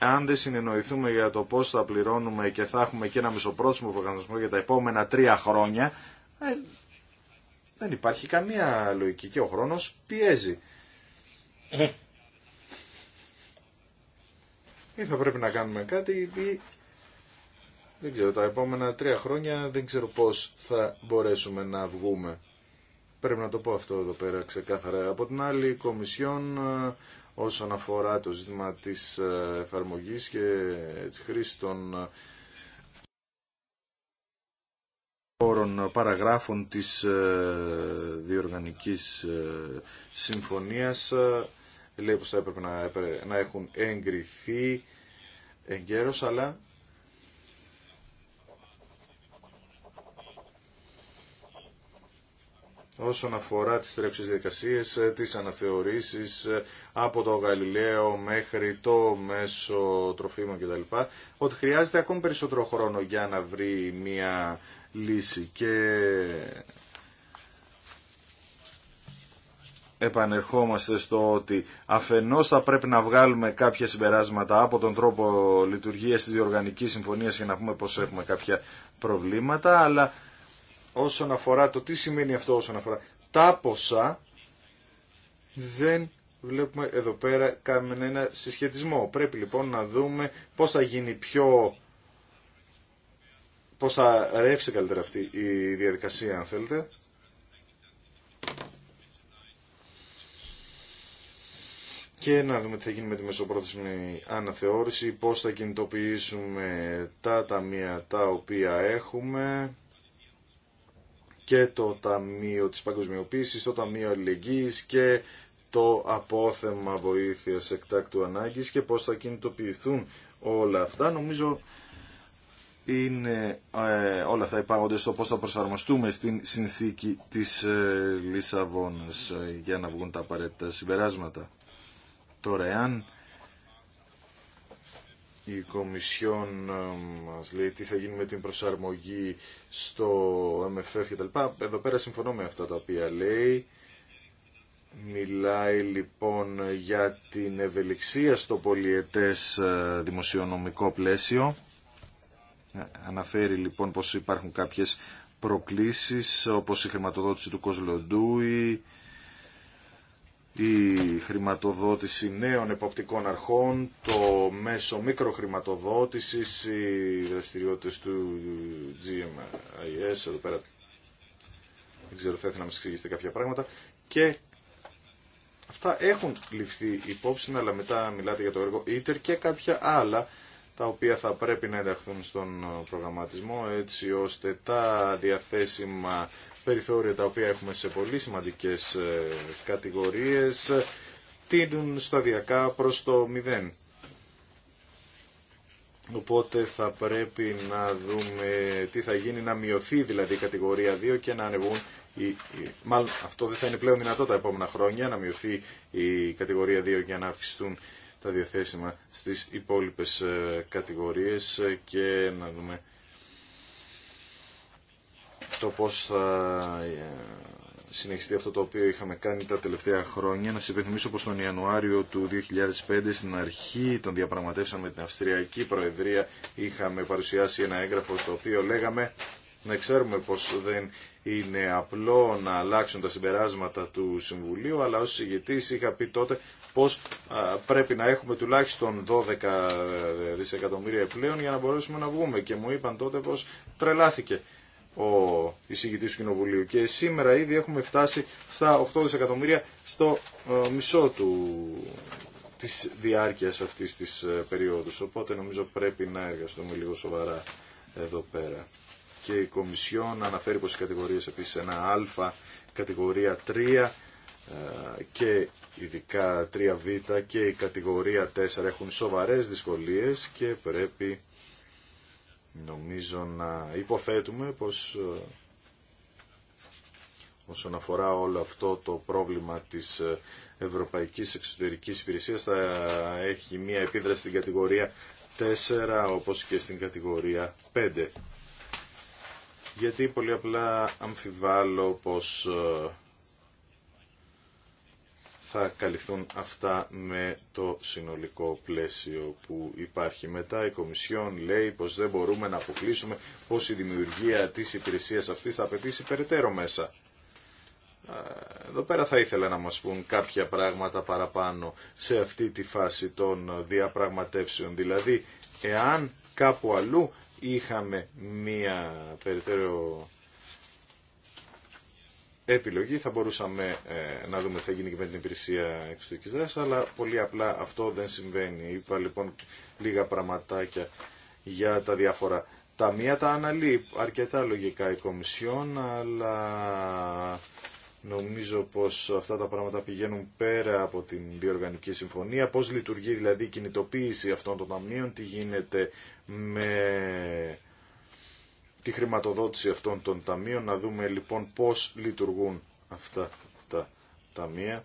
αν δεν συνεννοηθούμε για το πώς θα πληρώνουμε και θα έχουμε και ένα μισοπρόθεσμο προγραμματισμό για τα επόμενα τρία χρόνια, ε, δεν υπάρχει καμία λογική και ο χρόνος πιέζει. Ε. Ή θα πρέπει να κάνουμε κάτι ή δεν ξέρω, τα επόμενα τρία χρόνια δεν ξέρω πώς θα μπορέσουμε να βγούμε. Πρέπει να το πω αυτό εδώ πέρα ξεκάθαρα. Από την άλλη, η Κομισιόν όσον αφορά το ζήτημα της ε, εφαρμογής και ε, της χρήσης των ε, όρων παραγράφων της διοργανικής συμφωνίας λέει πως θα έπρεπε να έχουν εγκριθεί εγκαίρως αλλά όσον αφορά τις τρέψεις διαδικασίες, ε, τις αναθεωρήσεις ε, από το Γαλιλαίο μέχρι το μέσο τροφίμων κτλ. Ότι χρειάζεται ακόμη περισσότερο χρόνο για να βρει μία λύση και επανερχόμαστε στο ότι αφενός θα πρέπει να βγάλουμε κάποια συμπεράσματα από τον τρόπο λειτουργίας της Διοργανικής Συμφωνίας για να πούμε πως έχουμε κάποια προβλήματα, αλλά όσον αφορά το τι σημαίνει αυτό όσον αφορά τα ποσά, δεν βλέπουμε εδώ πέρα κανένα συσχετισμό. Πρέπει λοιπόν να δούμε πώς θα γίνει πιο... πώς θα ρεύσει καλύτερα αυτή η διαδικασία αν θέλετε. και να δούμε τι θα γίνει με τη μεσοπρόθεσμη αναθεώρηση, πώς θα κινητοποιήσουμε τα ταμεία τα οποία έχουμε και το Ταμείο της Παγκοσμιοποίησης, το Ταμείο Αλληλεγγύης και το απόθεμα βοήθειας εκτάκτου ανάγκης και πώς θα κινητοποιηθούν όλα αυτά. Νομίζω είναι ε, όλα αυτά υπάγονται στο πώς θα προσαρμοστούμε στην συνθήκη της ε, Λισαβόνας ε, για να βγουν τα απαραίτητα συμπεράσματα. Τώρα, εάν η Κομισιόν ε, μας λέει τι θα γίνει με την προσαρμογή στο MFF κτλ. Εδώ πέρα συμφωνώ με αυτά τα οποία λέει. Μιλάει λοιπόν για την ευελιξία στο πολιετές ε, δημοσιονομικό πλαίσιο. Ε, αναφέρει λοιπόν πως υπάρχουν κάποιες προκλήσεις όπως η χρηματοδότηση του Κοσλοντούι, η χρηματοδότηση νέων εποπτικών αρχών, το μέσο μικροχρηματοδότησης, οι δραστηριότητες του GMIS, εδώ πέρα δεν ξέρω, θα ήθελα να μας εξηγήσετε κάποια πράγματα και αυτά έχουν ληφθεί υπόψη, αλλά μετά μιλάτε για το έργο ITER και κάποια άλλα τα οποία θα πρέπει να ενταχθούν στον προγραμματισμό έτσι ώστε τα διαθέσιμα περιθώρια τα οποία έχουμε σε πολύ σημαντικές ε, κατηγορίες ε, τίνουν σταδιακά προς το μηδέν. Οπότε θα πρέπει να δούμε τι θα γίνει, να μειωθεί δηλαδή η κατηγορία 2 και να ανεβούν, οι, μάλλον αυτό δεν θα είναι πλέον δυνατό τα επόμενα χρόνια, να μειωθεί η κατηγορία 2 για να αυξηθούν τα διαθέσιμα στις υπόλοιπες ε, κατηγορίες και να δούμε το πώς θα ε, συνεχιστεί αυτό το οποίο είχαμε κάνει τα τελευταία χρόνια. Να σας υπενθυμίσω πως τον Ιανουάριο του 2005 στην αρχή των διαπραγματεύσεων με την Αυστριακή Προεδρία είχαμε παρουσιάσει ένα έγγραφο στο οποίο λέγαμε να ξέρουμε πως δεν είναι απλό να αλλάξουν τα συμπεράσματα του Συμβουλίου, αλλά ως ηγετής είχα πει τότε πως πρέπει να έχουμε τουλάχιστον 12 ε, δισεκατομμύρια πλέον για να μπορέσουμε να βγούμε. Και μου είπαν τότε πως τρελάθηκε ο εισηγητή του Κοινοβουλίου. Και σήμερα ήδη έχουμε φτάσει στα 8 δισεκατομμύρια στο ε, μισό του της διάρκειας αυτής της ε, περίοδου. Οπότε νομίζω πρέπει να εργαστούμε λίγο σοβαρά εδώ πέρα. Και η Κομισιόν αναφέρει πως οι κατηγορίες επίσης ένα α, κατηγορία 3 ε, και ειδικά 3β και η κατηγορία 4 έχουν σοβαρές δυσκολίες και πρέπει Νομίζω να υποθέτουμε πως ε, όσον αφορά όλο αυτό το πρόβλημα της ε, Ευρωπαϊκής Εξωτερικής Υπηρεσίας θα έχει μία επίδραση στην κατηγορία 4 όπως και στην κατηγορία 5. Γιατί πολύ απλά αμφιβάλλω πως ε, θα καλυφθούν αυτά με το συνολικό πλαίσιο που υπάρχει. Μετά η Κομισιόν λέει πως δεν μπορούμε να αποκλείσουμε πως η δημιουργία της υπηρεσίας αυτής θα απαιτήσει περαιτέρω μέσα. Εδώ πέρα θα ήθελα να μας πούν κάποια πράγματα παραπάνω σε αυτή τη φάση των διαπραγματεύσεων. Δηλαδή, εάν κάπου αλλού είχαμε μία περαιτέρω επιλογή. Θα μπορούσαμε ε, να δούμε τι θα γίνει και με την υπηρεσία εξωτερική δράση, αλλά πολύ απλά αυτό δεν συμβαίνει. Είπα λοιπόν λίγα πραγματάκια για τα διάφορα ταμεία. Τα αναλύει αρκετά λογικά η Κομισιόν, αλλά νομίζω πως αυτά τα πράγματα πηγαίνουν πέρα από την διοργανική συμφωνία. Πώς λειτουργεί δηλαδή η κινητοποίηση αυτών των ταμείων, τι γίνεται με τη χρηματοδότηση αυτών των ταμείων, να δούμε λοιπόν πώς λειτουργούν αυτά τα ταμεία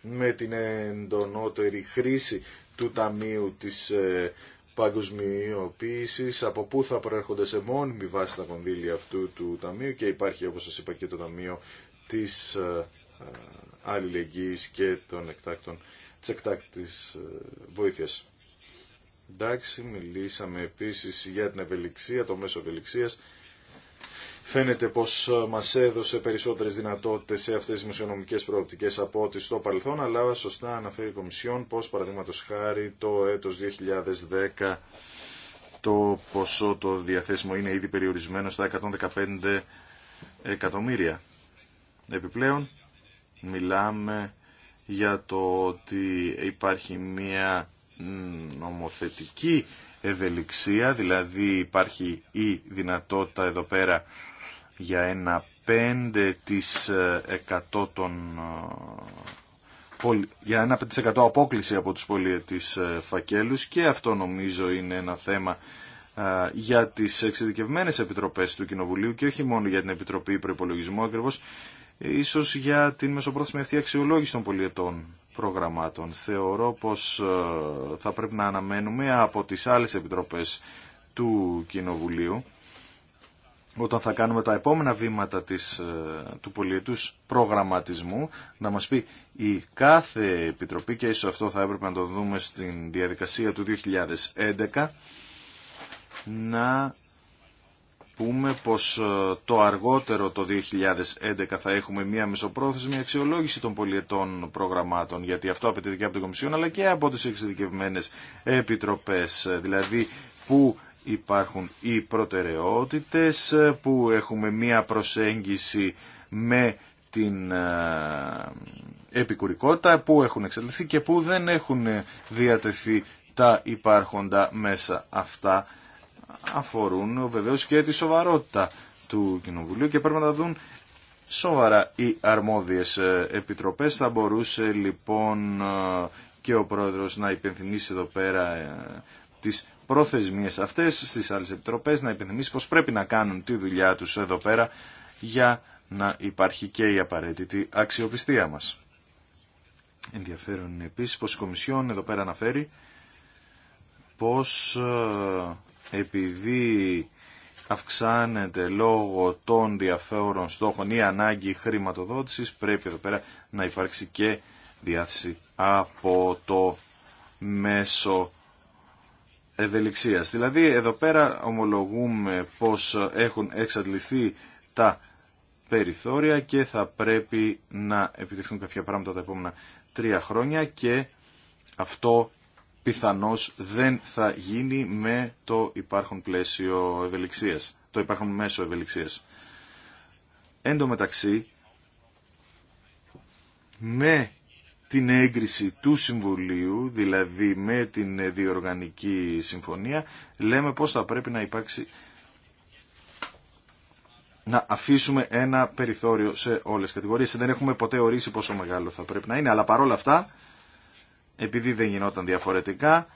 με την εντονότερη χρήση του Ταμείου της ε, παγκοσμιοποίησης, από πού θα προέρχονται σε μόνιμη βάση τα κονδύλια αυτού του Ταμείου και υπάρχει όπως σας είπα και το Ταμείο της ε, ε, αλληλεγγύης και των εκτάκτων, της εκτάκτης βοήθειας. Εντάξει, μιλήσαμε επίσης για την ευελιξία, το μέσο ευελιξίας. Φαίνεται πως ε, μας έδωσε περισσότερες δυνατότητες σε αυτές τις δημοσιονομικές προοπτικές από ό,τι στο παρελθόν, αλλά σωστά αναφέρει η Κομισιόν πως παραδείγματο χάρη το έτος 2010 το ποσό το διαθέσιμο είναι ήδη περιορισμένο στα 115 εκατομμύρια. Επιπλέον μιλάμε για το ότι υπάρχει μία νομοθετική ευελιξία, δηλαδή υπάρχει η δυνατότητα εδώ πέρα για ένα 5% των ε, για ένα 5% απόκληση από τους πολιετής ε, φακέλους και αυτό νομίζω είναι ένα θέμα ε, για τις εξειδικευμένες επιτροπές του Κοινοβουλίου και όχι μόνο για την Επιτροπή Προϋπολογισμού ακριβώς ίσως για την μεσοπρόθεσμη αυτή αξιολόγηση των πολιετών προγραμμάτων. Θεωρώ πως ε, θα πρέπει να αναμένουμε από τις άλλες επιτροπές του Κοινοβουλίου όταν θα κάνουμε τα επόμενα βήματα της, ε, του πολιετούς προγραμματισμού να μας πει η κάθε επιτροπή και ίσως αυτό θα έπρεπε να το δούμε στην διαδικασία του 2011 να πούμε πως ε, το αργότερο το 2011 θα έχουμε μια μεσοπρόθεσμη αξιολόγηση των πολιετών προγραμμάτων, γιατί αυτό απαιτείται και από την Κομισιόν, αλλά και από τις εξειδικευμένες επιτροπές, ε, δηλαδή που υπάρχουν οι προτεραιότητες, ε, που έχουμε μια προσέγγιση με την επικουρικότητα, που έχουν εξελιχθεί και που δεν έχουν διατεθεί τα υπάρχοντα μέσα αυτά αφορούν βεβαίως και τη σοβαρότητα του Κοινοβουλίου και πρέπει να τα δουν σοβαρά οι αρμόδιες ε, επιτροπές. Θα μπορούσε λοιπόν ε, και ο πρόεδρος να υπενθυμίσει εδώ πέρα ε, τις προθεσμίες αυτές στις άλλες επιτροπές, να υπενθυμίσει πως πρέπει να κάνουν τη δουλειά τους εδώ πέρα για να υπάρχει και η απαραίτητη αξιοπιστία μας. Ενδιαφέρον είναι επίσης πως η Κομισιόν εδώ πέρα αναφέρει πως επειδή αυξάνεται λόγω των διαφέρων στόχων η ανάγκη χρηματοδότησης, πρέπει εδώ πέρα να υπάρξει και διάθεση από το μέσο ευελιξίας. Δηλαδή εδώ πέρα ομολογούμε πως έχουν εξαντληθεί τα περιθώρια και θα πρέπει να επιτευχθούν κάποια πράγματα τα επόμενα τρία χρόνια και αυτό πιθανώς δεν θα γίνει με το υπάρχον πλαίσιο ευελιξίας, το υπάρχον μέσο ευελιξίας. Εν τω μεταξύ, με την έγκριση του Συμβουλίου, δηλαδή με την διοργανική συμφωνία, λέμε πώς θα πρέπει να υπάρξει να αφήσουμε ένα περιθώριο σε όλες τις κατηγορίες. Δεν έχουμε ποτέ ορίσει πόσο μεγάλο θα πρέπει να είναι, αλλά παρόλα αυτά επειδή δεν γινόταν διαφορετικά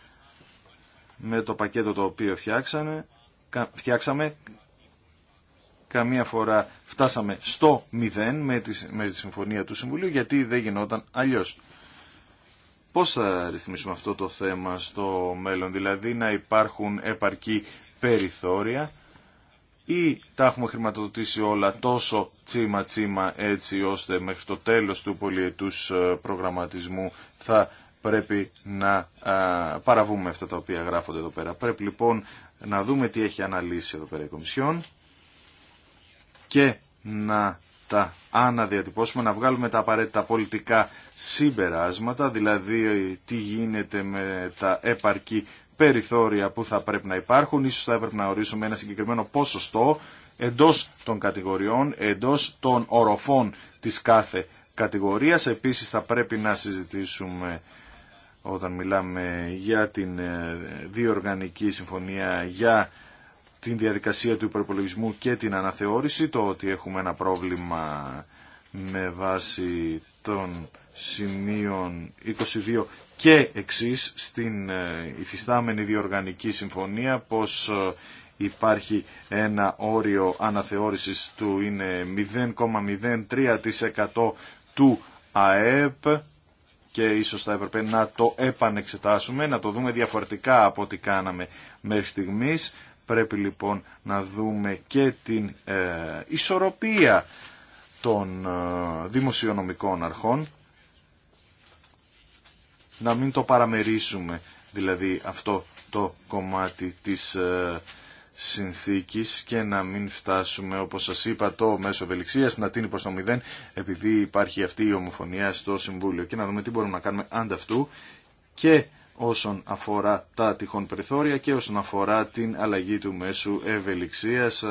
με το πακέτο το οποίο φτιάξανε, φτιάξαμε καμία φορά φτάσαμε στο μηδέν με τη, με τη συμφωνία του Συμβουλίου γιατί δεν γινόταν αλλιώς. Πώς θα ρυθμίσουμε αυτό το θέμα στο μέλλον, δηλαδή να υπάρχουν επαρκή περιθώρια ή τα έχουμε χρηματοδοτήσει όλα τόσο τσίμα τσίμα έτσι ώστε μέχρι το τέλος του πολιετούς ε, προγραμματισμού θα πρέπει να παραβούμε αυτά τα οποία γράφονται εδώ πέρα. Πρέπει λοιπόν να δούμε τι έχει αναλύσει εδώ πέρα η Κομισιόν και να τα αναδιατυπώσουμε, να βγάλουμε τα απαραίτητα πολιτικά συμπεράσματα, δηλαδή τι γίνεται με τα επαρκή περιθώρια που θα πρέπει να υπάρχουν. Ίσως θα έπρεπε να ορίσουμε ένα συγκεκριμένο ποσοστό εντός των κατηγοριών, εντός των οροφών της κάθε κατηγορίας. Επίσης θα πρέπει να συζητήσουμε όταν μιλάμε για την ε, διοργανική συμφωνία, για την διαδικασία του υπερπολογισμού και την αναθεώρηση, το ότι έχουμε ένα πρόβλημα με βάση των σημείων 22 και εξής στην ε, υφιστάμενη διοργανική συμφωνία πως ε, υπάρχει ένα όριο αναθεώρησης του είναι 0,03% του ΑΕΠ και ίσως θα έπρεπε να το επανεξετάσουμε, να το δούμε διαφορετικά από ό,τι κάναμε μέχρι στιγμής. Πρέπει λοιπόν να δούμε και την ε, ισορροπία των ε, δημοσιονομικών αρχών, να μην το παραμερίσουμε δηλαδή αυτό το κομμάτι της ε, συνθήκης και να μην φτάσουμε, όπως σας είπα, το μέσο ευελιξίας να τίνει προς το μηδέν επειδή υπάρχει αυτή η ομοφωνία στο Συμβούλιο και να δούμε τι μπορούμε να κάνουμε ανταυτού και όσον αφορά τα τυχόν περιθώρια και όσον αφορά την αλλαγή του μέσου ευελιξίας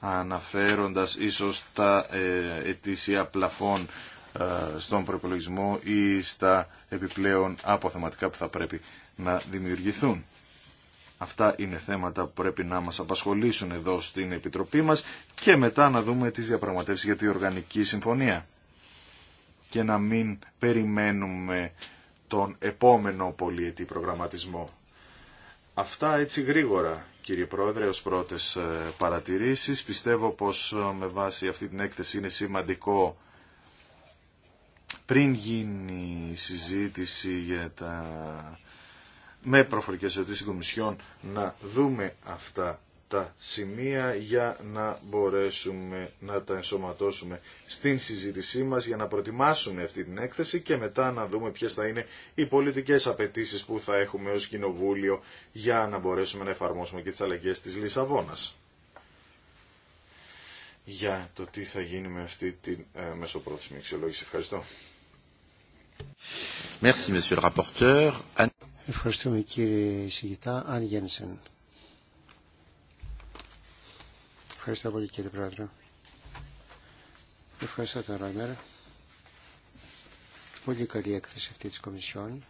αναφέροντας ίσως τα ε, ετήσια πλαφών στον προπολογισμό ή στα επιπλέον αποθεματικά που θα πρέπει να δημιουργηθούν. Αυτά είναι θέματα που πρέπει να μας απασχολήσουν εδώ στην Επιτροπή μας και μετά να δούμε τις διαπραγματεύσεις για τη Οργανική Συμφωνία και να μην περιμένουμε τον επόμενο πολιετή προγραμματισμό. Αυτά έτσι γρήγορα, κύριε Πρόεδρε, ως πρώτες ε, παρατηρήσεις. Πιστεύω πως ε, με βάση αυτή την έκθεση είναι σημαντικό πριν γίνει η συζήτηση για τα με προφορικές ερωτήσει στην Κομισιόν να δούμε αυτά τα σημεία για να μπορέσουμε να τα ενσωματώσουμε στην συζήτησή μας για να προετοιμάσουμε αυτή την έκθεση και μετά να δούμε ποιε θα είναι οι πολιτικές απαιτήσει που θα έχουμε ως Κοινοβούλιο για να μπορέσουμε να εφαρμόσουμε και τις αλλαγές της Λισαβόνας για το τι θα γίνει με αυτή τη ε, μεσοπρόθεσμη αξιολόγηση. Ευχαριστώ. Merci, Ευχαριστούμε κύριε Σιγητά. Αν Γένσεν. Ευχαριστώ πολύ κύριε Πρόεδρε. Ευχαριστώ τον Ρόιμερ. Πολύ καλή έκθεση αυτή της Κομισιόν.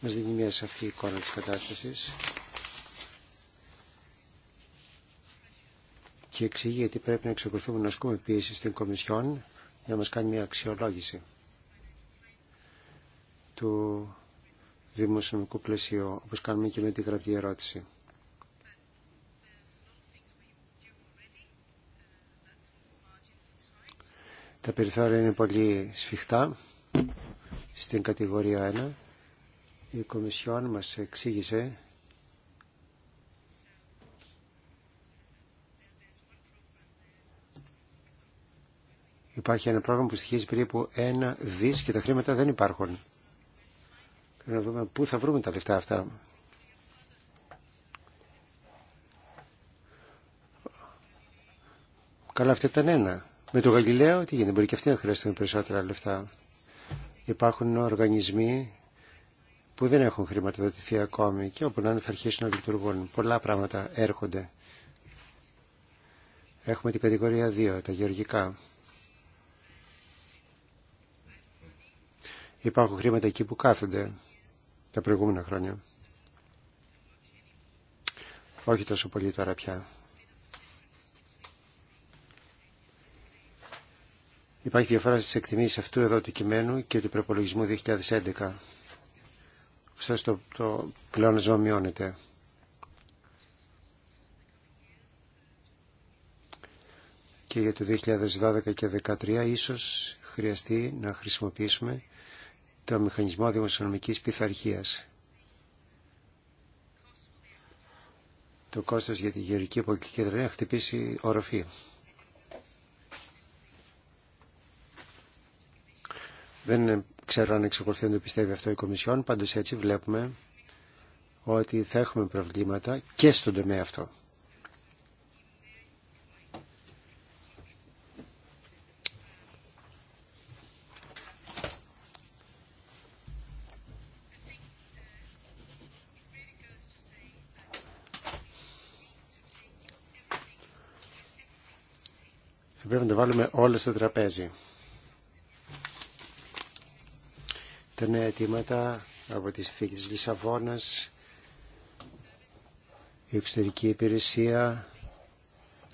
Μας δίνει μια σαφή εικόνα της κατάστασης και εξηγεί γιατί πρέπει να εξακολουθούμε να ασκούμε πίεση στην Κομισιόν για να μας κάνει μια αξιολόγηση του δημοσιονομικού πλαισίου, όπως κάνουμε και με τη γραπτή ερώτηση. Τα περιθώρια είναι πολύ σφιχτά στην κατηγορία 1. Η Κομισιόν μας εξήγησε Υπάρχει ένα πρόγραμμα που στοιχίζει περίπου ένα δις και τα χρήματα δεν υπάρχουν να δούμε πού θα βρούμε τα λεφτά αυτά. Καλά, αυτό ήταν ένα. Με το Γαλιλαίο, τι γίνεται, μπορεί και αυτοί να χρειαστούν περισσότερα λεφτά. Υπάρχουν οργανισμοί που δεν έχουν χρηματοδοτηθεί ακόμη και όπου να είναι θα αρχίσουν να λειτουργούν. Πολλά πράγματα έρχονται. Έχουμε την κατηγορία 2, τα γεωργικά. Υπάρχουν χρήματα εκεί που κάθονται τα προηγούμενα χρόνια. Όχι τόσο πολύ τώρα πια. Υπάρχει διαφορά στις εκτιμήσεις αυτού εδώ του κειμένου και του προπολογισμού 2011. Ξέρω το, το πλεόνασμα μειώνεται. Και για το 2012 και 2013 ίσως χρειαστεί να χρησιμοποιήσουμε το μηχανισμό δημοσιονομικής πειθαρχίας. Το κόστος για τη γεωρική πολιτική δεν έχει χτυπήσει οροφή. Δεν ξέρω αν εξακολουθεί να το πιστεύει αυτό η Κομισιόν, πάντως έτσι βλέπουμε ότι θα έχουμε προβλήματα και στον τομέα αυτό. πρέπει να τα βάλουμε όλα στο τραπέζι. Τα νέα αιτήματα από τη συνθήκη της Λισαβόνας, η εξωτερική υπηρεσία,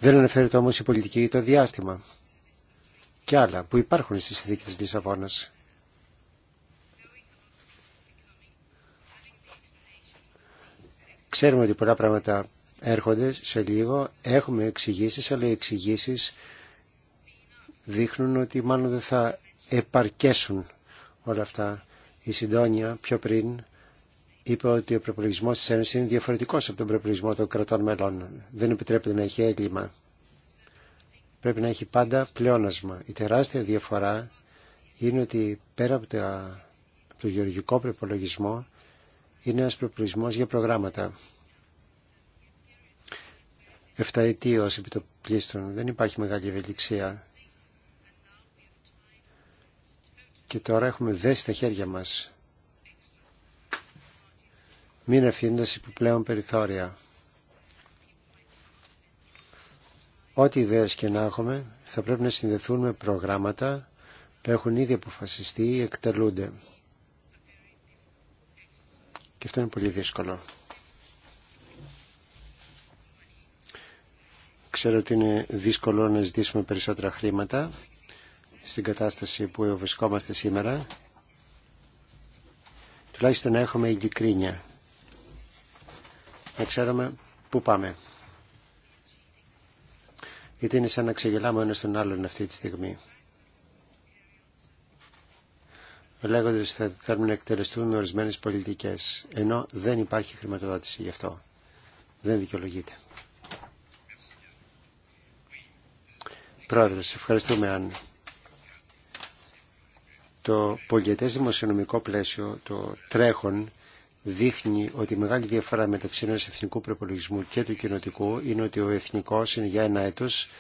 δεν αναφέρεται όμως η πολιτική ή το διάστημα και άλλα που υπάρχουν στη συνθήκη της Λισαβόνας. Ξέρουμε ότι πολλά πράγματα έρχονται σε λίγο, έχουμε εξηγήσει, αλλά οι εξηγήσει δείχνουν ότι μάλλον δεν θα επαρκέσουν όλα αυτά. Η Συντόνια πιο πριν είπε ότι ο προπολογισμό τη Ένωση είναι διαφορετικό από τον προπολογισμό των κρατών μελών. Δεν επιτρέπεται να έχει έγκλημα. Πρέπει να έχει πάντα πλεόνασμα. Η τεράστια διαφορά είναι ότι πέρα από, το γεωργικό προπολογισμό είναι ένα προπολογισμό για προγράμματα. Εφταετίως επί το πλήστον. Δεν υπάρχει μεγάλη ευελιξία. και τώρα έχουμε δέσει τα χέρια μας. Μην αφήνοντας επιπλέον περιθώρια. Ό,τι ιδέες και να έχουμε θα πρέπει να συνδεθούν με προγράμματα που έχουν ήδη αποφασιστεί ή εκτελούνται. Και αυτό είναι πολύ δύσκολο. Ξέρω ότι είναι δύσκολο να ζητήσουμε περισσότερα χρήματα στην κατάσταση που βρισκόμαστε σήμερα, τουλάχιστον να έχουμε ειλικρίνεια, να ξέρουμε πού πάμε. Γιατί είναι σαν να ξεγελάμε ο ένας τον άλλον αυτή τη στιγμή. Λέγοντα ότι θα θέλουμε να εκτελεστούν ορισμένες πολιτικές ενώ δεν υπάρχει χρηματοδότηση γι' αυτό. Δεν δικαιολογείται. Πρόεδρε, ευχαριστούμε αν το πολιετές δημοσιονομικό πλαίσιο, το τρέχον, δείχνει ότι η μεγάλη διαφορά μεταξύ ενός εθνικού προπολογισμού και του κοινοτικού είναι ότι ο εθνικός είναι για ένα έτος,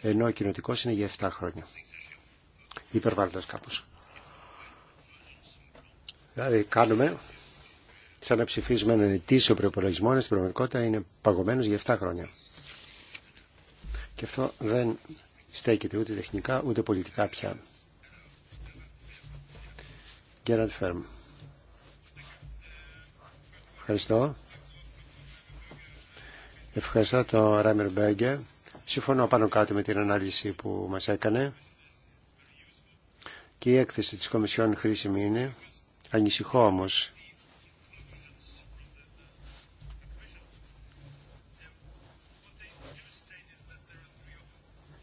ενώ ο κοινοτικός είναι για 7 χρόνια. Υπερβάλλοντας κάπως. Δηλαδή κάνουμε σαν να ψηφίζουμε έναν ετήσιο προπολογισμό, στην πραγματικότητα είναι παγωμένος για 7 χρόνια. Και αυτό δεν στέκεται ούτε τεχνικά ούτε πολιτικά πια. Γκέραντ Φέρμ. Ευχαριστώ. Ευχαριστώ τον Ράιμερ Μπέγκε. Συμφωνώ πάνω κάτω με την ανάλυση που μας έκανε. Και η έκθεση της Κομισιόν χρήσιμη είναι. Ανησυχώ όμω.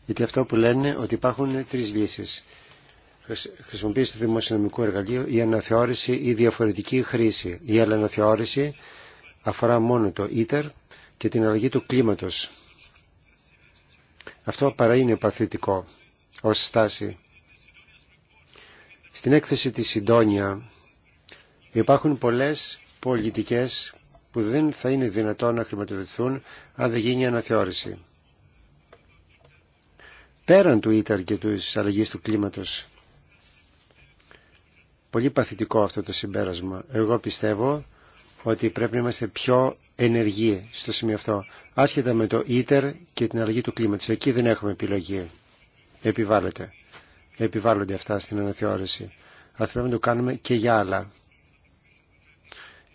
Γιατί αυτό που λένε ότι υπάρχουν τρεις λύσεις χρησιμοποίηση το δημοσιονομικού εργαλείο η αναθεώρηση ή διαφορετική χρήση. Η άλλη αναθεώρηση αφορά μόνο το ίτερ και την αλλαγή του κλίματος. Αυτό παρά είναι παθητικό ως στάση. Στην έκθεση της Συντόνια υπάρχουν πολλές πολιτικές που δεν θα είναι δυνατόν να χρηματοδοτηθούν αν δεν γίνει αναθεώρηση. Πέραν του ίτερ και της αλλαγής του κλίματος Πολύ παθητικό αυτό το συμπέρασμα. Εγώ πιστεύω ότι πρέπει να είμαστε πιο ενεργοί στο σημείο αυτό. Άσχετα με το ίτερ και την αλλαγή του κλίματος. Εκεί δεν έχουμε επιλογή. Επιβάλλεται. Επιβάλλονται αυτά στην αναθεώρηση. Αλλά πρέπει να το κάνουμε και για άλλα.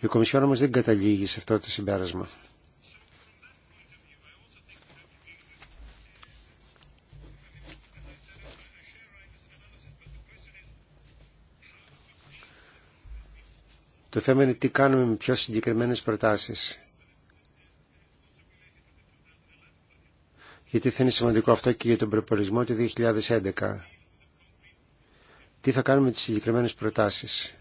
Η Κομισιόν όμως δεν καταλήγει σε αυτό το συμπέρασμα. Το θέμα είναι τι κάνουμε με πιο συγκεκριμένες προτάσεις. Γιατί θα είναι σημαντικό αυτό και για τον προπολισμό του 2011. Τι θα κάνουμε με τις συγκεκριμένες προτάσεις.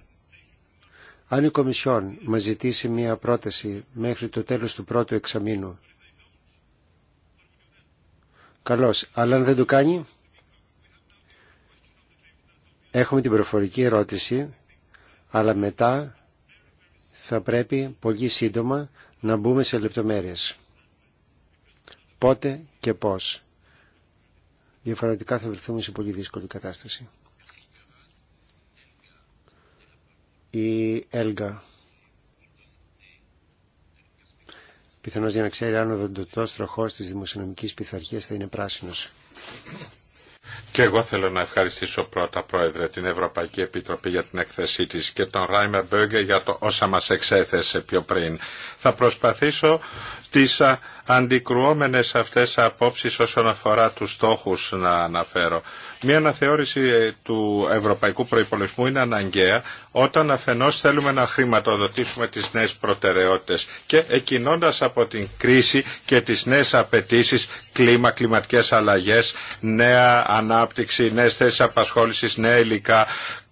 Αν η Κομισιόν μας ζητήσει μία πρόταση μέχρι το τέλος του πρώτου εξαμήνου, καλώς, αλλά αν δεν το κάνει, έχουμε την προφορική ερώτηση, αλλά μετά θα πρέπει πολύ σύντομα να μπούμε σε λεπτομέρειες. Πότε και πώς. Διαφορετικά θα βρεθούμε σε πολύ δύσκολη κατάσταση. Η Έλγα. Πιθανώς για να ξέρει αν ο δοντοτός τροχός της δημοσιονομικής πειθαρχίας θα είναι πράσινος. Και εγώ θέλω να ευχαριστήσω πρώτα, Πρόεδρε, την Ευρωπαϊκή Επιτροπή για την έκθεσή της και τον Ράιμερ Μπέγκε για το όσα μας εξέθεσε πιο πριν. Θα προσπαθήσω τις αντικρουόμενες αυτές απόψεις όσον αφορά τους στόχους να αναφέρω. Μία αναθεώρηση ε, του ευρωπαϊκού προϋπολογισμού είναι αναγκαία όταν αφενός θέλουμε να χρηματοδοτήσουμε τις νέες προτεραιότητες και εκκινώντας από την κρίση και τις νέες απαιτήσεις, κλίμα, κλιματικές αλλαγές, νέα ανάπτυξη, νέες θέσεις απασχόλησης, νέα υλικά,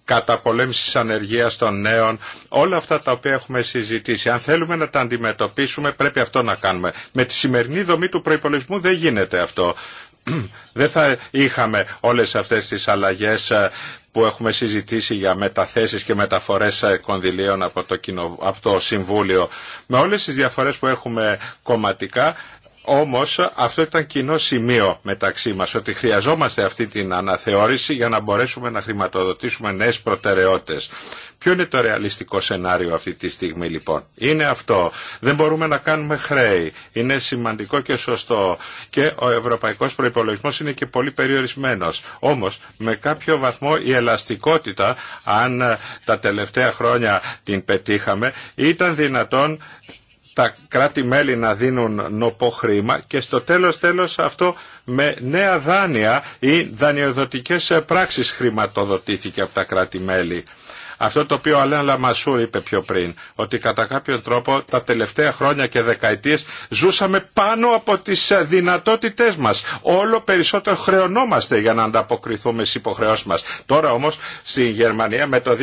καταπολέμησης ανεργίας των νέων, όλα αυτά τα οποία έχουμε συζητήσει. Αν θέλουμε να τα αντιμετωπίσουμε πρέπει αυτό να κάνουμε. Με τη σημερινή δομή του προϋπολογισμού δεν γίνεται αυτό. Δεν θα είχαμε όλες αυτές τις αλλαγές ε, που έχουμε συζητήσει για μεταθέσεις και μεταφορές ε, κονδυλίων από το, από το Συμβούλιο. Με όλες τις διαφορές που έχουμε κομματικά όμως αυτό ήταν κοινό σημείο μεταξύ μας, ότι χρειαζόμαστε αυτή την αναθεώρηση για να μπορέσουμε να χρηματοδοτήσουμε νέες προτεραιότητες. Ποιο είναι το ρεαλιστικό σενάριο αυτή τη στιγμή λοιπόν. Είναι αυτό. Δεν μπορούμε να κάνουμε χρέη. Είναι σημαντικό και σωστό. Και ο ευρωπαϊκός προϋπολογισμός είναι και πολύ περιορισμένος. Όμως με κάποιο βαθμό η ελαστικότητα, αν τα τελευταία χρόνια την πετύχαμε, ήταν δυνατόν τα κράτη-μέλη να δίνουν νοπό χρήμα και στο τέλος τέλος αυτό με νέα δάνεια ή δανειοδοτικές ε, πράξεις χρηματοδοτήθηκε από τα κράτη-μέλη. Αυτό το οποίο ο Αλέν Λαμασούρ είπε πιο πριν, ότι κατά κάποιον τρόπο τα τελευταία χρόνια και δεκαετίες ζούσαμε πάνω από τις ε, δυνατότητές μας. Όλο περισσότερο χρεωνόμαστε για να ανταποκριθούμε στις υποχρεώσεις μας. Τώρα όμως στη Γερμανία με το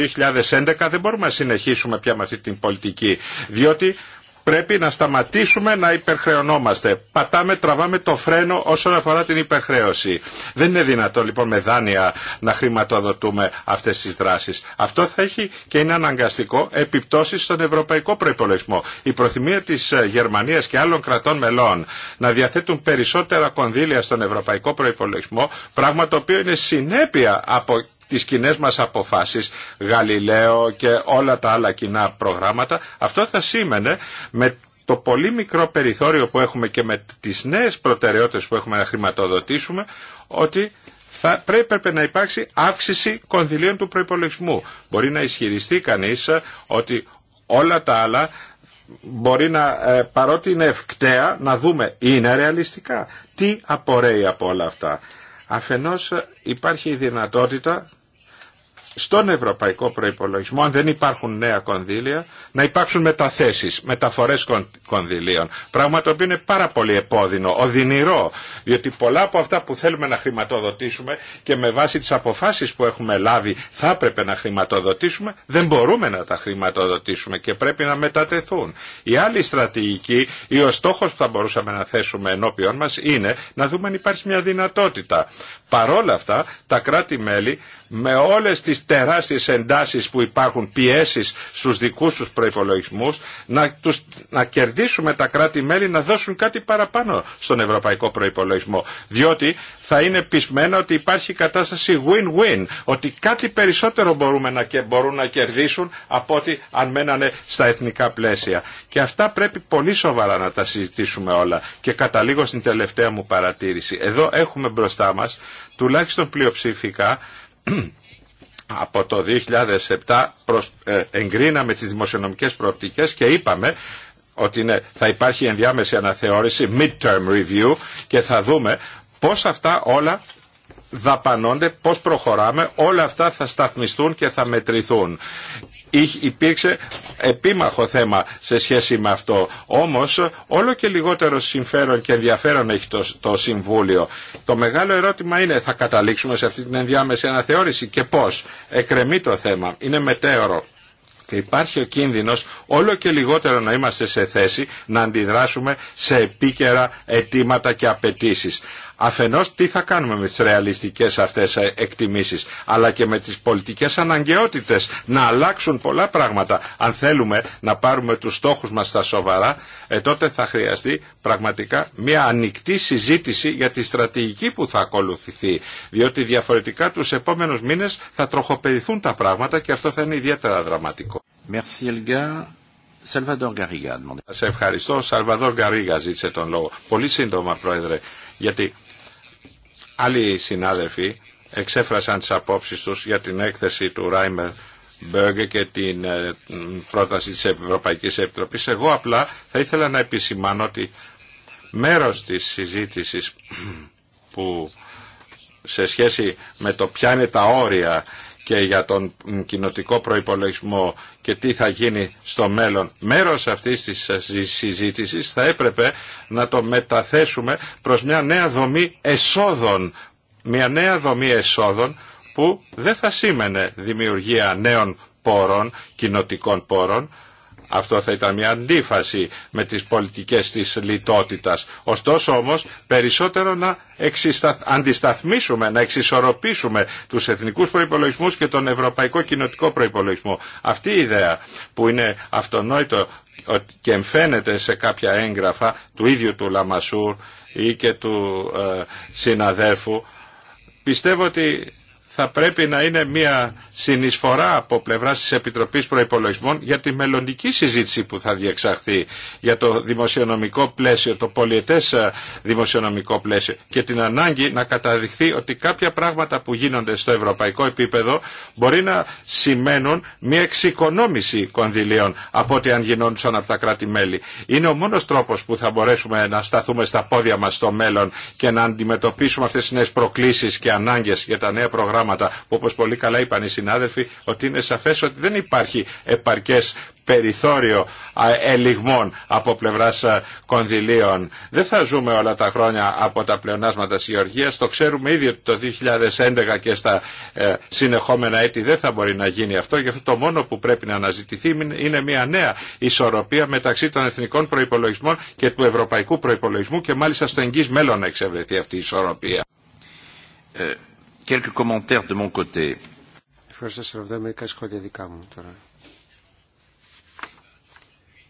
2011 δεν μπορούμε να συνεχίσουμε πια με αυτή την πολιτική, διότι Πρέπει να σταματήσουμε να υπερχρεωνόμαστε. Πατάμε, τραβάμε το φρένο όσον αφορά την υπερχρέωση. Δεν είναι δυνατό λοιπόν με δάνεια να χρηματοδοτούμε αυτέ τι δράσει. Αυτό θα έχει και είναι αναγκαστικό επιπτώσει στον ευρωπαϊκό προπολογισμό. Η προθυμία τη Γερμανία και άλλων κρατών μελών να διαθέτουν περισσότερα κονδύλια στον ευρωπαϊκό προπολογισμό, πράγμα το οποίο είναι συνέπεια από τις κοινέ μας αποφάσεις, Γαλιλαίο και όλα τα άλλα κοινά προγράμματα, αυτό θα σήμαινε με το πολύ μικρό περιθώριο που έχουμε και με τις νέες προτεραιότητες που έχουμε να χρηματοδοτήσουμε, ότι θα πρέπει να υπάρξει αύξηση κονδυλίων του προϋπολογισμού. Μπορεί να ισχυριστεί κανείς ε, ότι όλα τα άλλα μπορεί να, ε, παρότι είναι ευκταία, να δούμε είναι ρεαλιστικά. Τι απορρέει από όλα αυτά. Αφενός ε, υπάρχει η δυνατότητα στον ευρωπαϊκό προϋπολογισμό, αν δεν υπάρχουν νέα κονδύλια, να υπάρξουν μεταθέσεις, μεταφορές κονδυλίων. Πράγμα το οποίο είναι πάρα πολύ επώδυνο, οδυνηρό, διότι πολλά από αυτά που θέλουμε να χρηματοδοτήσουμε και με βάση τις αποφάσεις που έχουμε λάβει θα έπρεπε να χρηματοδοτήσουμε, δεν μπορούμε να τα χρηματοδοτήσουμε και πρέπει να μετατεθούν. Η άλλη στρατηγική ή ο στόχος που θα μπορούσαμε να θέσουμε ενώπιον μας είναι να δούμε αν υπάρχει μια δυνατότητα. Παρόλα αυτά, τα κράτη-μέλη με όλες τις τεράστιες εντάσεις που υπάρχουν πιέσεις στους δικούς τους προϋπολογισμούς να, να κερδίσουμε τα κράτη-μέλη να δώσουν κάτι παραπάνω στον ευρωπαϊκό προϋπολογισμό διότι θα είναι πεισμένα ότι υπάρχει κατάσταση win-win ότι κάτι περισσότερο μπορούμε να, και μπορούν να κερδίσουν από ότι αν μένανε στα εθνικά πλαίσια και αυτά πρέπει πολύ σοβαρά να τα συζητήσουμε όλα και καταλήγω στην τελευταία μου παρατήρηση εδώ έχουμε μπροστά μας τουλάχιστον πλειοψηφικά από το 2007 προς, ε, εγκρίναμε τις δημοσιονομικές προοπτικές και είπαμε ότι θα υπάρχει ενδιάμεση αναθεώρηση, αναθεώρηση, mid-term review και θα δούμε πώς αυτά όλα δαπανώνται, πώς προχωράμε, όλα αυτά θα σταθμιστούν και θα μετρηθούν υπήρξε επίμαχο θέμα σε σχέση με αυτό. Όμως όλο και λιγότερο συμφέρον και ενδιαφέρον έχει το, το Συμβούλιο. Το μεγάλο ερώτημα είναι θα καταλήξουμε σε αυτή την ενδιάμεση αναθεώρηση και πώς. Εκρεμεί το θέμα. Είναι μετέωρο. Και υπάρχει ο κίνδυνος όλο και λιγότερο να είμαστε σε θέση να αντιδράσουμε σε επίκαιρα αιτήματα και απαιτήσει. Αφενός τι θα κάνουμε με τις ρεαλιστικές αυτές εκτιμήσεις, αλλά και με τις πολιτικές αναγκαιότητες να αλλάξουν πολλά πράγματα. Αν θέλουμε να πάρουμε τους στόχους μας στα σοβαρά, ε, τότε θα χρειαστεί πραγματικά μια ανοιχτή συζήτηση για τη στρατηγική που θα ακολουθηθεί, διότι διαφορετικά τους επόμενους μήνες θα τροχοπεριθούν τα πράγματα και αυτό θα είναι ιδιαίτερα δραματικό. Merci, Σε ευχαριστώ. Σαλβαδόρ Γκαρίγα ζήτησε τον λόγο. Πολύ σύντομα, Πρόεδρε, γιατί Άλλοι συνάδελφοι εξέφρασαν τις απόψεις τους για την έκθεση του Ράιμερ Μπέγκε και την ε, πρόταση της Ευρωπαϊκής Επιτροπής. Εγώ απλά θα ήθελα να επισημάνω ότι μέρος της συζήτησης που σε σχέση με το ποια είναι τα όρια και για τον κοινοτικό προϋπολογισμό και τι θα γίνει στο μέλλον. Μέρος αυτής της συζήτησης θα έπρεπε να το μεταθέσουμε προς μια νέα δομή εσόδων. Μια νέα δομή εσόδων που δεν θα σήμαινε δημιουργία νέων πόρων, κοινοτικών πόρων, αυτό θα ήταν μια αντίφαση με τις πολιτικές της λιτότητας. Ωστόσο όμως περισσότερο να αντισταθμίσουμε, να εξισορροπήσουμε τους εθνικούς προϋπολογισμούς και τον ευρωπαϊκό κοινοτικό προϋπολογισμό. Αυτή η ιδέα που είναι αυτονόητο και εμφαίνεται σε κάποια έγγραφα του ίδιου του Λαμασούρ ή και του ε, συναδέφου, πιστεύω ότι θα πρέπει να είναι μια συνεισφορά από πλευρά τη Επιτροπή προπολογισμών για τη μελλοντική συζήτηση που θα διεξαχθεί για το δημοσιονομικό πλαίσιο, το πολιετές δημοσιονομικό πλαίσιο και την ανάγκη να καταδειχθεί ότι κάποια πράγματα που γίνονται στο ευρωπαϊκό επίπεδο μπορεί να σημαίνουν μια εξοικονόμηση κονδυλίων από ό,τι αν γινόντουσαν από τα κράτη-μέλη. Είναι ο μόνο τρόπο που θα μπορέσουμε να σταθούμε στα πόδια μα στο μέλλον και να αντιμετωπίσουμε αυτέ τι νέε προκλήσει και ανάγκε για τα νέα προγράμματα πράγματα που όπως πολύ καλά είπαν οι συνάδελφοι ότι είναι σαφές ότι δεν υπάρχει επαρκές περιθώριο ελιγμών από πλευράς κονδυλίων. Δεν θα ζούμε όλα τα χρόνια από τα πλεονάσματα της Γεωργίας. Το ξέρουμε ήδη ότι το 2011 και στα ε, συνεχόμενα έτη δεν θα μπορεί να γίνει αυτό. Γι' αυτό το μόνο που πρέπει να αναζητηθεί είναι μια νέα ισορροπία μεταξύ των εθνικών προϋπολογισμών και του ευρωπαϊκού προϋπολογισμού και μάλιστα στο εγγύς μέλλον να εξευρεθεί αυτή η ισορροπία. Ε, Quelques commentaires de mon côté. μερικά σχόλια δικά μου τώρα.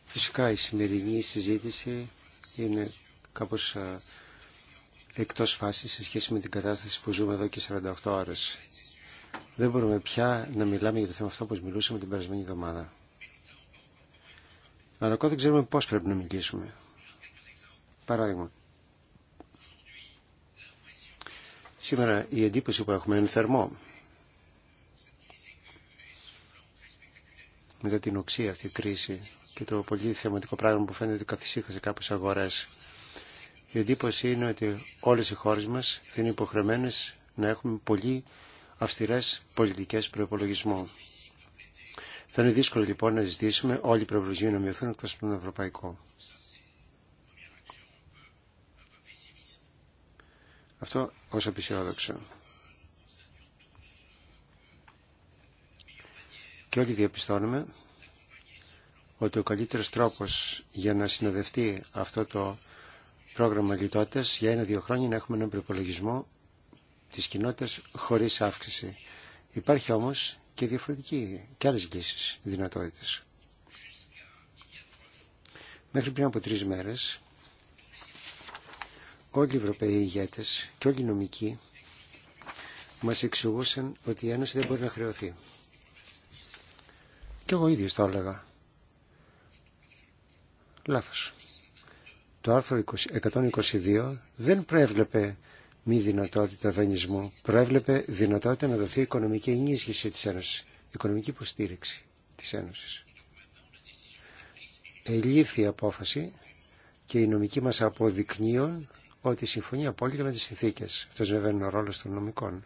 Φυσικά η σημερινή συζήτηση είναι κάπως εκτός φάσης σε σχέση με την κατάσταση που ζούμε εδώ και 48 ώρες. Δεν μπορούμε πια να μιλάμε για το θέμα αυτό όπως μιλούσαμε την περασμένη εβδομάδα. Αλλά ακόμα δεν ξέρουμε πώς πρέπει να μιλήσουμε. Παράδειγμα, Σήμερα η εντύπωση που έχουμε είναι θερμό. Μετά την οξία αυτή η κρίση και το πολύ θεματικό πράγμα που φαίνεται ότι καθυσίχασε κάποιες αγορές. Η εντύπωση είναι ότι όλες οι χώρες μας θα είναι υποχρεμένες να έχουμε πολύ αυστηρές πολιτικές προπολογισμού. Θα είναι δύσκολο λοιπόν να ζητήσουμε όλοι οι προπολογισμοί να μειωθούν εκτός από τον ευρωπαϊκό. Αυτό ως απεισιόδοξο. Και όλοι διαπιστώνουμε ότι ο καλύτερος τρόπος για να συνοδευτεί αυτό το πρόγραμμα λιτότητας για ένα-δύο χρόνια να έχουμε έναν προπολογισμό της κοινότητας χωρίς αύξηση. Υπάρχει όμως και διαφορετική και άλλες λύσεις, δυνατότητες. Μέχρι πριν από τρεις μέρες όλοι οι Ευρωπαίοι ηγέτες και όλοι οι νομικοί μας εξηγούσαν ότι η Ένωση δεν μπορεί να χρεωθεί. Και εγώ ίδιος το έλεγα. Λάθος. Το άρθρο 122 δεν προέβλεπε μη δυνατότητα δανεισμού. Προέβλεπε δυνατότητα να δοθεί οικονομική ενίσχυση της Ένωσης. Οικονομική υποστήριξη της Ένωσης. Ελήφθη η απόφαση και η νομική μας αποδεικνύουν ότι συμφωνεί απόλυτα με τις συνθήκες. Αυτός βέβαια είναι ο ρόλος των νομικών.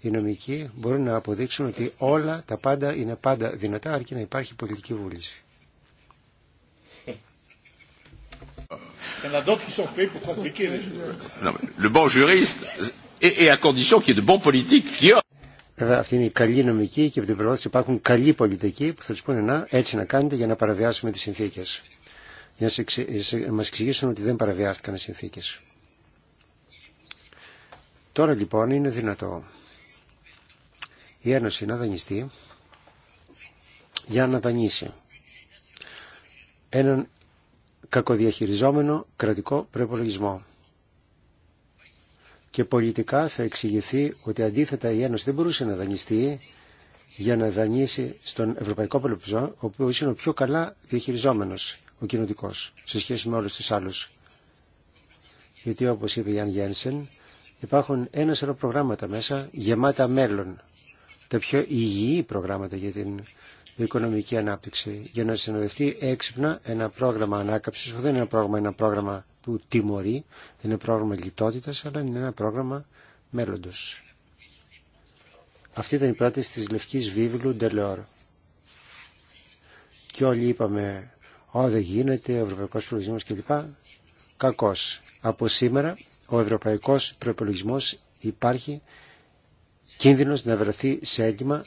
Οι νομικοί μπορούν να αποδείξουν ότι όλα τα πάντα είναι πάντα δυνατά αρκεί να υπάρχει πολιτική βούληση. Βέβαια, αυτή είναι η καλή νομική και από την πλευρά υπάρχουν καλοί πολιτικοί που θα του πούνε να έτσι να κάνετε για να παραβιάσουμε τι συνθήκε για να ε, ε, μας εξηγήσουν ότι δεν παραβιάστηκαν οι συνθήκες. Τώρα λοιπόν είναι δυνατό η Ένωση να δανειστεί για να δανείσει έναν κακοδιαχειριζόμενο κρατικό προπολογισμό. Και πολιτικά θα εξηγηθεί ότι αντίθετα η Ένωση δεν μπορούσε να δανειστεί για να δανείσει στον Ευρωπαϊκό Πολιτισμό ο οποίος είναι ο πιο καλά διαχειριζόμενος ο κοινωτικό σε σχέση με όλου του άλλου. Γιατί όπω είπε η Άν υπάρχουν ένα σωρό προγράμματα μέσα γεμάτα μέλλον. Τα πιο υγιή προγράμματα για την οικονομική ανάπτυξη. Για να συνοδευτεί έξυπνα ένα πρόγραμμα ανάκαμψη που δεν είναι ένα πρόγραμμα, ένα πρόγραμμα που τιμωρεί, δεν είναι πρόγραμμα λιτότητα, αλλά είναι ένα πρόγραμμα μέλλοντο. Αυτή ήταν η πρόταση της Λευκής Βίβλου Ντελεόρ. Και όλοι είπαμε Ω, δεν γίνεται, ο ευρωπαϊκός προπολογισμός κλπ. Κακός. Από σήμερα ο ευρωπαϊκός προπολογισμός υπάρχει κίνδυνος να βρεθεί σε έγκλημα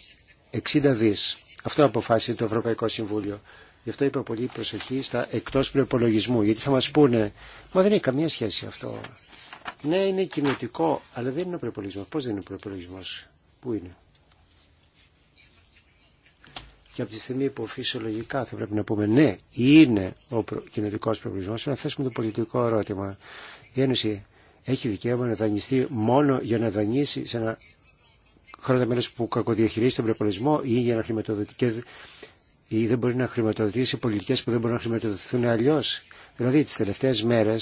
60 δις. Αυτό αποφάσισε το Ευρωπαϊκό Συμβούλιο. Γι' αυτό είπα πολύ προσοχή στα εκτός προπολογισμού, γιατί θα μας πούνε, μα δεν έχει καμία σχέση αυτό. Ναι, είναι κοινωτικό, αλλά δεν είναι ο προπολογισμό. Πώς δεν είναι ο πού είναι και από τη στιγμή που φυσιολογικά θα πρέπει να πούμε ναι, είναι ο κοινωνικό προβλησμός, να θέσουμε το πολιτικό ερώτημα. Η Ένωση έχει δικαίωμα να δανειστεί μόνο για να δανείσει σε ένα χρόνο μέρο που κακοδιαχειρίζει τον προπολισμό ή για να χρηματοδοτεί ή δεν μπορεί να χρηματοδοτήσει πολιτικέ που δεν μπορούν να χρηματοδοτηθούν αλλιώ. Δηλαδή τι τελευταίε μέρε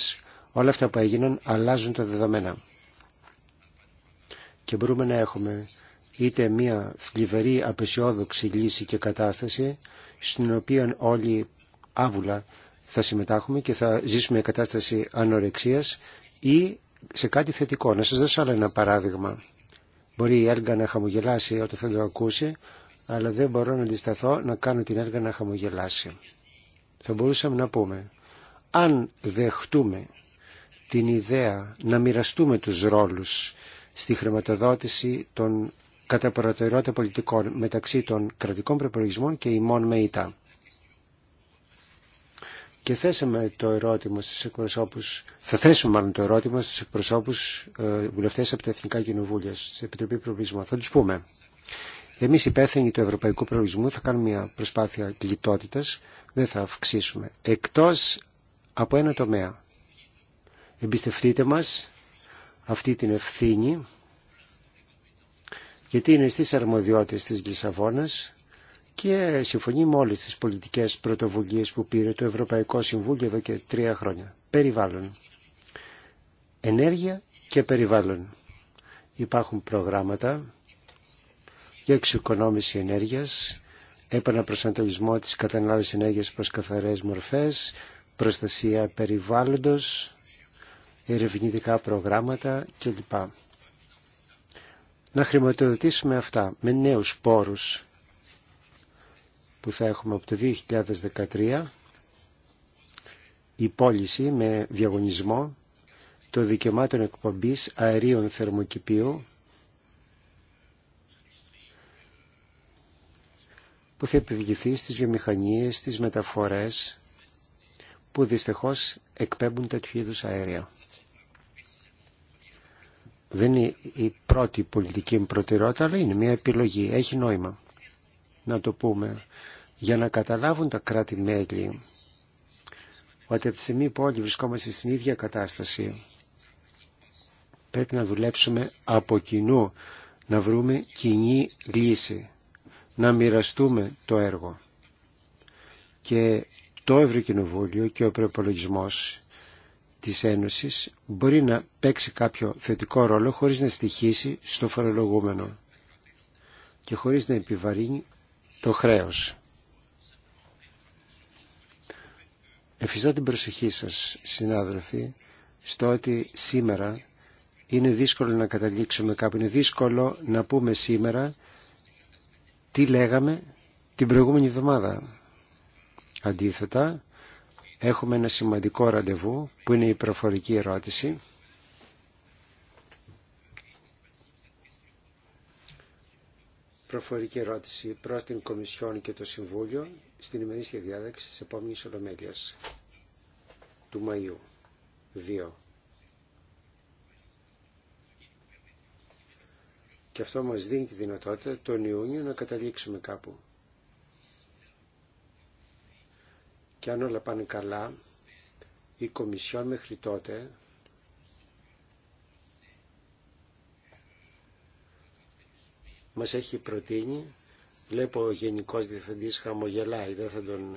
όλα αυτά που έγιναν αλλάζουν τα δεδομένα. Και μπορούμε να έχουμε είτε μια θλιβερή απεσιόδοξη λύση και κατάσταση στην οποία όλοι άβουλα θα συμμετάχουμε και θα ζήσουμε κατάσταση ανορεξίας ή σε κάτι θετικό. Να σας δώσω άλλο ένα παράδειγμα. Μπορεί η έργα να χαμογελάσει όταν θα το ακούσει, αλλά δεν μπορώ να αντισταθώ να κάνω την έργα να χαμογελάσει. Θα μπορούσαμε να πούμε, αν δεχτούμε την ιδέα να μοιραστούμε τους ρόλους στη χρηματοδότηση των κατά προτεραιότητα πολιτικών μεταξύ των κρατικών προπολογισμών και ημών με ΙΤΑ. Και θέσαμε το ερώτημα στους εκπροσώπους, θα θέσουμε μάλλον το ερώτημα στους εκπροσώπους ε, βουλευτές από τα Εθνικά Κοινοβούλια, στην Επιτροπή Προπολογισμού. Θα τους πούμε. Εμείς υπεύθυνοι του Ευρωπαϊκού Προπολογισμού θα κάνουμε μια προσπάθεια λιτότητας, δεν θα αυξήσουμε. Εκτός από ένα τομέα. Εμπιστευτείτε μας αυτή την ευθύνη γιατί είναι στις αρμοδιότητες της Λισαβόνας και συμφωνεί με όλες τις πολιτικές πρωτοβουλίες που πήρε το Ευρωπαϊκό Συμβούλιο εδώ και τρία χρόνια. Περιβάλλον. Ενέργεια και περιβάλλον. Υπάρχουν προγράμματα για εξοικονόμηση ενέργειας, επαναπροσανατολισμό της κατανάλωσης ενέργειας προς καθαρές μορφές, προστασία περιβάλλοντος, ερευνητικά προγράμματα κλπ να χρηματοδοτήσουμε αυτά με νέους πόρους που θα έχουμε από το 2013 η πώληση με διαγωνισμό των δικαιωμάτων εκπομπής αερίων θερμοκηπίου που θα επιβληθεί στις βιομηχανίες, στις μεταφορές που δυστυχώς εκπέμπουν τέτοιου είδου αέρια. Δεν είναι η πρώτη πολιτική μου προτεραιότητα, αλλά είναι μια επιλογή. Έχει νόημα να το πούμε. Για να καταλάβουν τα κράτη-μέλη ότι από τη στιγμή που όλοι βρισκόμαστε στην ίδια κατάσταση πρέπει να δουλέψουμε από κοινού, να βρούμε κοινή λύση, να μοιραστούμε το έργο. Και το Ευρωκοινοβούλιο και ο προπολογισμό της Ένωσης μπορεί να παίξει κάποιο θετικό ρόλο χωρίς να στοιχήσει στο φορολογούμενο και χωρίς να επιβαρύνει το χρέος. Εφιστώ την προσοχή σας, συνάδελφοι, στο ότι σήμερα είναι δύσκολο να καταλήξουμε κάπου. Είναι δύσκολο να πούμε σήμερα τι λέγαμε την προηγούμενη εβδομάδα. Αντίθετα, Έχουμε ένα σημαντικό ραντεβού που είναι η προφορική ερώτηση. Προφορική ερώτηση προς την Κομισιόν και το Συμβούλιο στην ημερήσια διάταξη της επόμενης ολομέλειας του Μαΐου 2. Και αυτό μας δίνει τη δυνατότητα τον Ιούνιο να καταλήξουμε κάπου. και αν όλα πάνε καλά, η Κομισιόν μέχρι τότε μας έχει προτείνει, βλέπω ο Γενικός Διευθυντής χαμογελάει, δεν θα τον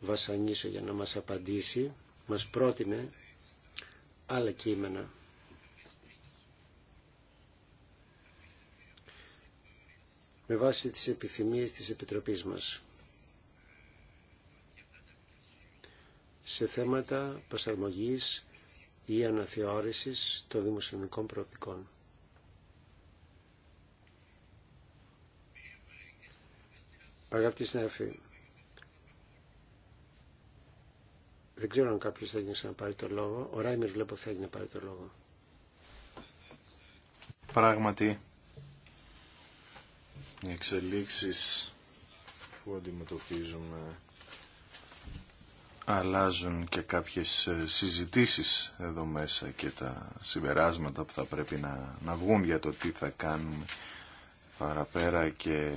βασανίσω για να μας απαντήσει, μας πρότεινε άλλα κείμενα. με βάση τις επιθυμίες της Επιτροπής μας. σε θέματα προσαρμογής ή αναθεώρησης των δημοσιονομικών προοπτικών. Αγαπητοί συνάδελφοι, δεν ξέρω αν κάποιο θα έγινε να πάρει το λόγο. Ο Ράιμερ βλέπω έγινε να πάρει το λόγο. Πράγματι, οι εξελίξεις που αντιμετωπίζουμε αλλάζουν και κάποιες ε, συζητήσεις εδώ μέσα και τα συμπεράσματα που θα πρέπει να, να βγουν για το τι θα κάνουμε παραπέρα και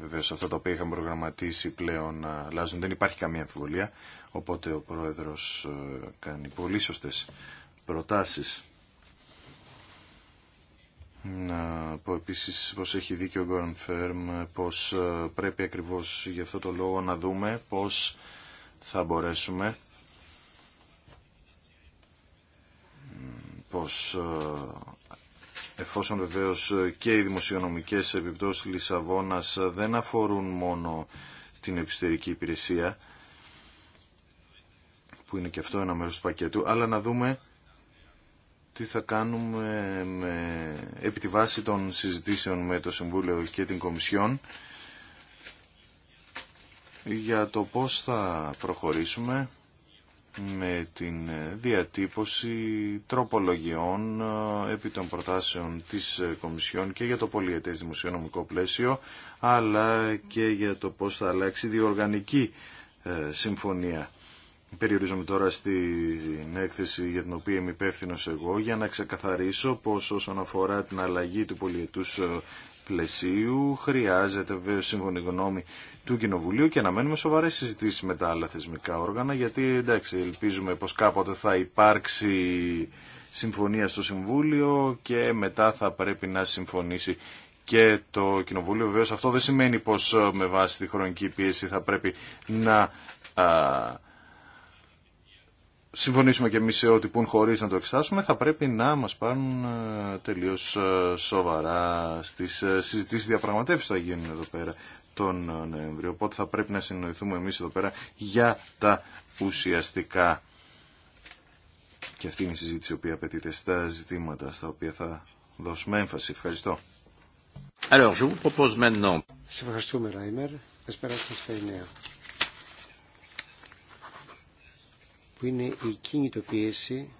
βεβαίω αυτά τα οποία είχαμε προγραμματίσει πλέον αλλάζουν. Δεν υπάρχει καμία αμφιβολία, οπότε ο Πρόεδρος ε, κάνει πολύ σωστές προτάσεις. Να πω επίσης πως έχει δίκιο ο Γκορνφέρμ πως ε, πρέπει ακριβώς για αυτό το λόγο να δούμε πως θα μπορέσουμε πως ε, εφόσον βεβαίως και οι δημοσιονομικές επιπτώσεις Λισαβόνας δεν αφορούν μόνο την εξωτερική υπηρεσία που είναι και αυτό ένα μέρος του πακέτου αλλά να δούμε τι θα κάνουμε με, επί τη βάση των συζητήσεων με το Συμβούλιο και την Κομισιόν για το πώς θα προχωρήσουμε με την διατύπωση τροπολογιών ε, επί των προτάσεων της ε, Κομισιόν και για το πολιετές δημοσιονομικό πλαίσιο αλλά και για το πώς θα αλλάξει η διοργανική ε, συμφωνία. Περιορίζομαι τώρα στην έκθεση για την οποία είμαι υπεύθυνο εγώ για να ξεκαθαρίσω πως όσον αφορά την αλλαγή του πολιετούς πλαισίου χρειάζεται βέβαια σύμφωνη γνώμη του Κοινοβουλίου και να μένουμε σοβαρές συζητήσεις με τα άλλα θεσμικά όργανα γιατί εντάξει ελπίζουμε πως κάποτε θα υπάρξει συμφωνία στο Συμβούλιο και μετά θα πρέπει να συμφωνήσει και το Κοινοβούλιο. Βεβαίω αυτό δεν σημαίνει πως ε, με βάση τη χρονική πίεση θα πρέπει να συμφωνήσουμε και εμείς σε ό,τι πουν χωρίς να το εξετάσουμε. Θα πρέπει να μας πάρουν ε, τελείως ε, σοβαρά στις συζητήσεις διαπραγματεύσεις που θα γίνουν εδώ πέρα τον Νοέμβριο. Οπότε θα πρέπει να συνοηθούμε εμείς εδώ πέρα για τα ουσιαστικά. Και αυτή είναι η συζήτηση που απαιτείται στα ζητήματα στα οποία θα δώσουμε έμφαση. Ευχαριστώ. Alors, je vous propose maintenant... Σε ευχαριστούμε, Ράιμερ. Ας περάσουμε στα εννέα. Που είναι η κινητοποίηση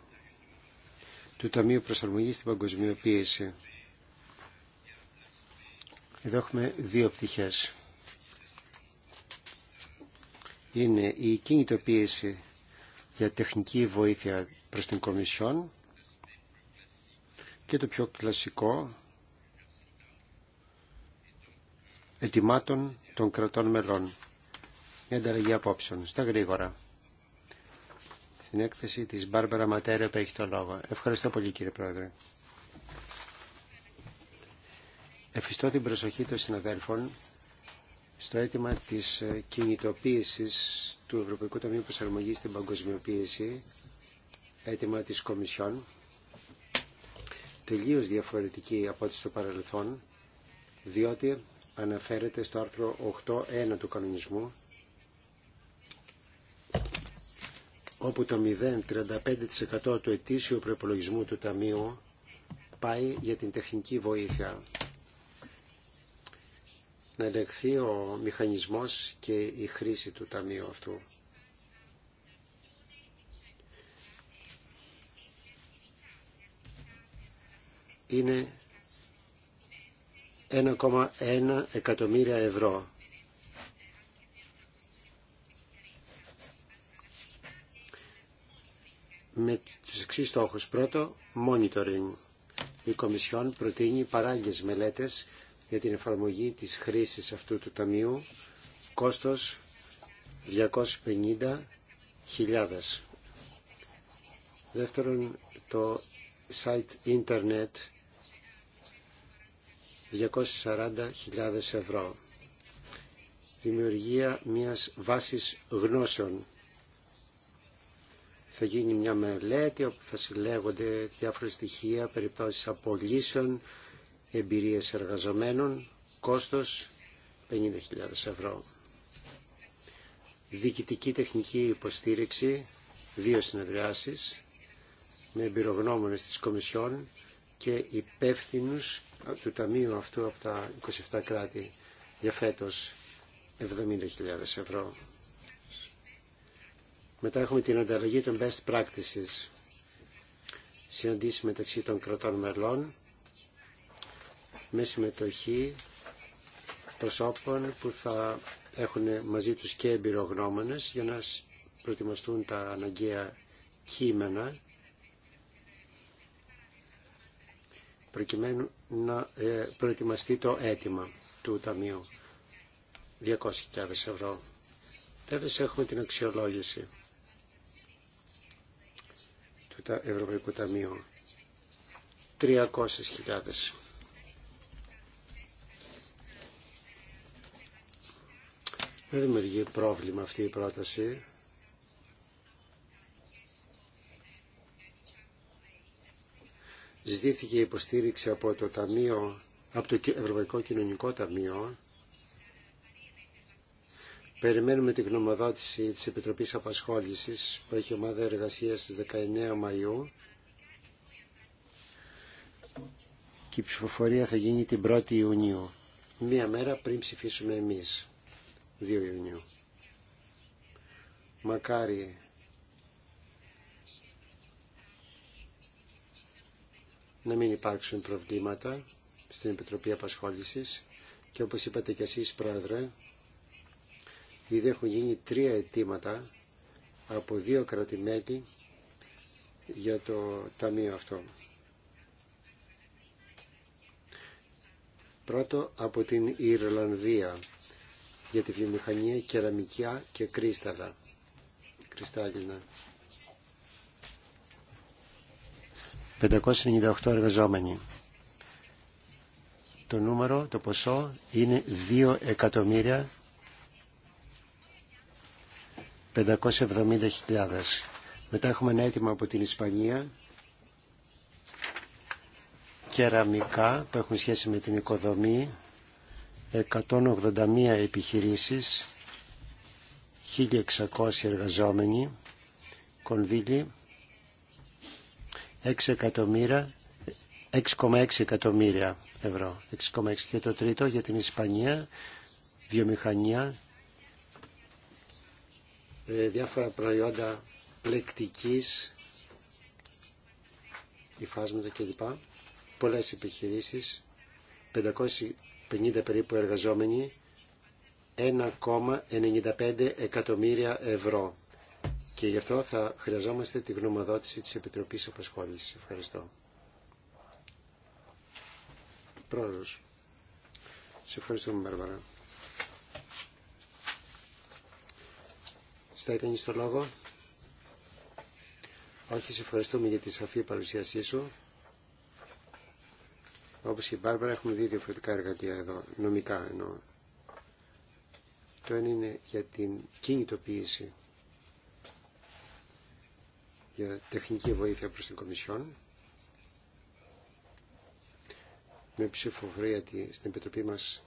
του Ταμείου Προσαρμογής στην Παγκοσμιοποίηση. Εδώ έχουμε δύο πτυχές είναι η κινητοποίηση για τεχνική βοήθεια προς την Κομισιόν και το πιο κλασικό ετοιμάτων των κρατών μελών. Μια ανταλλαγή απόψεων, στα γρήγορα. Στην έκθεση της Μπάρμπερα Ματέρε που έχει το λόγο. Ευχαριστώ πολύ κύριε Πρόεδρε. Εφιστώ την προσοχή των συναδέλφων στο αίτημα της ε, κινητοποίησης του Ευρωπαϊκού Ταμείου Προσαρμογής στην Παγκοσμιοποίηση, αίτημα της Κομισιόν, τελείως διαφορετική από ό,τι στο παρελθόν, διότι αναφέρεται στο άρθρο 8.1 του κανονισμού, όπου το 0,35% του ετήσιου προπολογισμού του Ταμείου πάει για την τεχνική βοήθεια να ελεγχθεί ο μηχανισμός και η χρήση του ταμείου αυτού. Είναι 1,1 εκατομμύρια ευρώ. Με τους εξή στόχους. Πρώτο, monitoring. Η Κομισιόν προτείνει παράγγες μελέτες για την εφαρμογή της χρήσης αυτού του ταμείου κόστος 250.000 δεύτερον το site internet 240.000 ευρώ δημιουργία μιας βάσης γνώσεων θα γίνει μια μελέτη όπου θα συλλέγονται διάφορα στοιχεία, περιπτώσεις απολύσεων, εμπειρίες εργαζομένων, κόστος 50.000 ευρώ. Διοικητική τεχνική υποστήριξη, δύο συνεδριάσεις με εμπειρογνώμονες της Κομισιόν και υπεύθυνου του Ταμείου αυτού από τα 27 κράτη για φέτος 70.000 ευρώ. Μετά έχουμε την ανταλλαγή των best practices, συναντήσεις μεταξύ των κρατών μελών με συμμετοχή προσώπων που θα έχουν μαζί τους και εμπειρογνώμονες για να προετοιμαστούν τα αναγκαία κείμενα προκειμένου να ε, προετοιμαστεί το αίτημα του Ταμείου. 200.000 ευρώ. Τέλος έχουμε την αξιολόγηση του Ευρωπαϊκού Ταμείου. 300.000 Δεν δημιουργεί πρόβλημα αυτή η πρόταση. Ζητήθηκε υποστήριξη από το, ταμείο, από το Ευρωπαϊκό Κοινωνικό Ταμείο. Περιμένουμε την γνωμοδότηση της Επιτροπής Απασχόλησης που έχει ομάδα εργασίας στις 19 Μαΐου και η ψηφοφορία θα γίνει την 1η Ιουνίου, μία μέρα πριν ψηφίσουμε εμείς. Ιουνίου. Μακάρι να μην υπάρξουν προβλήματα στην Επιτροπή Απασχόλησης και όπως είπατε και εσείς Πρόεδρε, ήδη έχουν γίνει τρία αιτήματα από δύο κρατημέλη για το Ταμείο αυτό. Πρώτο από την Ιρλανδία για τη βιομηχανία κεραμικιά και κρίσταλα. Κρυστάλλινα. 598 εργαζόμενοι. Το νούμερο, το ποσό είναι 2 εκατομμύρια 570.000. Μετά έχουμε ένα αίτημα από την Ισπανία κεραμικά που έχουν σχέση με την οικοδομή 181 επιχειρήσεις, 1.600 εργαζόμενοι, κονδύλι, 6 εκατομμύρια 6,6 εκατομμύρια ευρώ. 6,6 και το τρίτο για την Ισπανία, βιομηχανία, ε, διάφορα προϊόντα πλεκτικής, υφάσματα κλπ. Πολλές επιχειρήσεις, 500 50 περίπου εργαζόμενοι 1,95 εκατομμύρια ευρώ. Και γι' αυτό θα χρειαζόμαστε τη γνωμοδότηση της Επιτροπής Απασχόλησης. Ευχαριστώ. Πρόεδρος. Σε ευχαριστούμε, Μπαρβαρά. Στάει κανείς το λόγο. Όχι, σε ευχαριστούμε για τη σαφή παρουσίασή σου. Όπως και η Μπάρμπαρα έχουμε δύο διαφορετικά εργαλεία εδώ, νομικά εννοώ. Το ένα είναι για την κινητοποίηση για τεχνική βοήθεια προς την Κομισιόν με ψηφοφορία στην Επιτροπή μας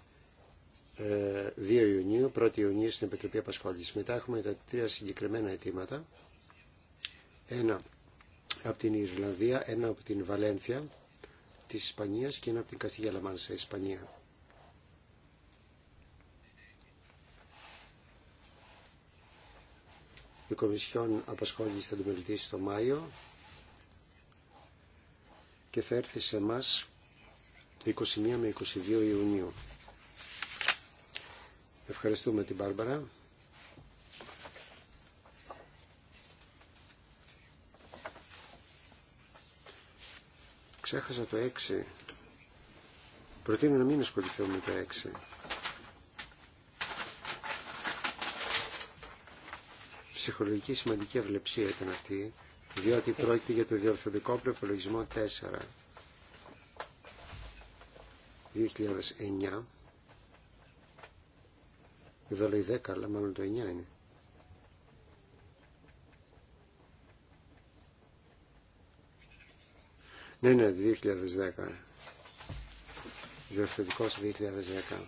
2 ε, Ιουνίου, 1η Ιουνίου στην Επιτροπή Απασχόλησης. Μετά έχουμε τα τρία συγκεκριμένα αιτήματα. Ένα από την Ιρλανδία, ένα από την Βαλένθια της Ισπανίας και ένα από την Καστίγια Λαμάνσα Ισπανία. Η Κομισιόν απασχόλησε θα το μελετήσει το Μάιο και θα έρθει σε εμά 21 με 22 Ιουνίου. Ευχαριστούμε την Μπάρμπαρα. Ξέχασα το 6. Προτείνω να μην ασχοληθώ με το 6. Ψυχολογική σημαντική αυλεψία ήταν αυτή, διότι ε. πρόκειται για το διορθωτικό προπολογισμό 4. 2009. Εδώ λέει 10, αλλά μάλλον το 9 είναι. Ναι, ναι, 2010. Διορθωτικό 2010.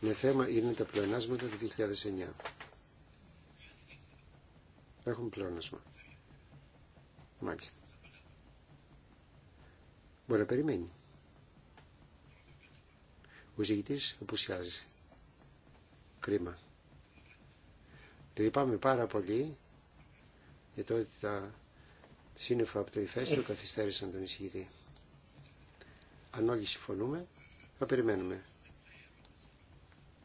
Με θέμα είναι τα πλεονάσματα του 2009. Έχουμε πλεονάσμα. Μάλιστα. Μπορεί να περιμένει. Ο ζητητής απουσιάζει. Κρίμα. Λυπάμαι πάρα πολύ για το ότι τα σύννεφο από το ηφαίστειο καθυστέρησαν τον εισηγητή. Αν όλοι συμφωνούμε, θα περιμένουμε.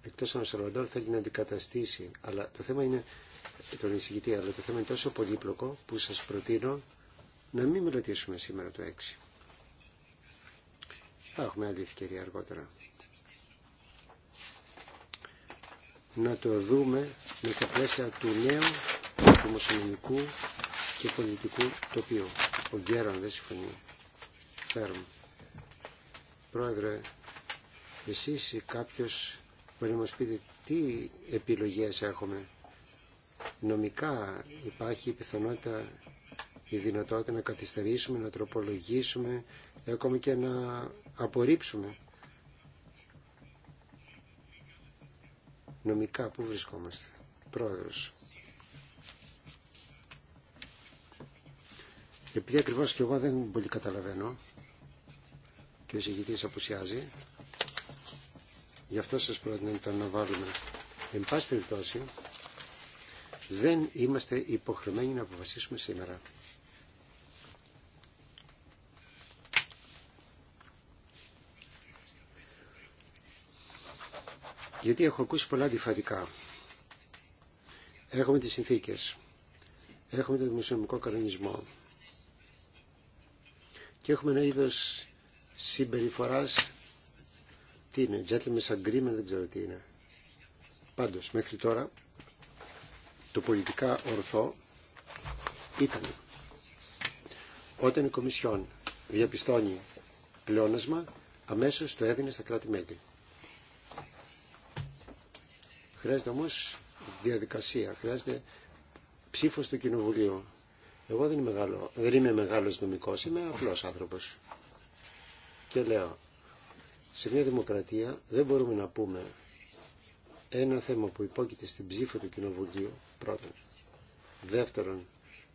Εκτός αν ο Σαλβαντόρ θέλει να αντικαταστήσει, αλλά το θέμα είναι τον εισηγητή, αλλά το θέμα είναι τόσο πολύπλοκο που σας προτείνω να μην μελετήσουμε σήμερα το 6. Θα έχουμε άλλη ευκαιρία αργότερα. Να το δούμε με στα πλαίσια του νέου δημοσιονομικού και πολιτικού τοπίου. Ο Γκέραν δεν συμφωνεί. Φέρουμε. Πρόεδρε, εσείς ή κάποιος μπορεί να μα πείτε τι επιλογές έχουμε. Νομικά υπάρχει η πιθανότητα, η δυνατότητα να καθυστερήσουμε, να τροπολογήσουμε, ακόμη και να απορρίψουμε. Νομικά, πού βρισκόμαστε. Πρόεδρος. Επειδή ακριβώ και εγώ δεν πολύ καταλαβαίνω και ο εισηγητής απουσιάζει, γι' αυτό σας πρότεινα να το αναβάλουμε. Εν πάση περιπτώσει, δεν είμαστε υποχρεωμένοι να αποφασίσουμε σήμερα. Γιατί έχω ακούσει πολλά αντιφατικά. Έχουμε τις συνθήκες. Έχουμε το δημοσιονομικό κανονισμό και έχουμε ένα είδο συμπεριφοράς τι είναι, gentleman's agreement, δεν ξέρω τι είναι. Πάντως, μέχρι τώρα το πολιτικά ορθό ήταν όταν η Κομισιόν διαπιστώνει πλεόνασμα, αμέσως το έδινε στα κράτη-μέλη. Χρειάζεται όμω διαδικασία, χρειάζεται ψήφος του Κοινοβουλίου. Εγώ δεν είμαι, μεγάλο, δεν είμαι μεγάλος νομικός, είμαι απλός άνθρωπος. Και λέω, σε μια δημοκρατία δεν μπορούμε να πούμε ένα θέμα που υπόκειται στην ψήφα του Κοινοβουλίου, πρώτον. Δεύτερον,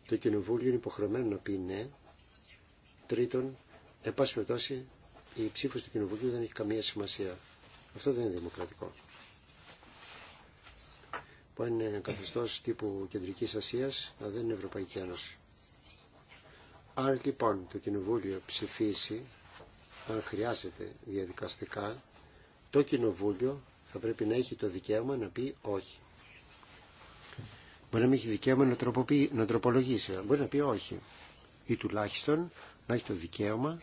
το Κοινοβούλιο είναι υποχρεωμένο να πει ναι. Τρίτον, εν η ψήφο του Κοινοβουλίου δεν έχει καμία σημασία. Αυτό δεν είναι δημοκρατικό. Που είναι καθεστώ τύπου Κεντρική Ασία, αλλά δεν είναι Ευρωπαϊκή Ένωση. Αν λοιπόν το Κοινοβούλιο ψηφίσει, αν χρειάζεται διαδικαστικά, το Κοινοβούλιο θα πρέπει να έχει το δικαίωμα να πει όχι. Μπορεί να μην έχει δικαίωμα να, τροποποιη... να τροπολογήσει, μπορεί να πει όχι. Ή τουλάχιστον να έχει το δικαίωμα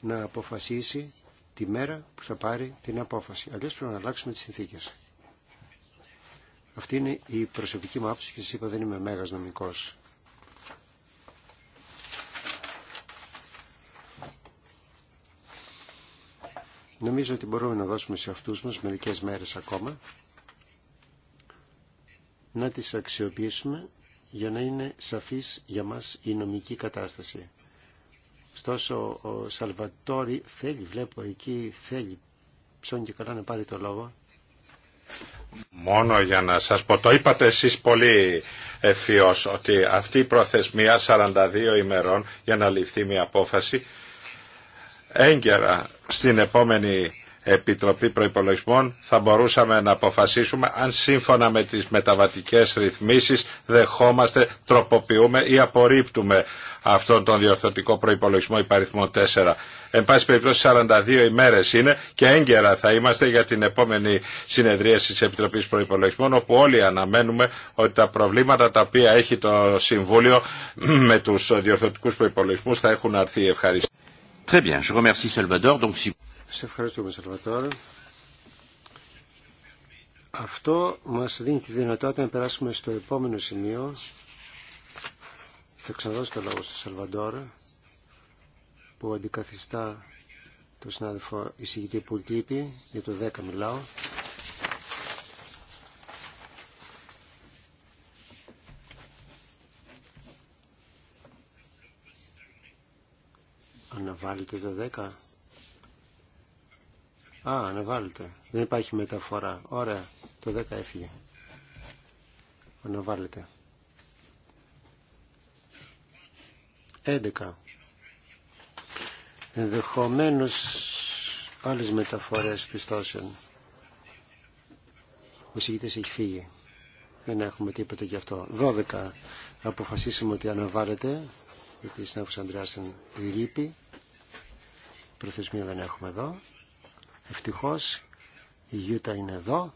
να αποφασίσει τη μέρα που θα πάρει την απόφαση. αλλιώ πρέπει να αλλάξουμε τι συνθήκε. Αυτή είναι η προσωπική μου άποψη και σα είπα δεν είμαι μέγας νομικό. Νομίζω ότι μπορούμε να δώσουμε σε αυτούς μας μερικές μέρες ακόμα να τις αξιοποιήσουμε για να είναι σαφής για μας η νομική κατάσταση. Στόσο ο Σαλβατόρη θέλει, βλέπω εκεί, θέλει, ψώνει και καλά να πάρει το λόγο. Μόνο για να σας πω, το είπατε εσείς πολύ ευφυώς ότι αυτή η προθεσμία 42 ημερών για να ληφθεί μια απόφαση έγκαιρα στην επόμενη Επιτροπή Προϋπολογισμών θα μπορούσαμε να αποφασίσουμε αν σύμφωνα με τις μεταβατικές ρυθμίσεις δεχόμαστε, τροποποιούμε ή απορρίπτουμε αυτόν τον διορθωτικό προϋπολογισμό υπαριθμό 4. Εν πάση περιπτώσει 42 ημέρες είναι και έγκαιρα θα είμαστε για την επόμενη συνεδρίαση της Επιτροπής Προϋπολογισμών όπου όλοι αναμένουμε ότι τα προβλήματα τα οποία έχει το Συμβούλιο με τους διορθωτικούς προϋπολογισμούς θα έχουν αρθεί ευχαριστώ. Σε ευχαριστούμε, Σαλβατόρ. Αυτό μας δίνει τη δυνατότητα να περάσουμε στο επόμενο σημείο. Θα ξαναδώσω το λόγο στο Σαλβατόρ, που αντικαθιστά το συνάδελφο εισηγητή Πουλτίτη, για το 10 μιλάω, Αναβάλλεται το 10. Α, αναβάλλεται. Δεν υπάρχει μεταφορά. Ωραία. Το 10 έφυγε. Αναβάλλεται. 11. Ενδεχομένως άλλες μεταφορές πιστώσεων. Ο συγκεκριτής έχει φύγει. Δεν έχουμε τίποτα γι' αυτό. 12. Αποφασίσαμε ότι αναβάλλεται, γιατί η συνάδελφος Ανδρεάσεν λείπει. Προθεσμία δεν έχουμε εδώ. Ευτυχώς η Γιούτα είναι εδώ.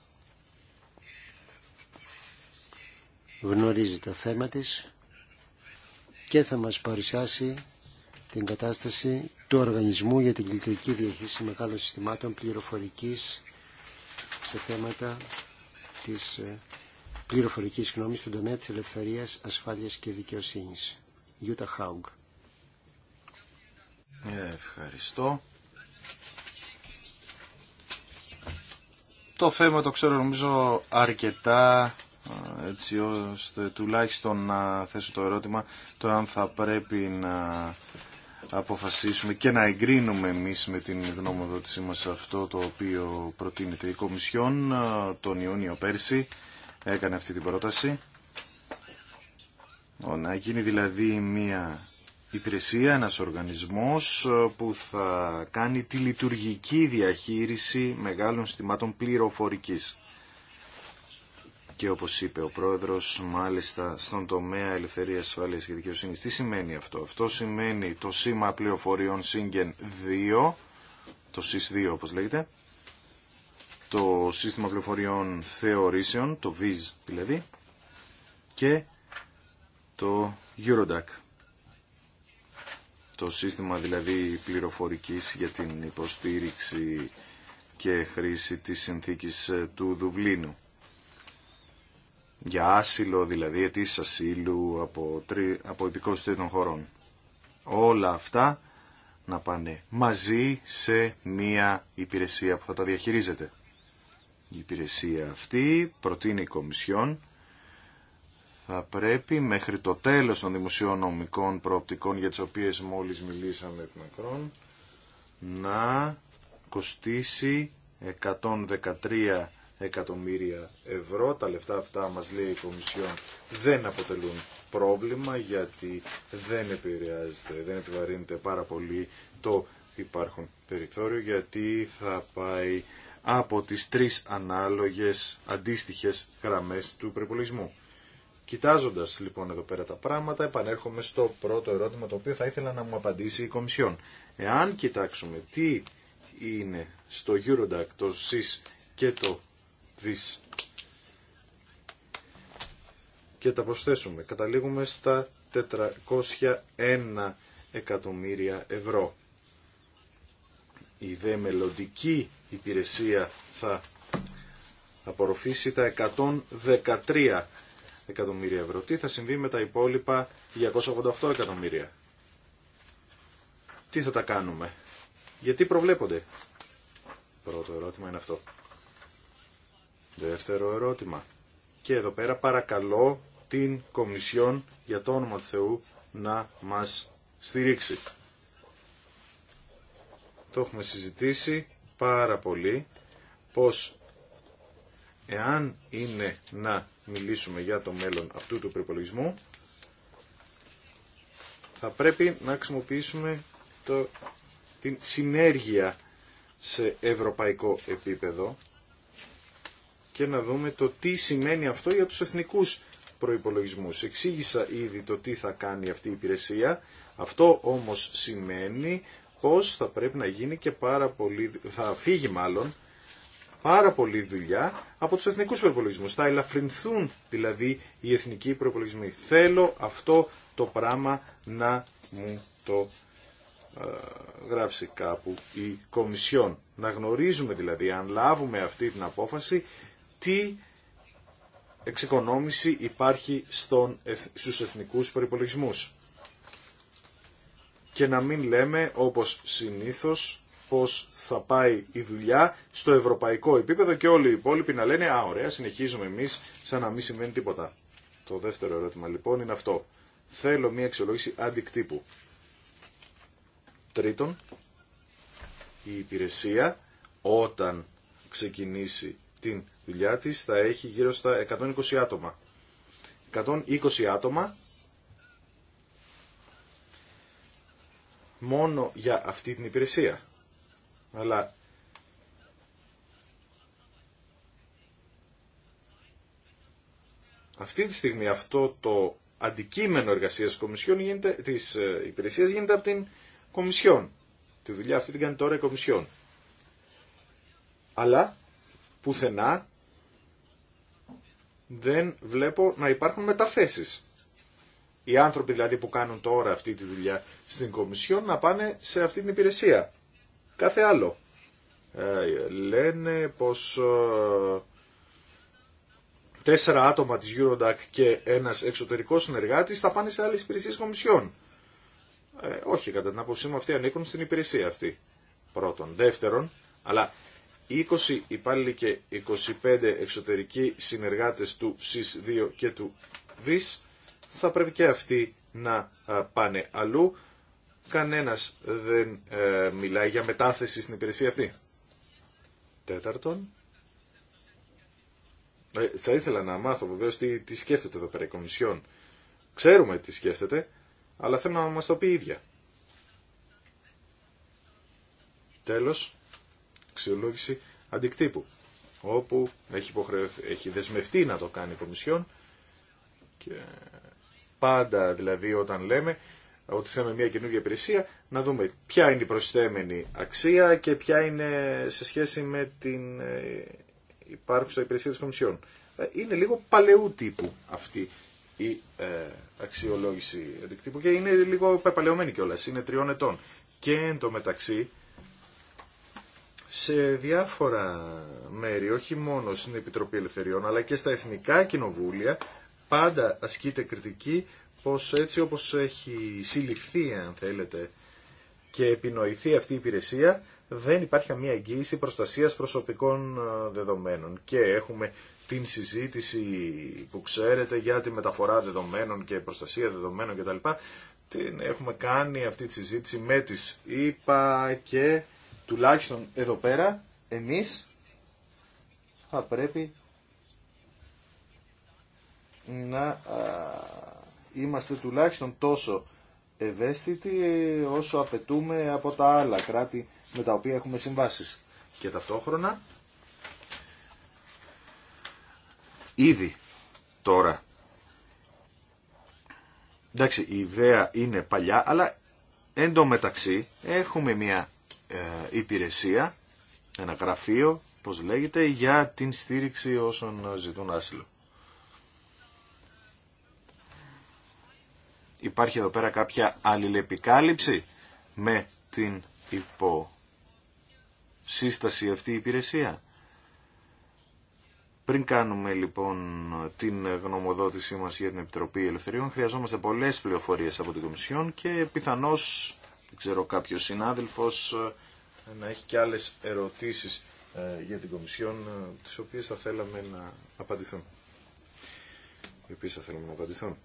Γνωρίζει το θέμα της και θα μας παρουσιάσει την κατάσταση του Οργανισμού για την Λειτουργική Διαχείριση Μεγάλων Συστημάτων Πληροφορικής σε θέματα της ε, πληροφορικής γνώμης στον τομέα της ελευθερίας, ασφάλειας και δικαιοσύνης. Γιούτα Χάουγκ. Ευχαριστώ. Το θέμα το ξέρω νομίζω αρκετά ε, έτσι ώστε τουλάχιστον να θέσω το ερώτημα το αν θα πρέπει να αποφασίσουμε και να εγκρίνουμε εμείς με την γνωμοδότησή μας αυτό το οποίο προτείνεται η Κομισιόν ε, τον Ιούνιο πέρσι έκανε αυτή την πρόταση να γίνει δηλαδή μία υπηρεσία, ένας οργανισμός ε, που θα κάνει τη λειτουργική διαχείριση μεγάλων συστημάτων πληροφορικής. Και όπως είπε ο πρόεδρος, μάλιστα στον τομέα ελευθερίας ασφάλεια και δικαιοσύνης, τι σημαίνει αυτό. Αυτό σημαίνει το σήμα πληροφοριών Σίγγεν 2, το SIS2 όπως λέγεται, το σύστημα πληροφοριών θεωρήσεων, το VIS δηλαδή, και το Eurodac. Το σύστημα δηλαδή πληροφορικής για την υποστήριξη και χρήση της συνθήκης ε, του Δουβλίνου. Για άσυλο δηλαδή, αιτήσεις ασύλου από, τρι, από χωρών. Όλα αυτά να πάνε μαζί σε μία υπηρεσία που θα τα διαχειρίζεται. Η υπηρεσία αυτή προτείνει η Κομισιόν θα πρέπει μέχρι το τέλος των δημοσιονομικών προοπτικών για τις οποίες μόλις μιλήσαμε την Μακρόν να κοστίσει 113 εκατομμύρια ευρώ. Τα λεφτά αυτά μας λέει η Κομισιόν δεν αποτελούν πρόβλημα γιατί δεν επηρεάζεται, δεν επιβαρύνεται πάρα πολύ το υπάρχον περιθώριο γιατί θα πάει από τις τρεις ανάλογες αντίστοιχες γραμμές του προπολογισμού. Κοιτάζοντα λοιπόν εδώ πέρα τα πράγματα, επανέρχομαι στο πρώτο ερώτημα το οποίο θα ήθελα να μου απαντήσει η Κομισιόν. Εάν κοιτάξουμε τι είναι στο Eurodac το SIS και το VIS και τα προσθέσουμε, καταλήγουμε στα 401 εκατομμύρια ευρώ. Η δε μελλοντική υπηρεσία θα απορροφήσει τα 113 εκατομμύρια ευρώ. Τι θα συμβεί με τα υπόλοιπα 288 εκατομμύρια. Τι θα τα κάνουμε. Γιατί προβλέπονται. Πρώτο ερώτημα είναι αυτό. Δεύτερο ερώτημα. Και εδώ πέρα παρακαλώ την Κομισιόν για το όνομα του Θεού να μας στηρίξει. Το έχουμε συζητήσει πάρα πολύ πως εάν είναι να μιλήσουμε για το μέλλον αυτού του προπολογισμού, θα πρέπει να χρησιμοποιήσουμε το, την συνέργεια σε ευρωπαϊκό επίπεδο και να δούμε το τι σημαίνει αυτό για τους εθνικούς προϋπολογισμούς. Εξήγησα ήδη το τι θα κάνει αυτή η υπηρεσία. Αυτό όμως σημαίνει πώς θα πρέπει να γίνει και πάρα πολύ, θα φύγει μάλλον πάρα πολύ δουλειά από τους εθνικούς προπολογισμούς. Θα ελαφρυνθούν δηλαδή οι εθνικοί προπολογισμοί. Θέλω αυτό το πράγμα να μου το ε, γράψει κάπου η Κομισιόν. Να γνωρίζουμε δηλαδή, αν λάβουμε αυτή την απόφαση, τι εξοικονόμηση υπάρχει στον, στους εθνικούς προϋπολογισμούς. Και να μην λέμε, όπως συνήθως, πώς θα πάει η δουλειά στο ευρωπαϊκό επίπεδο και όλοι οι υπόλοιποι να λένε «Α, ωραία, συνεχίζουμε εμείς σαν να μην συμβαίνει τίποτα». Το δεύτερο ερώτημα λοιπόν είναι αυτό. Θέλω μια αξιολόγηση αντικτύπου. Τρίτον, η υπηρεσία όταν ξεκινήσει την δουλειά της θα έχει γύρω στα 120 άτομα. 120 άτομα μόνο για αυτή την υπηρεσία. Αλλά αυτή τη στιγμή αυτό το αντικείμενο εργασίας της, Κομισιόν γίνεται, της ε, υπηρεσίας γίνεται από την Κομισιόν. Τη δουλειά αυτή την κάνει τώρα η Κομισιόν. Αλλά πουθενά δεν βλέπω να υπάρχουν μεταθέσεις. Οι άνθρωποι δηλαδή που κάνουν τώρα αυτή τη δουλειά στην Κομισιόν να πάνε σε αυτή την υπηρεσία. Κάθε άλλο. Ε, λένε πως ε, τέσσερα άτομα της Eurodac και ένας εξωτερικός συνεργάτης θα πάνε σε άλλες υπηρεσίες κομισιών. Ε, όχι, κατά την άποψή μου αυτοί ανήκουν στην υπηρεσία αυτή. Πρώτον. Δεύτερον, αλλά 20 υπάλληλοι και 25 εξωτερικοί συνεργάτες του ΣΥΣ2 και του ΒΙΣ θα πρέπει και αυτοί να πάνε αλλού Κανένας δεν ε, μιλάει για μετάθεση στην υπηρεσία αυτή. Τέταρτον, ε, θα ήθελα να μάθω βεβαίω τι, τι σκέφτεται εδώ πέρα η Κομισιόν. Ξέρουμε τι σκέφτεται, αλλά θέλω να μας το πει η ίδια. Τέλος, αξιολόγηση αντικτύπου, όπου έχει, έχει δεσμευτεί να το κάνει η Κομισιόν και πάντα δηλαδή όταν λέμε ότι θέλουμε μια καινούργια υπηρεσία, να δούμε ποια είναι η προσθέμενη αξία και ποια είναι σε σχέση με την ε, υπάρχουσα υπηρεσία της Κομισιόν. Ε, είναι λίγο παλαιού τύπου αυτή η ε, αξιολόγηση αντικτύπου και είναι λίγο παλαιωμένη κιόλας, είναι τριών ετών. Και εν τω μεταξύ, σε διάφορα μέρη, όχι μόνο στην Επιτροπή Ελευθεριών, αλλά και στα Εθνικά Κοινοβούλια, πάντα ασκείται κριτική πως έτσι όπως έχει συλληφθεί αν θέλετε και επινοηθεί αυτή η υπηρεσία δεν υπάρχει καμία εγγύηση προστασίας προσωπικών ε, δεδομένων και έχουμε την συζήτηση που ξέρετε για τη μεταφορά δεδομένων και προστασία δεδομένων κτλ. Την έχουμε κάνει αυτή τη συζήτηση με τις ΕΠΑ και τουλάχιστον εδώ πέρα εμείς θα πρέπει να είμαστε τουλάχιστον τόσο ευαίσθητοι όσο απαιτούμε από τα άλλα κράτη με τα οποία έχουμε συμβάσεις. Και ταυτόχρονα ήδη τώρα εντάξει η ιδέα είναι παλιά αλλά εντωμεταξύ έχουμε μια ε, υπηρεσία ένα γραφείο πως λέγεται για την στήριξη όσων ζητούν άσυλο. υπάρχει εδώ πέρα κάποια αλληλεπικάλυψη με την υποσύσταση αυτή η υπηρεσία. Πριν κάνουμε λοιπόν την γνωμοδότησή μας για την Επιτροπή Ελευθεριών, χρειαζόμαστε πολλές πληροφορίες από την Κομισιόν και πιθανώς, δεν ξέρω κάποιος συνάδελφος, ε, να έχει και άλλες ερωτήσεις ε, για την Κομισιόν, ε, τις οποίες θα θέλαμε να απαντηθούν. Οι θα θέλαμε να απαντηθούν.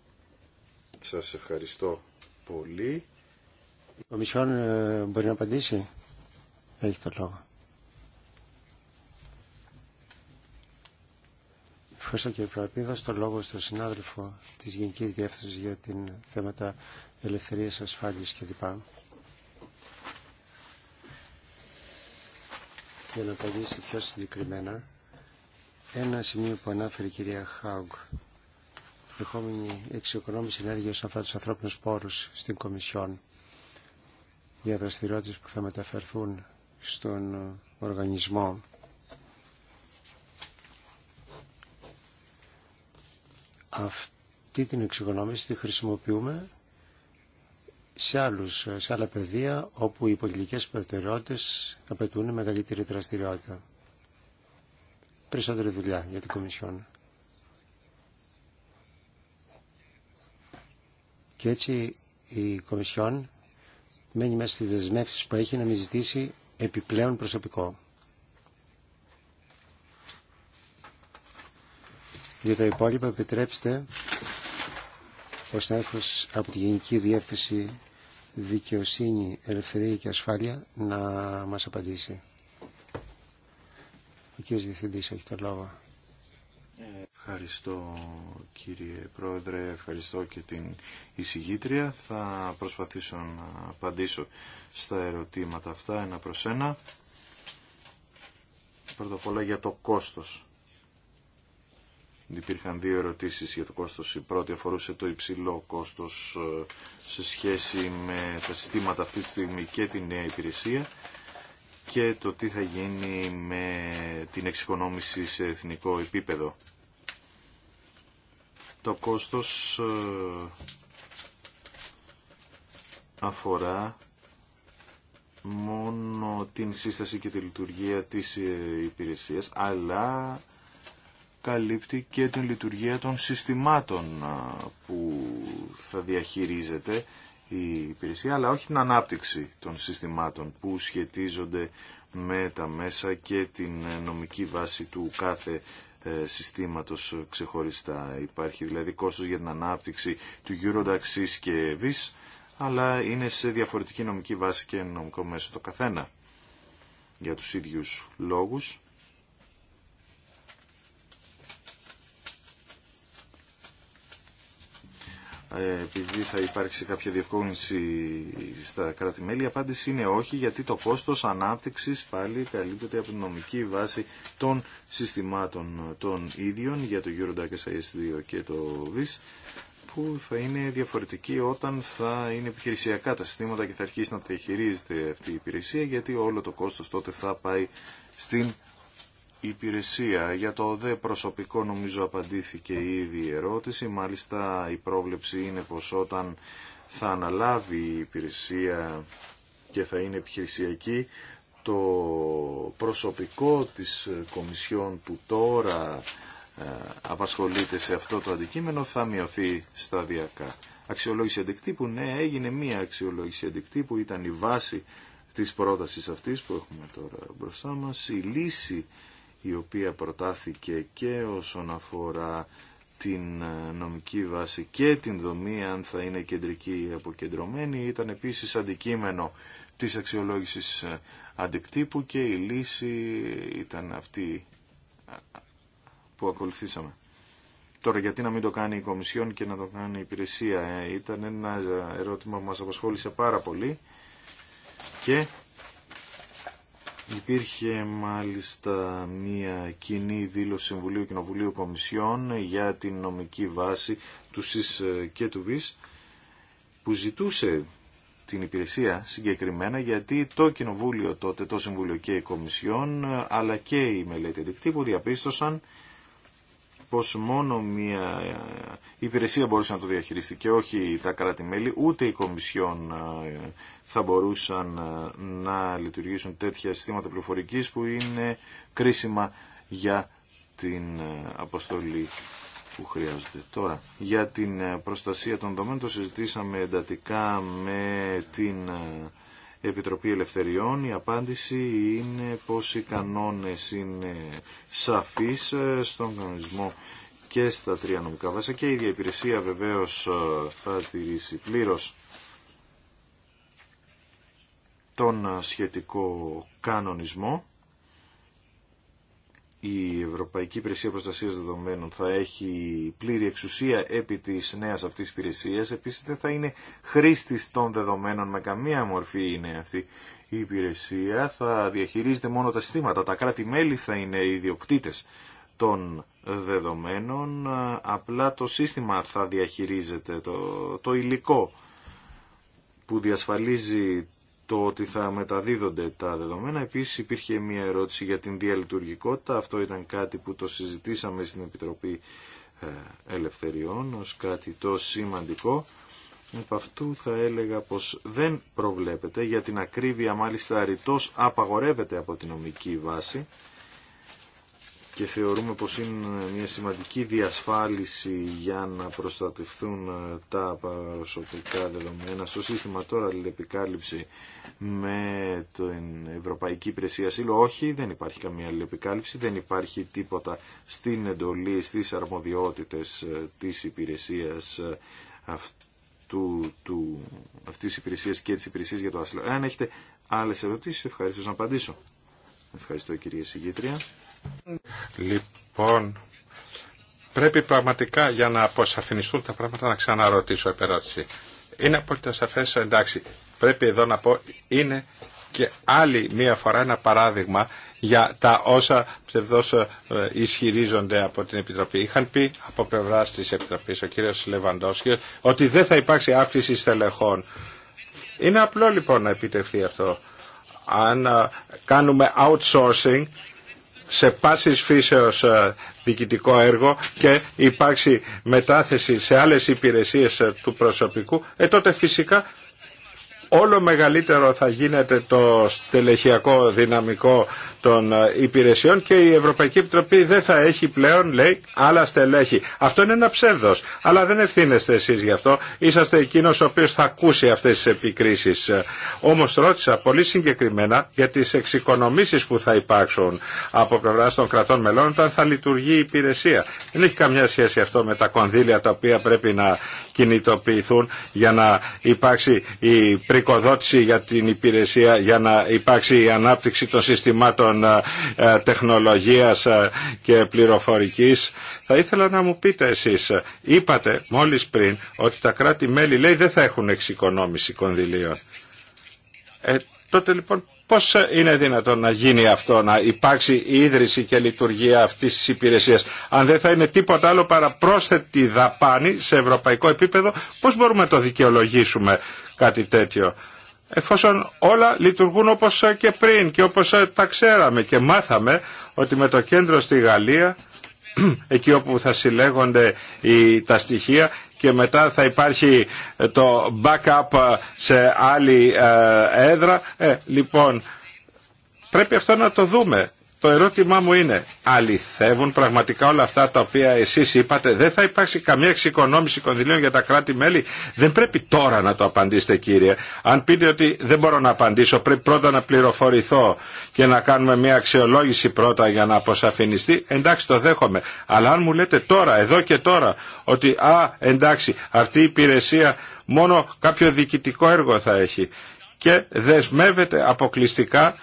Σας ευχαριστώ πολύ. Ο Κομισιόν ε, μπορεί να απαντήσει. Έχει το λόγο. Ευχαριστώ κύριε Πρόεδρε. το λόγο στο συνάδελφο της Γενικής Διεύθυνσης για την θέματα ελευθερίας, ασφάλειας κλπ. Για να απαντήσει πιο συγκεκριμένα ένα σημείο που ανάφερε η κυρία Χάουγκ εξοικονόμηση ενέργεια όσον αφορά του ανθρώπινου πόρου στην Κομισιόν για δραστηριότητε που θα μεταφερθούν στον οργανισμό. Αυτή την εξοικονόμηση τη χρησιμοποιούμε σε, άλλους, σε άλλα πεδία όπου οι πολιτικέ προτεραιότητες απαιτούν μεγαλύτερη δραστηριότητα. Περισσότερη δουλειά για την Κομισιόν. Και έτσι η Κομισιόν μένει μέσα στις δεσμεύσεις που έχει να μην ζητήσει επιπλέον προσωπικό. Για τα υπόλοιπα επιτρέψτε ο συνάδελφος από τη Γενική Διεύθυνση Δικαιοσύνη, Ελευθερία και Ασφάλεια να μας απαντήσει. Ο κ. Διευθυντής έχει το λόγο. Ευχαριστώ κύριε Πρόεδρε, ευχαριστώ και την εισηγήτρια. Θα προσπαθήσω να απαντήσω στα ερωτήματα αυτά ένα προς ένα. Πρώτα απ' όλα για το κόστος. Υπήρχαν δύο ερωτήσεις για το κόστος. Η πρώτη αφορούσε το υψηλό κόστος ε, σε σχέση με τα συστήματα αυτή τη στιγμή και την νέα υπηρεσία και το τι θα γίνει με την εξοικονόμηση σε εθνικό επίπεδο το κόστος ε, αφορά μόνο την σύσταση και τη λειτουργία της ε, υπηρεσίας, αλλά καλύπτει και την λειτουργία των συστημάτων ε, που θα διαχειρίζεται η υπηρεσία, αλλά όχι την ανάπτυξη των συστημάτων που σχετίζονται με τα μέσα και την νομική βάση του κάθε ε, συστήματος ξεχωριστά. Υπάρχει δηλαδή κόστος για την ανάπτυξη του Eurodax και VIS, αλλά είναι σε διαφορετική νομική βάση και νομικό μέσο το καθένα για τους ίδιους λόγους Ε, επειδή θα υπάρξει κάποια διευκόλυνση στα κράτη-μέλη, η απάντηση είναι όχι, γιατί το κόστος ανάπτυξης πάλι καλύπτεται από την νομική βάση των συστημάτων των ίδιων για το Eurodac SIS2 και το VIS, που θα είναι διαφορετική όταν θα είναι επιχειρησιακά τα συστήματα και θα αρχίσει να διαχειρίζεται αυτή η υπηρεσία, γιατί όλο το κόστος τότε θα πάει στην υπηρεσία. Για το δε προσωπικό νομίζω απαντήθηκε ήδη η ερώτηση. Μάλιστα η πρόβλεψη είναι πως όταν θα αναλάβει η υπηρεσία και θα είναι επιχειρησιακή, το προσωπικό της Κομισιόν που τώρα ε, απασχολείται σε αυτό το αντικείμενο θα μειωθεί σταδιακά. Αξιολόγηση αντικτύπου, ναι, έγινε μία αξιολόγηση αντικτύπου, ήταν η βάση της πρότασης αυτής που έχουμε τώρα μπροστά μας. λύση η οποία προτάθηκε και όσον αφορά την ε, νομική βάση και την δομή, αν θα είναι κεντρική ή αποκεντρωμένη, ήταν επίσης αντικείμενο της αξιολόγησης ε, αντικτύπου και η λύση ήταν αυτή ε, που ακολουθήσαμε. Τώρα γιατί να μην το κάνει η Κομισιόν και να το κάνει η υπηρεσία. Ήταν ένα ερώτημα που μας απασχόλησε πάρα πολύ και Υπήρχε μάλιστα μία κοινή δήλωση Συμβουλίου Κοινοβουλίου Κομισιών για την νομική βάση του ΣΥΣ και του ΒΙΣ που ζητούσε την υπηρεσία συγκεκριμένα γιατί το Κοινοβούλιο τότε, το Συμβούλιο και η Κομισιόν αλλά και η μελέτη που διαπίστωσαν πως μόνο μία υπηρεσία μπορούσε να το διαχειριστεί και όχι τα κράτη-μέλη, ούτε οι Κομισιόν ε, θα μπορούσαν ε, να λειτουργήσουν τέτοια συστήματα πληροφορικής που είναι κρίσιμα για την ε, αποστολή που χρειάζεται Τώρα, για την προστασία των δομένων το συζητήσαμε εντατικά με την Επιτροπή Ελευθεριών η απάντηση είναι πως οι κανόνες είναι σαφείς ε, στον κανονισμό και στα τρία νομικά βάσα και η ίδια υπηρεσία βεβαίως ε, θα τηρήσει πλήρως τον ε, σχετικό κανονισμό η Ευρωπαϊκή Υπηρεσία Προστασία Δεδομένων θα έχει πλήρη εξουσία επί της νέα αυτής υπηρεσία. Επίσης δεν θα είναι χρήστη των δεδομένων με καμία μορφή είναι αυτή η υπηρεσία. Θα διαχειρίζεται μόνο τα συστήματα. Τα κράτη-μέλη θα είναι οι ιδιοκτήτε των δεδομένων. Απλά το σύστημα θα διαχειρίζεται το, το υλικό που διασφαλίζει το ότι θα μεταδίδονται τα δεδομένα. Επίσης υπήρχε μια ερώτηση για την διαλειτουργικότητα. Αυτό ήταν κάτι που το συζητήσαμε στην Επιτροπή ε, Ελευθεριών ως κάτι το σημαντικό. Επ' αυτού θα έλεγα πως δεν προβλέπεται, για την ακρίβεια μάλιστα ρητός απαγορεύεται από την νομική βάση και θεωρούμε πως είναι μια σημαντική διασφάλιση για να προστατευθούν ε, τα προσωπικά δεδομένα στο σύστημα τώρα αλληλεπικάλυψη με την Ευρωπαϊκή Υπηρεσία Σύλλο. Όχι, δεν υπάρχει καμία αλληλεπικάλυψη, δεν υπάρχει τίποτα στην εντολή, στις αρμοδιότητες ε, της υπηρεσίας ε, αυτού, του, αυτής της υπηρεσίας και της υπηρεσίας για το άσυλο. Αν έχετε άλλες ερωτήσεις, ευχαριστώ να απαντήσω. Ευχαριστώ κυρία Συγγήτρια. Λοιπόν, πρέπει πραγματικά για να αποσαφινιστούν τα πράγματα να ξαναρωτήσω επερώτηση. Είναι απόλυτα σαφές, εντάξει, πρέπει εδώ να πω, είναι και άλλη μία φορά ένα παράδειγμα για τα όσα ψευδώς ε, ισχυρίζονται από την Επιτροπή. Είχαν πει από πλευρά της επιτροπή ο κύριος Λεβαντός ότι δεν θα υπάρξει αύξηση στελεχών. Είναι απλό λοιπόν να επιτευχθεί αυτό. Αν ε, κάνουμε outsourcing σε πάσης φύσεως ε, διοικητικό έργο και υπάρξει μετάθεση σε άλλες υπηρεσίες ε, του προσωπικού, ε, τότε φυσικά όλο μεγαλύτερο θα γίνεται το στελεχειακό δυναμικό των ε, υπηρεσιών και η Ευρωπαϊκή Επιτροπή δεν θα έχει πλέον, λέει, άλλα στελέχη. Αυτό είναι ένα ψεύδος, αλλά δεν ευθύνεστε εσείς γι' αυτό. Είσαστε εκείνος ο οποίος θα ακούσει αυτές τις επικρίσεις. Ε, όμως ρώτησα πολύ συγκεκριμένα για τις εξοικονομήσεις που θα υπάρξουν από πλευρά των κρατών μελών όταν θα λειτουργεί η υπηρεσία. Δεν έχει καμιά σχέση αυτό με τα κονδύλια τα οποία πρέπει να κινητοποιηθούν για να υπάρξει η πρικοδότηση για την υπηρεσία, για να υπάρξει η ανάπτυξη των συστημάτων Τεχνολογία ε, τεχνολογίας ε, και πληροφορικής. Θα ήθελα να μου πείτε εσείς, ε, είπατε μόλις πριν ότι τα κράτη-μέλη λέει δεν θα έχουν εξοικονόμηση κονδυλίων. Ε, τότε λοιπόν Πώς είναι δυνατόν να γίνει αυτό, να υπάρξει η ίδρυση και λειτουργία αυτής της υπηρεσίας, αν δεν θα είναι τίποτα άλλο παρά πρόσθετη δαπάνη σε ευρωπαϊκό επίπεδο, πώς μπορούμε να το δικαιολογήσουμε κάτι τέτοιο εφόσον όλα λειτουργούν όπως ε, και πριν και όπως ε, τα ξέραμε και μάθαμε ότι με το κέντρο στη Γαλλία εκεί όπου θα συλλέγονται τα στοιχεία και μετά θα υπάρχει ε, το backup σε άλλη έδρα. λοιπόν, πρέπει αυτό να το δούμε. Το ερώτημά μου είναι, αληθεύουν πραγματικά όλα αυτά τα οποία εσείς είπατε, δεν θα υπάρξει καμία εξοικονόμηση κονδυλίων για τα κράτη-μέλη. Δεν πρέπει τώρα να το απαντήσετε κύριε. Αν πείτε ότι δεν μπορώ να απαντήσω, πρέπει πρώτα να πληροφορηθώ και να κάνουμε μια αξιολόγηση πρώτα για να αποσαφινιστεί, εντάξει το δέχομαι. Αλλά αν μου λέτε τώρα, εδώ και τώρα, ότι α, εντάξει, αυτή η υπηρεσία μόνο κάποιο διοικητικό έργο θα έχει και δεσμεύεται αποκλειστικά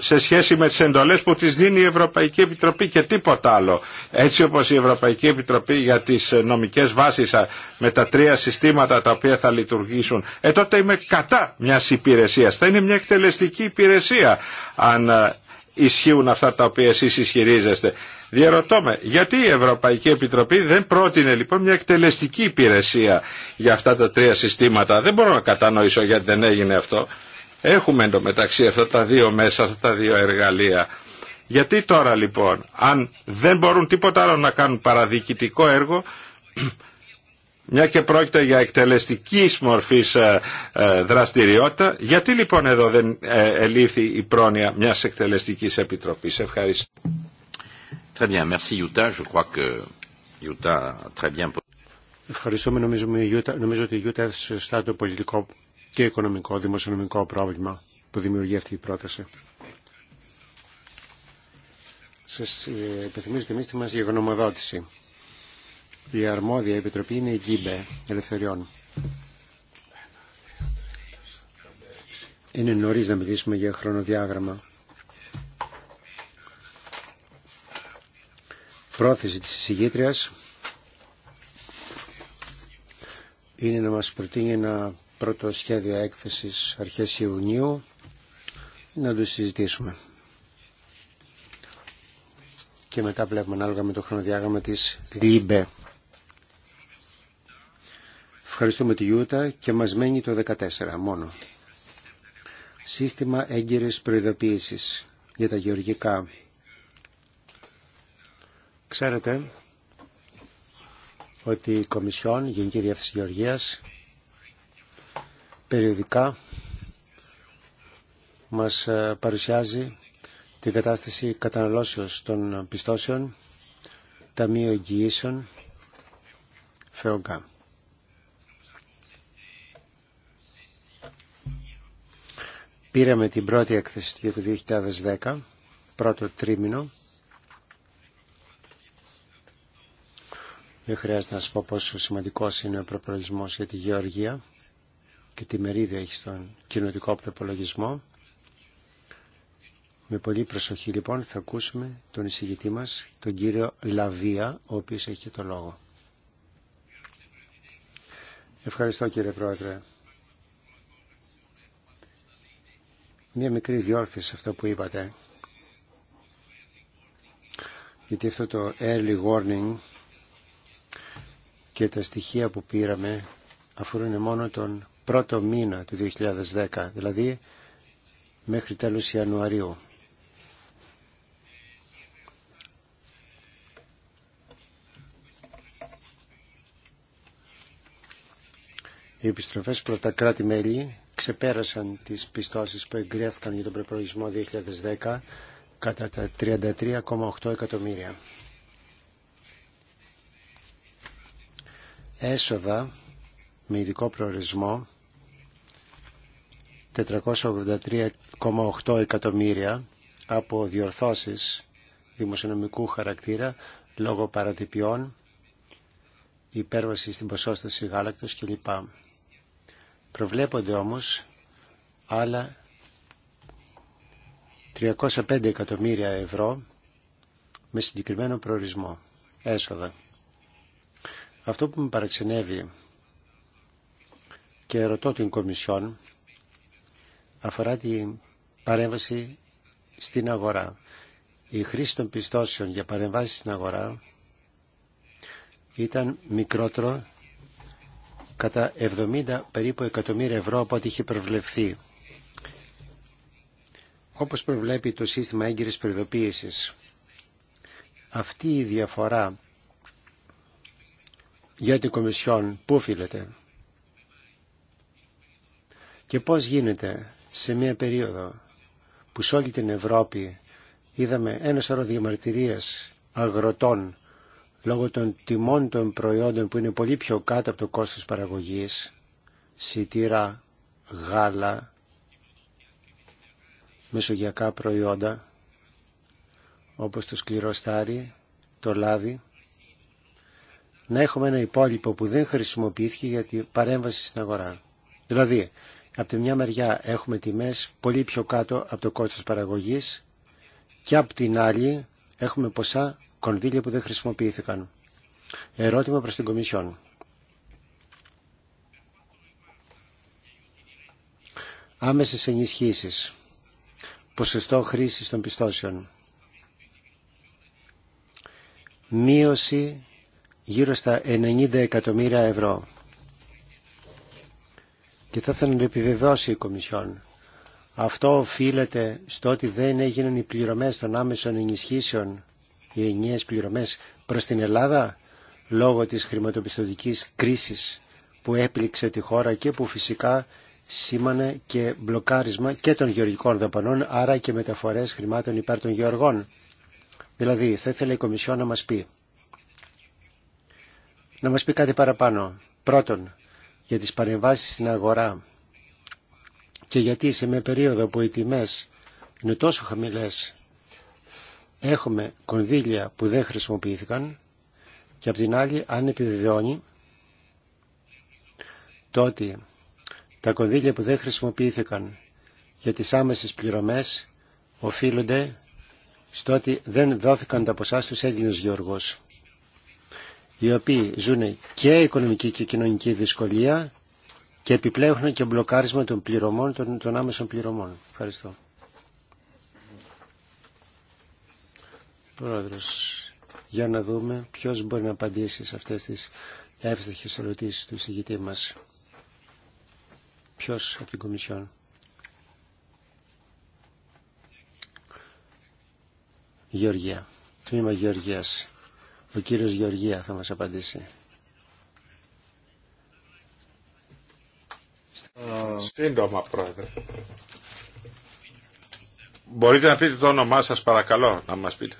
σε σχέση με τις εντολές που τις δίνει η Ευρωπαϊκή Επιτροπή και τίποτα άλλο. Έτσι όπως η Ευρωπαϊκή Επιτροπή για τις νομικές βάσεις με τα τρία συστήματα τα οποία θα λειτουργήσουν, ε τότε είμαι κατά μια υπηρεσία. Θα είναι μια εκτελεστική υπηρεσία αν ισχύουν αυτά τα οποία εσείς ισχυρίζεστε. Διαρωτώ με, γιατί η Ευρωπαϊκή Επιτροπή δεν πρότεινε λοιπόν μια εκτελεστική υπηρεσία για αυτά τα τρία συστήματα. Δεν μπορώ να κατανοήσω γιατί δεν έγινε αυτό. Έχουμε εντωμεταξύ αυτά τα δύο μέσα, αυτά τα δύο εργαλεία. Γιατί τώρα λοιπόν, αν δεν μπορούν τίποτα άλλο να κάνουν παραδικητικό έργο, μια και πρόκειται για εκτελεστική μορφής ε, ε, δραστηριότητα, γιατί λοιπόν εδώ δεν ε, ελήφθη η πρόνοια μια εκτελεστική επιτροπή. Ευχαριστώ. Très Νομίζω, ότι η πολιτικό και οικονομικό, δημοσιονομικό πρόβλημα που δημιουργεί αυτή η πρόταση. Σα ε, επιθυμίζω και εμεί τη μα γεγονομοδότηση. Η αρμόδια επιτροπή είναι η ΓΙΜΠΕ e, Ελευθεριών. Είναι νωρί να μιλήσουμε για χρονοδιάγραμμα. Πρόθεση της εισηγήτριας είναι να μας προτείνει ένα πρώτο σχέδιο έκθεσης αρχές Ιουνίου να το συζητήσουμε. Και μετά βλέπουμε ανάλογα με το χρονοδιάγραμμα της ΛΥΜΠΕ. Ευχαριστούμε τη Ιούτα και μας μένει το 14 μόνο. Σύστημα έγκυρες προειδοποίησης για τα γεωργικά. Ξέρετε ότι η Κομισιόν, Γενική Διεύθυνση Γεωργίας, περιοδικά μας ε, παρουσιάζει την κατάσταση καταναλώσεως των πιστώσεων, ταμείο εγγυήσεων, ΦΕΟΓΚΑ. Πήραμε την πρώτη έκθεση για το 2010, πρώτο τρίμηνο. Δεν χρειάζεται να σας πω πόσο σημαντικός είναι ο προπολογισμός για τη γεωργία και τη μερίδιο έχει στον κοινωτικό προπολογισμό. Με πολύ προσοχή λοιπόν θα ακούσουμε τον εισηγητή μας, τον κύριο Λαβία, ο οποίος έχει και το λόγο. Ευχαριστώ κύριε Πρόεδρε. Μία μικρή διόρθωση σε αυτό που είπατε. Γιατί αυτό το early warning και τα στοιχεία που πήραμε αφορούν μόνο τον πρώτο μήνα του 2010, δηλαδή μέχρι τέλος Ιανουαρίου. Οι επιστροφές προ τα κράτη-μέλη ξεπέρασαν τις πιστώσεις που εγκρίθηκαν για τον προπολογισμό 2010 κατά τα 33,8 εκατομμύρια. Έσοδα με ειδικό προορισμό 483,8 εκατομμύρια από διορθώσεις δημοσιονομικού χαρακτήρα λόγω παρατυπιών, υπέρβαση στην ποσόστοση γάλακτος κλπ. Προβλέπονται όμως άλλα 305 εκατομμύρια ευρώ με συγκεκριμένο προορισμό έσοδα. Αυτό που με παραξενεύει και ρωτώ την Κομισιόν αφορά την παρέμβαση στην αγορά. Η χρήση των πιστώσεων για παρεμβάσεις στην αγορά ήταν μικρότερο κατά 70 περίπου εκατομμύρια ευρώ από ό,τι είχε προβλεφθεί. Όπως προβλέπει το σύστημα έγκυρης προειδοποίησης, αυτή η διαφορά για την Κομισιόν που οφείλεται. Και πώς γίνεται σε μια περίοδο που σε όλη την Ευρώπη είδαμε ένα σωρό διαμαρτυρίες αγροτών λόγω των τιμών των προϊόντων που είναι πολύ πιο κάτω από το κόστος παραγωγής, σιτήρα, γάλα, μεσογειακά προϊόντα, όπως το σκληρό στάρι, το λάδι, να έχουμε ένα υπόλοιπο που δεν χρησιμοποιήθηκε για την παρέμβαση στην αγορά. Δηλαδή, από τη μια μεριά έχουμε τιμές πολύ πιο κάτω από το κόστος παραγωγής και από την άλλη έχουμε ποσά κονδύλια που δεν χρησιμοποιήθηκαν. Ερώτημα προς την Κομισιόν. Άμεσες ενισχύσεις. Ποσοστό χρήσης των πιστώσεων. Μείωση γύρω στα 90 εκατομμύρια ευρώ και θα ήθελα να το επιβεβαιώσει η Κομισιόν. Αυτό οφείλεται στο ότι δεν έγιναν οι πληρωμές των άμεσων ενισχύσεων, οι ενιαίες πληρωμές προς την Ελλάδα, λόγω της χρηματοπιστωτικής κρίσης που έπληξε τη χώρα και που φυσικά σήμανε και μπλοκάρισμα και των γεωργικών δαπανών, άρα και μεταφορές χρημάτων υπέρ των γεωργών. Δηλαδή, θα ήθελε η Κομισιόν να μα πει. Να μας πει κάτι παραπάνω. Πρώτον, για τις παρεμβάσεις στην αγορά και γιατί σε μια περίοδο που οι τιμές είναι τόσο χαμηλές έχουμε κονδύλια που δεν χρησιμοποιήθηκαν και απ' την άλλη αν επιβεβαιώνει το ότι τα κονδύλια που δεν χρησιμοποιήθηκαν για τις άμεσες πληρωμές οφείλονται στο ότι δεν δόθηκαν τα ποσά στους Έλληνες γεωργούς οι οποίοι ζουν και οικονομική και κοινωνική δυσκολία και επιπλέον έχουν και μπλοκάρισμα των πληρωμών, των, των άμεσων πληρωμών. Ευχαριστώ. Πρόεδρος, για να δούμε ποιος μπορεί να απαντήσει σε αυτές τις εύστοχες ερωτήσεις του εισηγητή μας. Ποιος από την Κομισιόν. Γεωργία. Τμήμα Γεωργίας. Ο κύριος Γεωργία θα μας απαντήσει. Σύντομα, Πρόεδρε. Μπορείτε να πείτε το όνομά σας, παρακαλώ, να μας πείτε.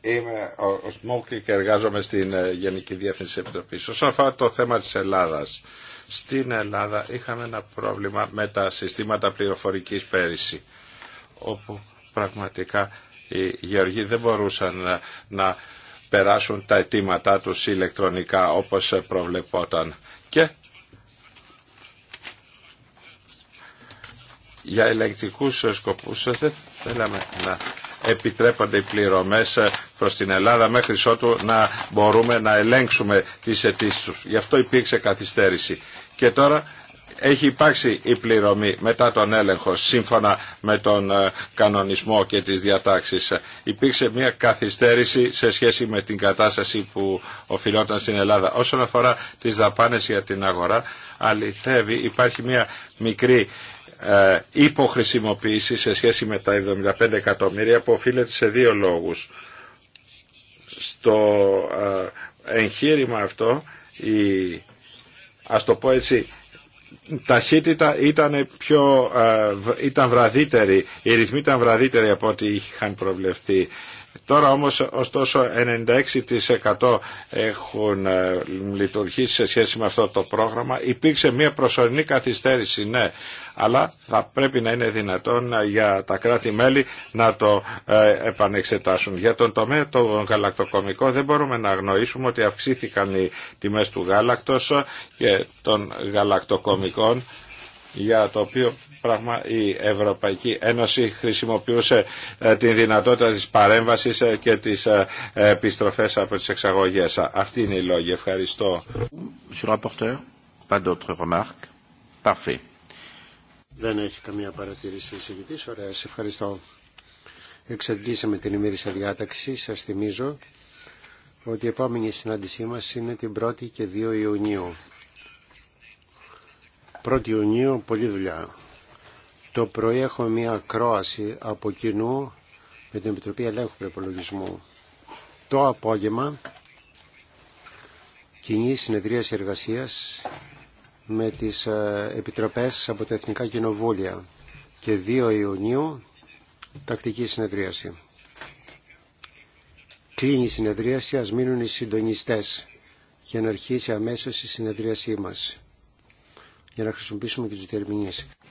Είμαι ο Σμόκη και εργάζομαι στην ε, Γενική Διεύθυνση Επιτροπή. Όσον αφορά το θέμα της Ελλάδας, στην Ελλάδα είχαμε ένα πρόβλημα με τα συστήματα πληροφορικής πέρυσι, όπου πραγματικά οι γεωργοί δεν μπορούσαν να περάσουν τα αιτήματά τους ηλεκτρονικά όπως προβλεπόταν. Και για ελεγκτικούς σκοπούς δεν θέλαμε να επιτρέπονται οι πληρωμές προς την Ελλάδα μέχρι ότου να μπορούμε να ελέγξουμε τις αιτήσεις τους. Γι' αυτό υπήρξε καθυστέρηση. Και τώρα έχει υπάρξει η πληρωμή μετά τον έλεγχο σύμφωνα με τον ε, κανονισμό και τις διατάξεις. Υπήρξε μια καθυστέρηση σε σχέση με την κατάσταση που οφειλόταν στην Ελλάδα. Όσον αφορά τις δαπάνες για την αγορά, αληθεύει, υπάρχει μια μικρή ε, υποχρησιμοποίηση σε σχέση με τα 75 εκατομμύρια που οφείλεται σε δύο λόγους. Στο ε, εγχείρημα αυτό, η, ας το πω έτσι, ταχύτητα ήταν, πιο, ε, ήταν βραδύτερη, οι ρυθμοί ήταν βραδύτεροι από ό,τι είχαν προβλεφθεί. Τώρα όμως ωστόσο 96% έχουν ε, λειτουργήσει σε σχέση με αυτό το πρόγραμμα. Υπήρξε μια προσωρινή καθυστέρηση, ναι, αλλά θα πρέπει να είναι δυνατόν για τα κράτη-μέλη να το ε, επανεξετάσουν. Για τον τομέα το γαλακτοκομικό δεν μπορούμε να αγνοήσουμε ότι αυξήθηκαν οι τιμές του γάλακτος και των γαλακτοκομικών για το οποίο πράγμα η Ευρωπαϊκή Ένωση χρησιμοποιούσε ε, την δυνατότητα της παρέμβασης ε, και της επιστροφές από τις εξαγωγές. Αυτή είναι η λόγη. Ευχαριστώ. Monsieur rapporteur, pas d'autres remarques. Δεν έχει καμία παρατήρηση ο εισηγητή. Ωραία, σε ευχαριστώ. Εξαντλήσαμε την ημέρησα διάταξη. Σα θυμίζω ότι η επόμενη συνάντησή μα είναι την 1η και 2 Ιουνίου. 1η Ιουνίου, πολλή δουλειά. Το πρωί έχω μια ακρόαση από κοινού με την Επιτροπή Ελέγχου Προπολογισμού. Το απόγευμα, κοινή συνεδρίαση εργασίας με τις ε, επιτροπές από τα Εθνικά Κοινοβούλια και 2 Ιουνίου τακτική συνεδρίαση. Κλείνει η συνεδρίαση, ας μείνουν οι συντονιστές για να αρχίσει αμέσως η συνεδρίασή μας για να χρησιμοποιήσουμε και τους διερμηνείς.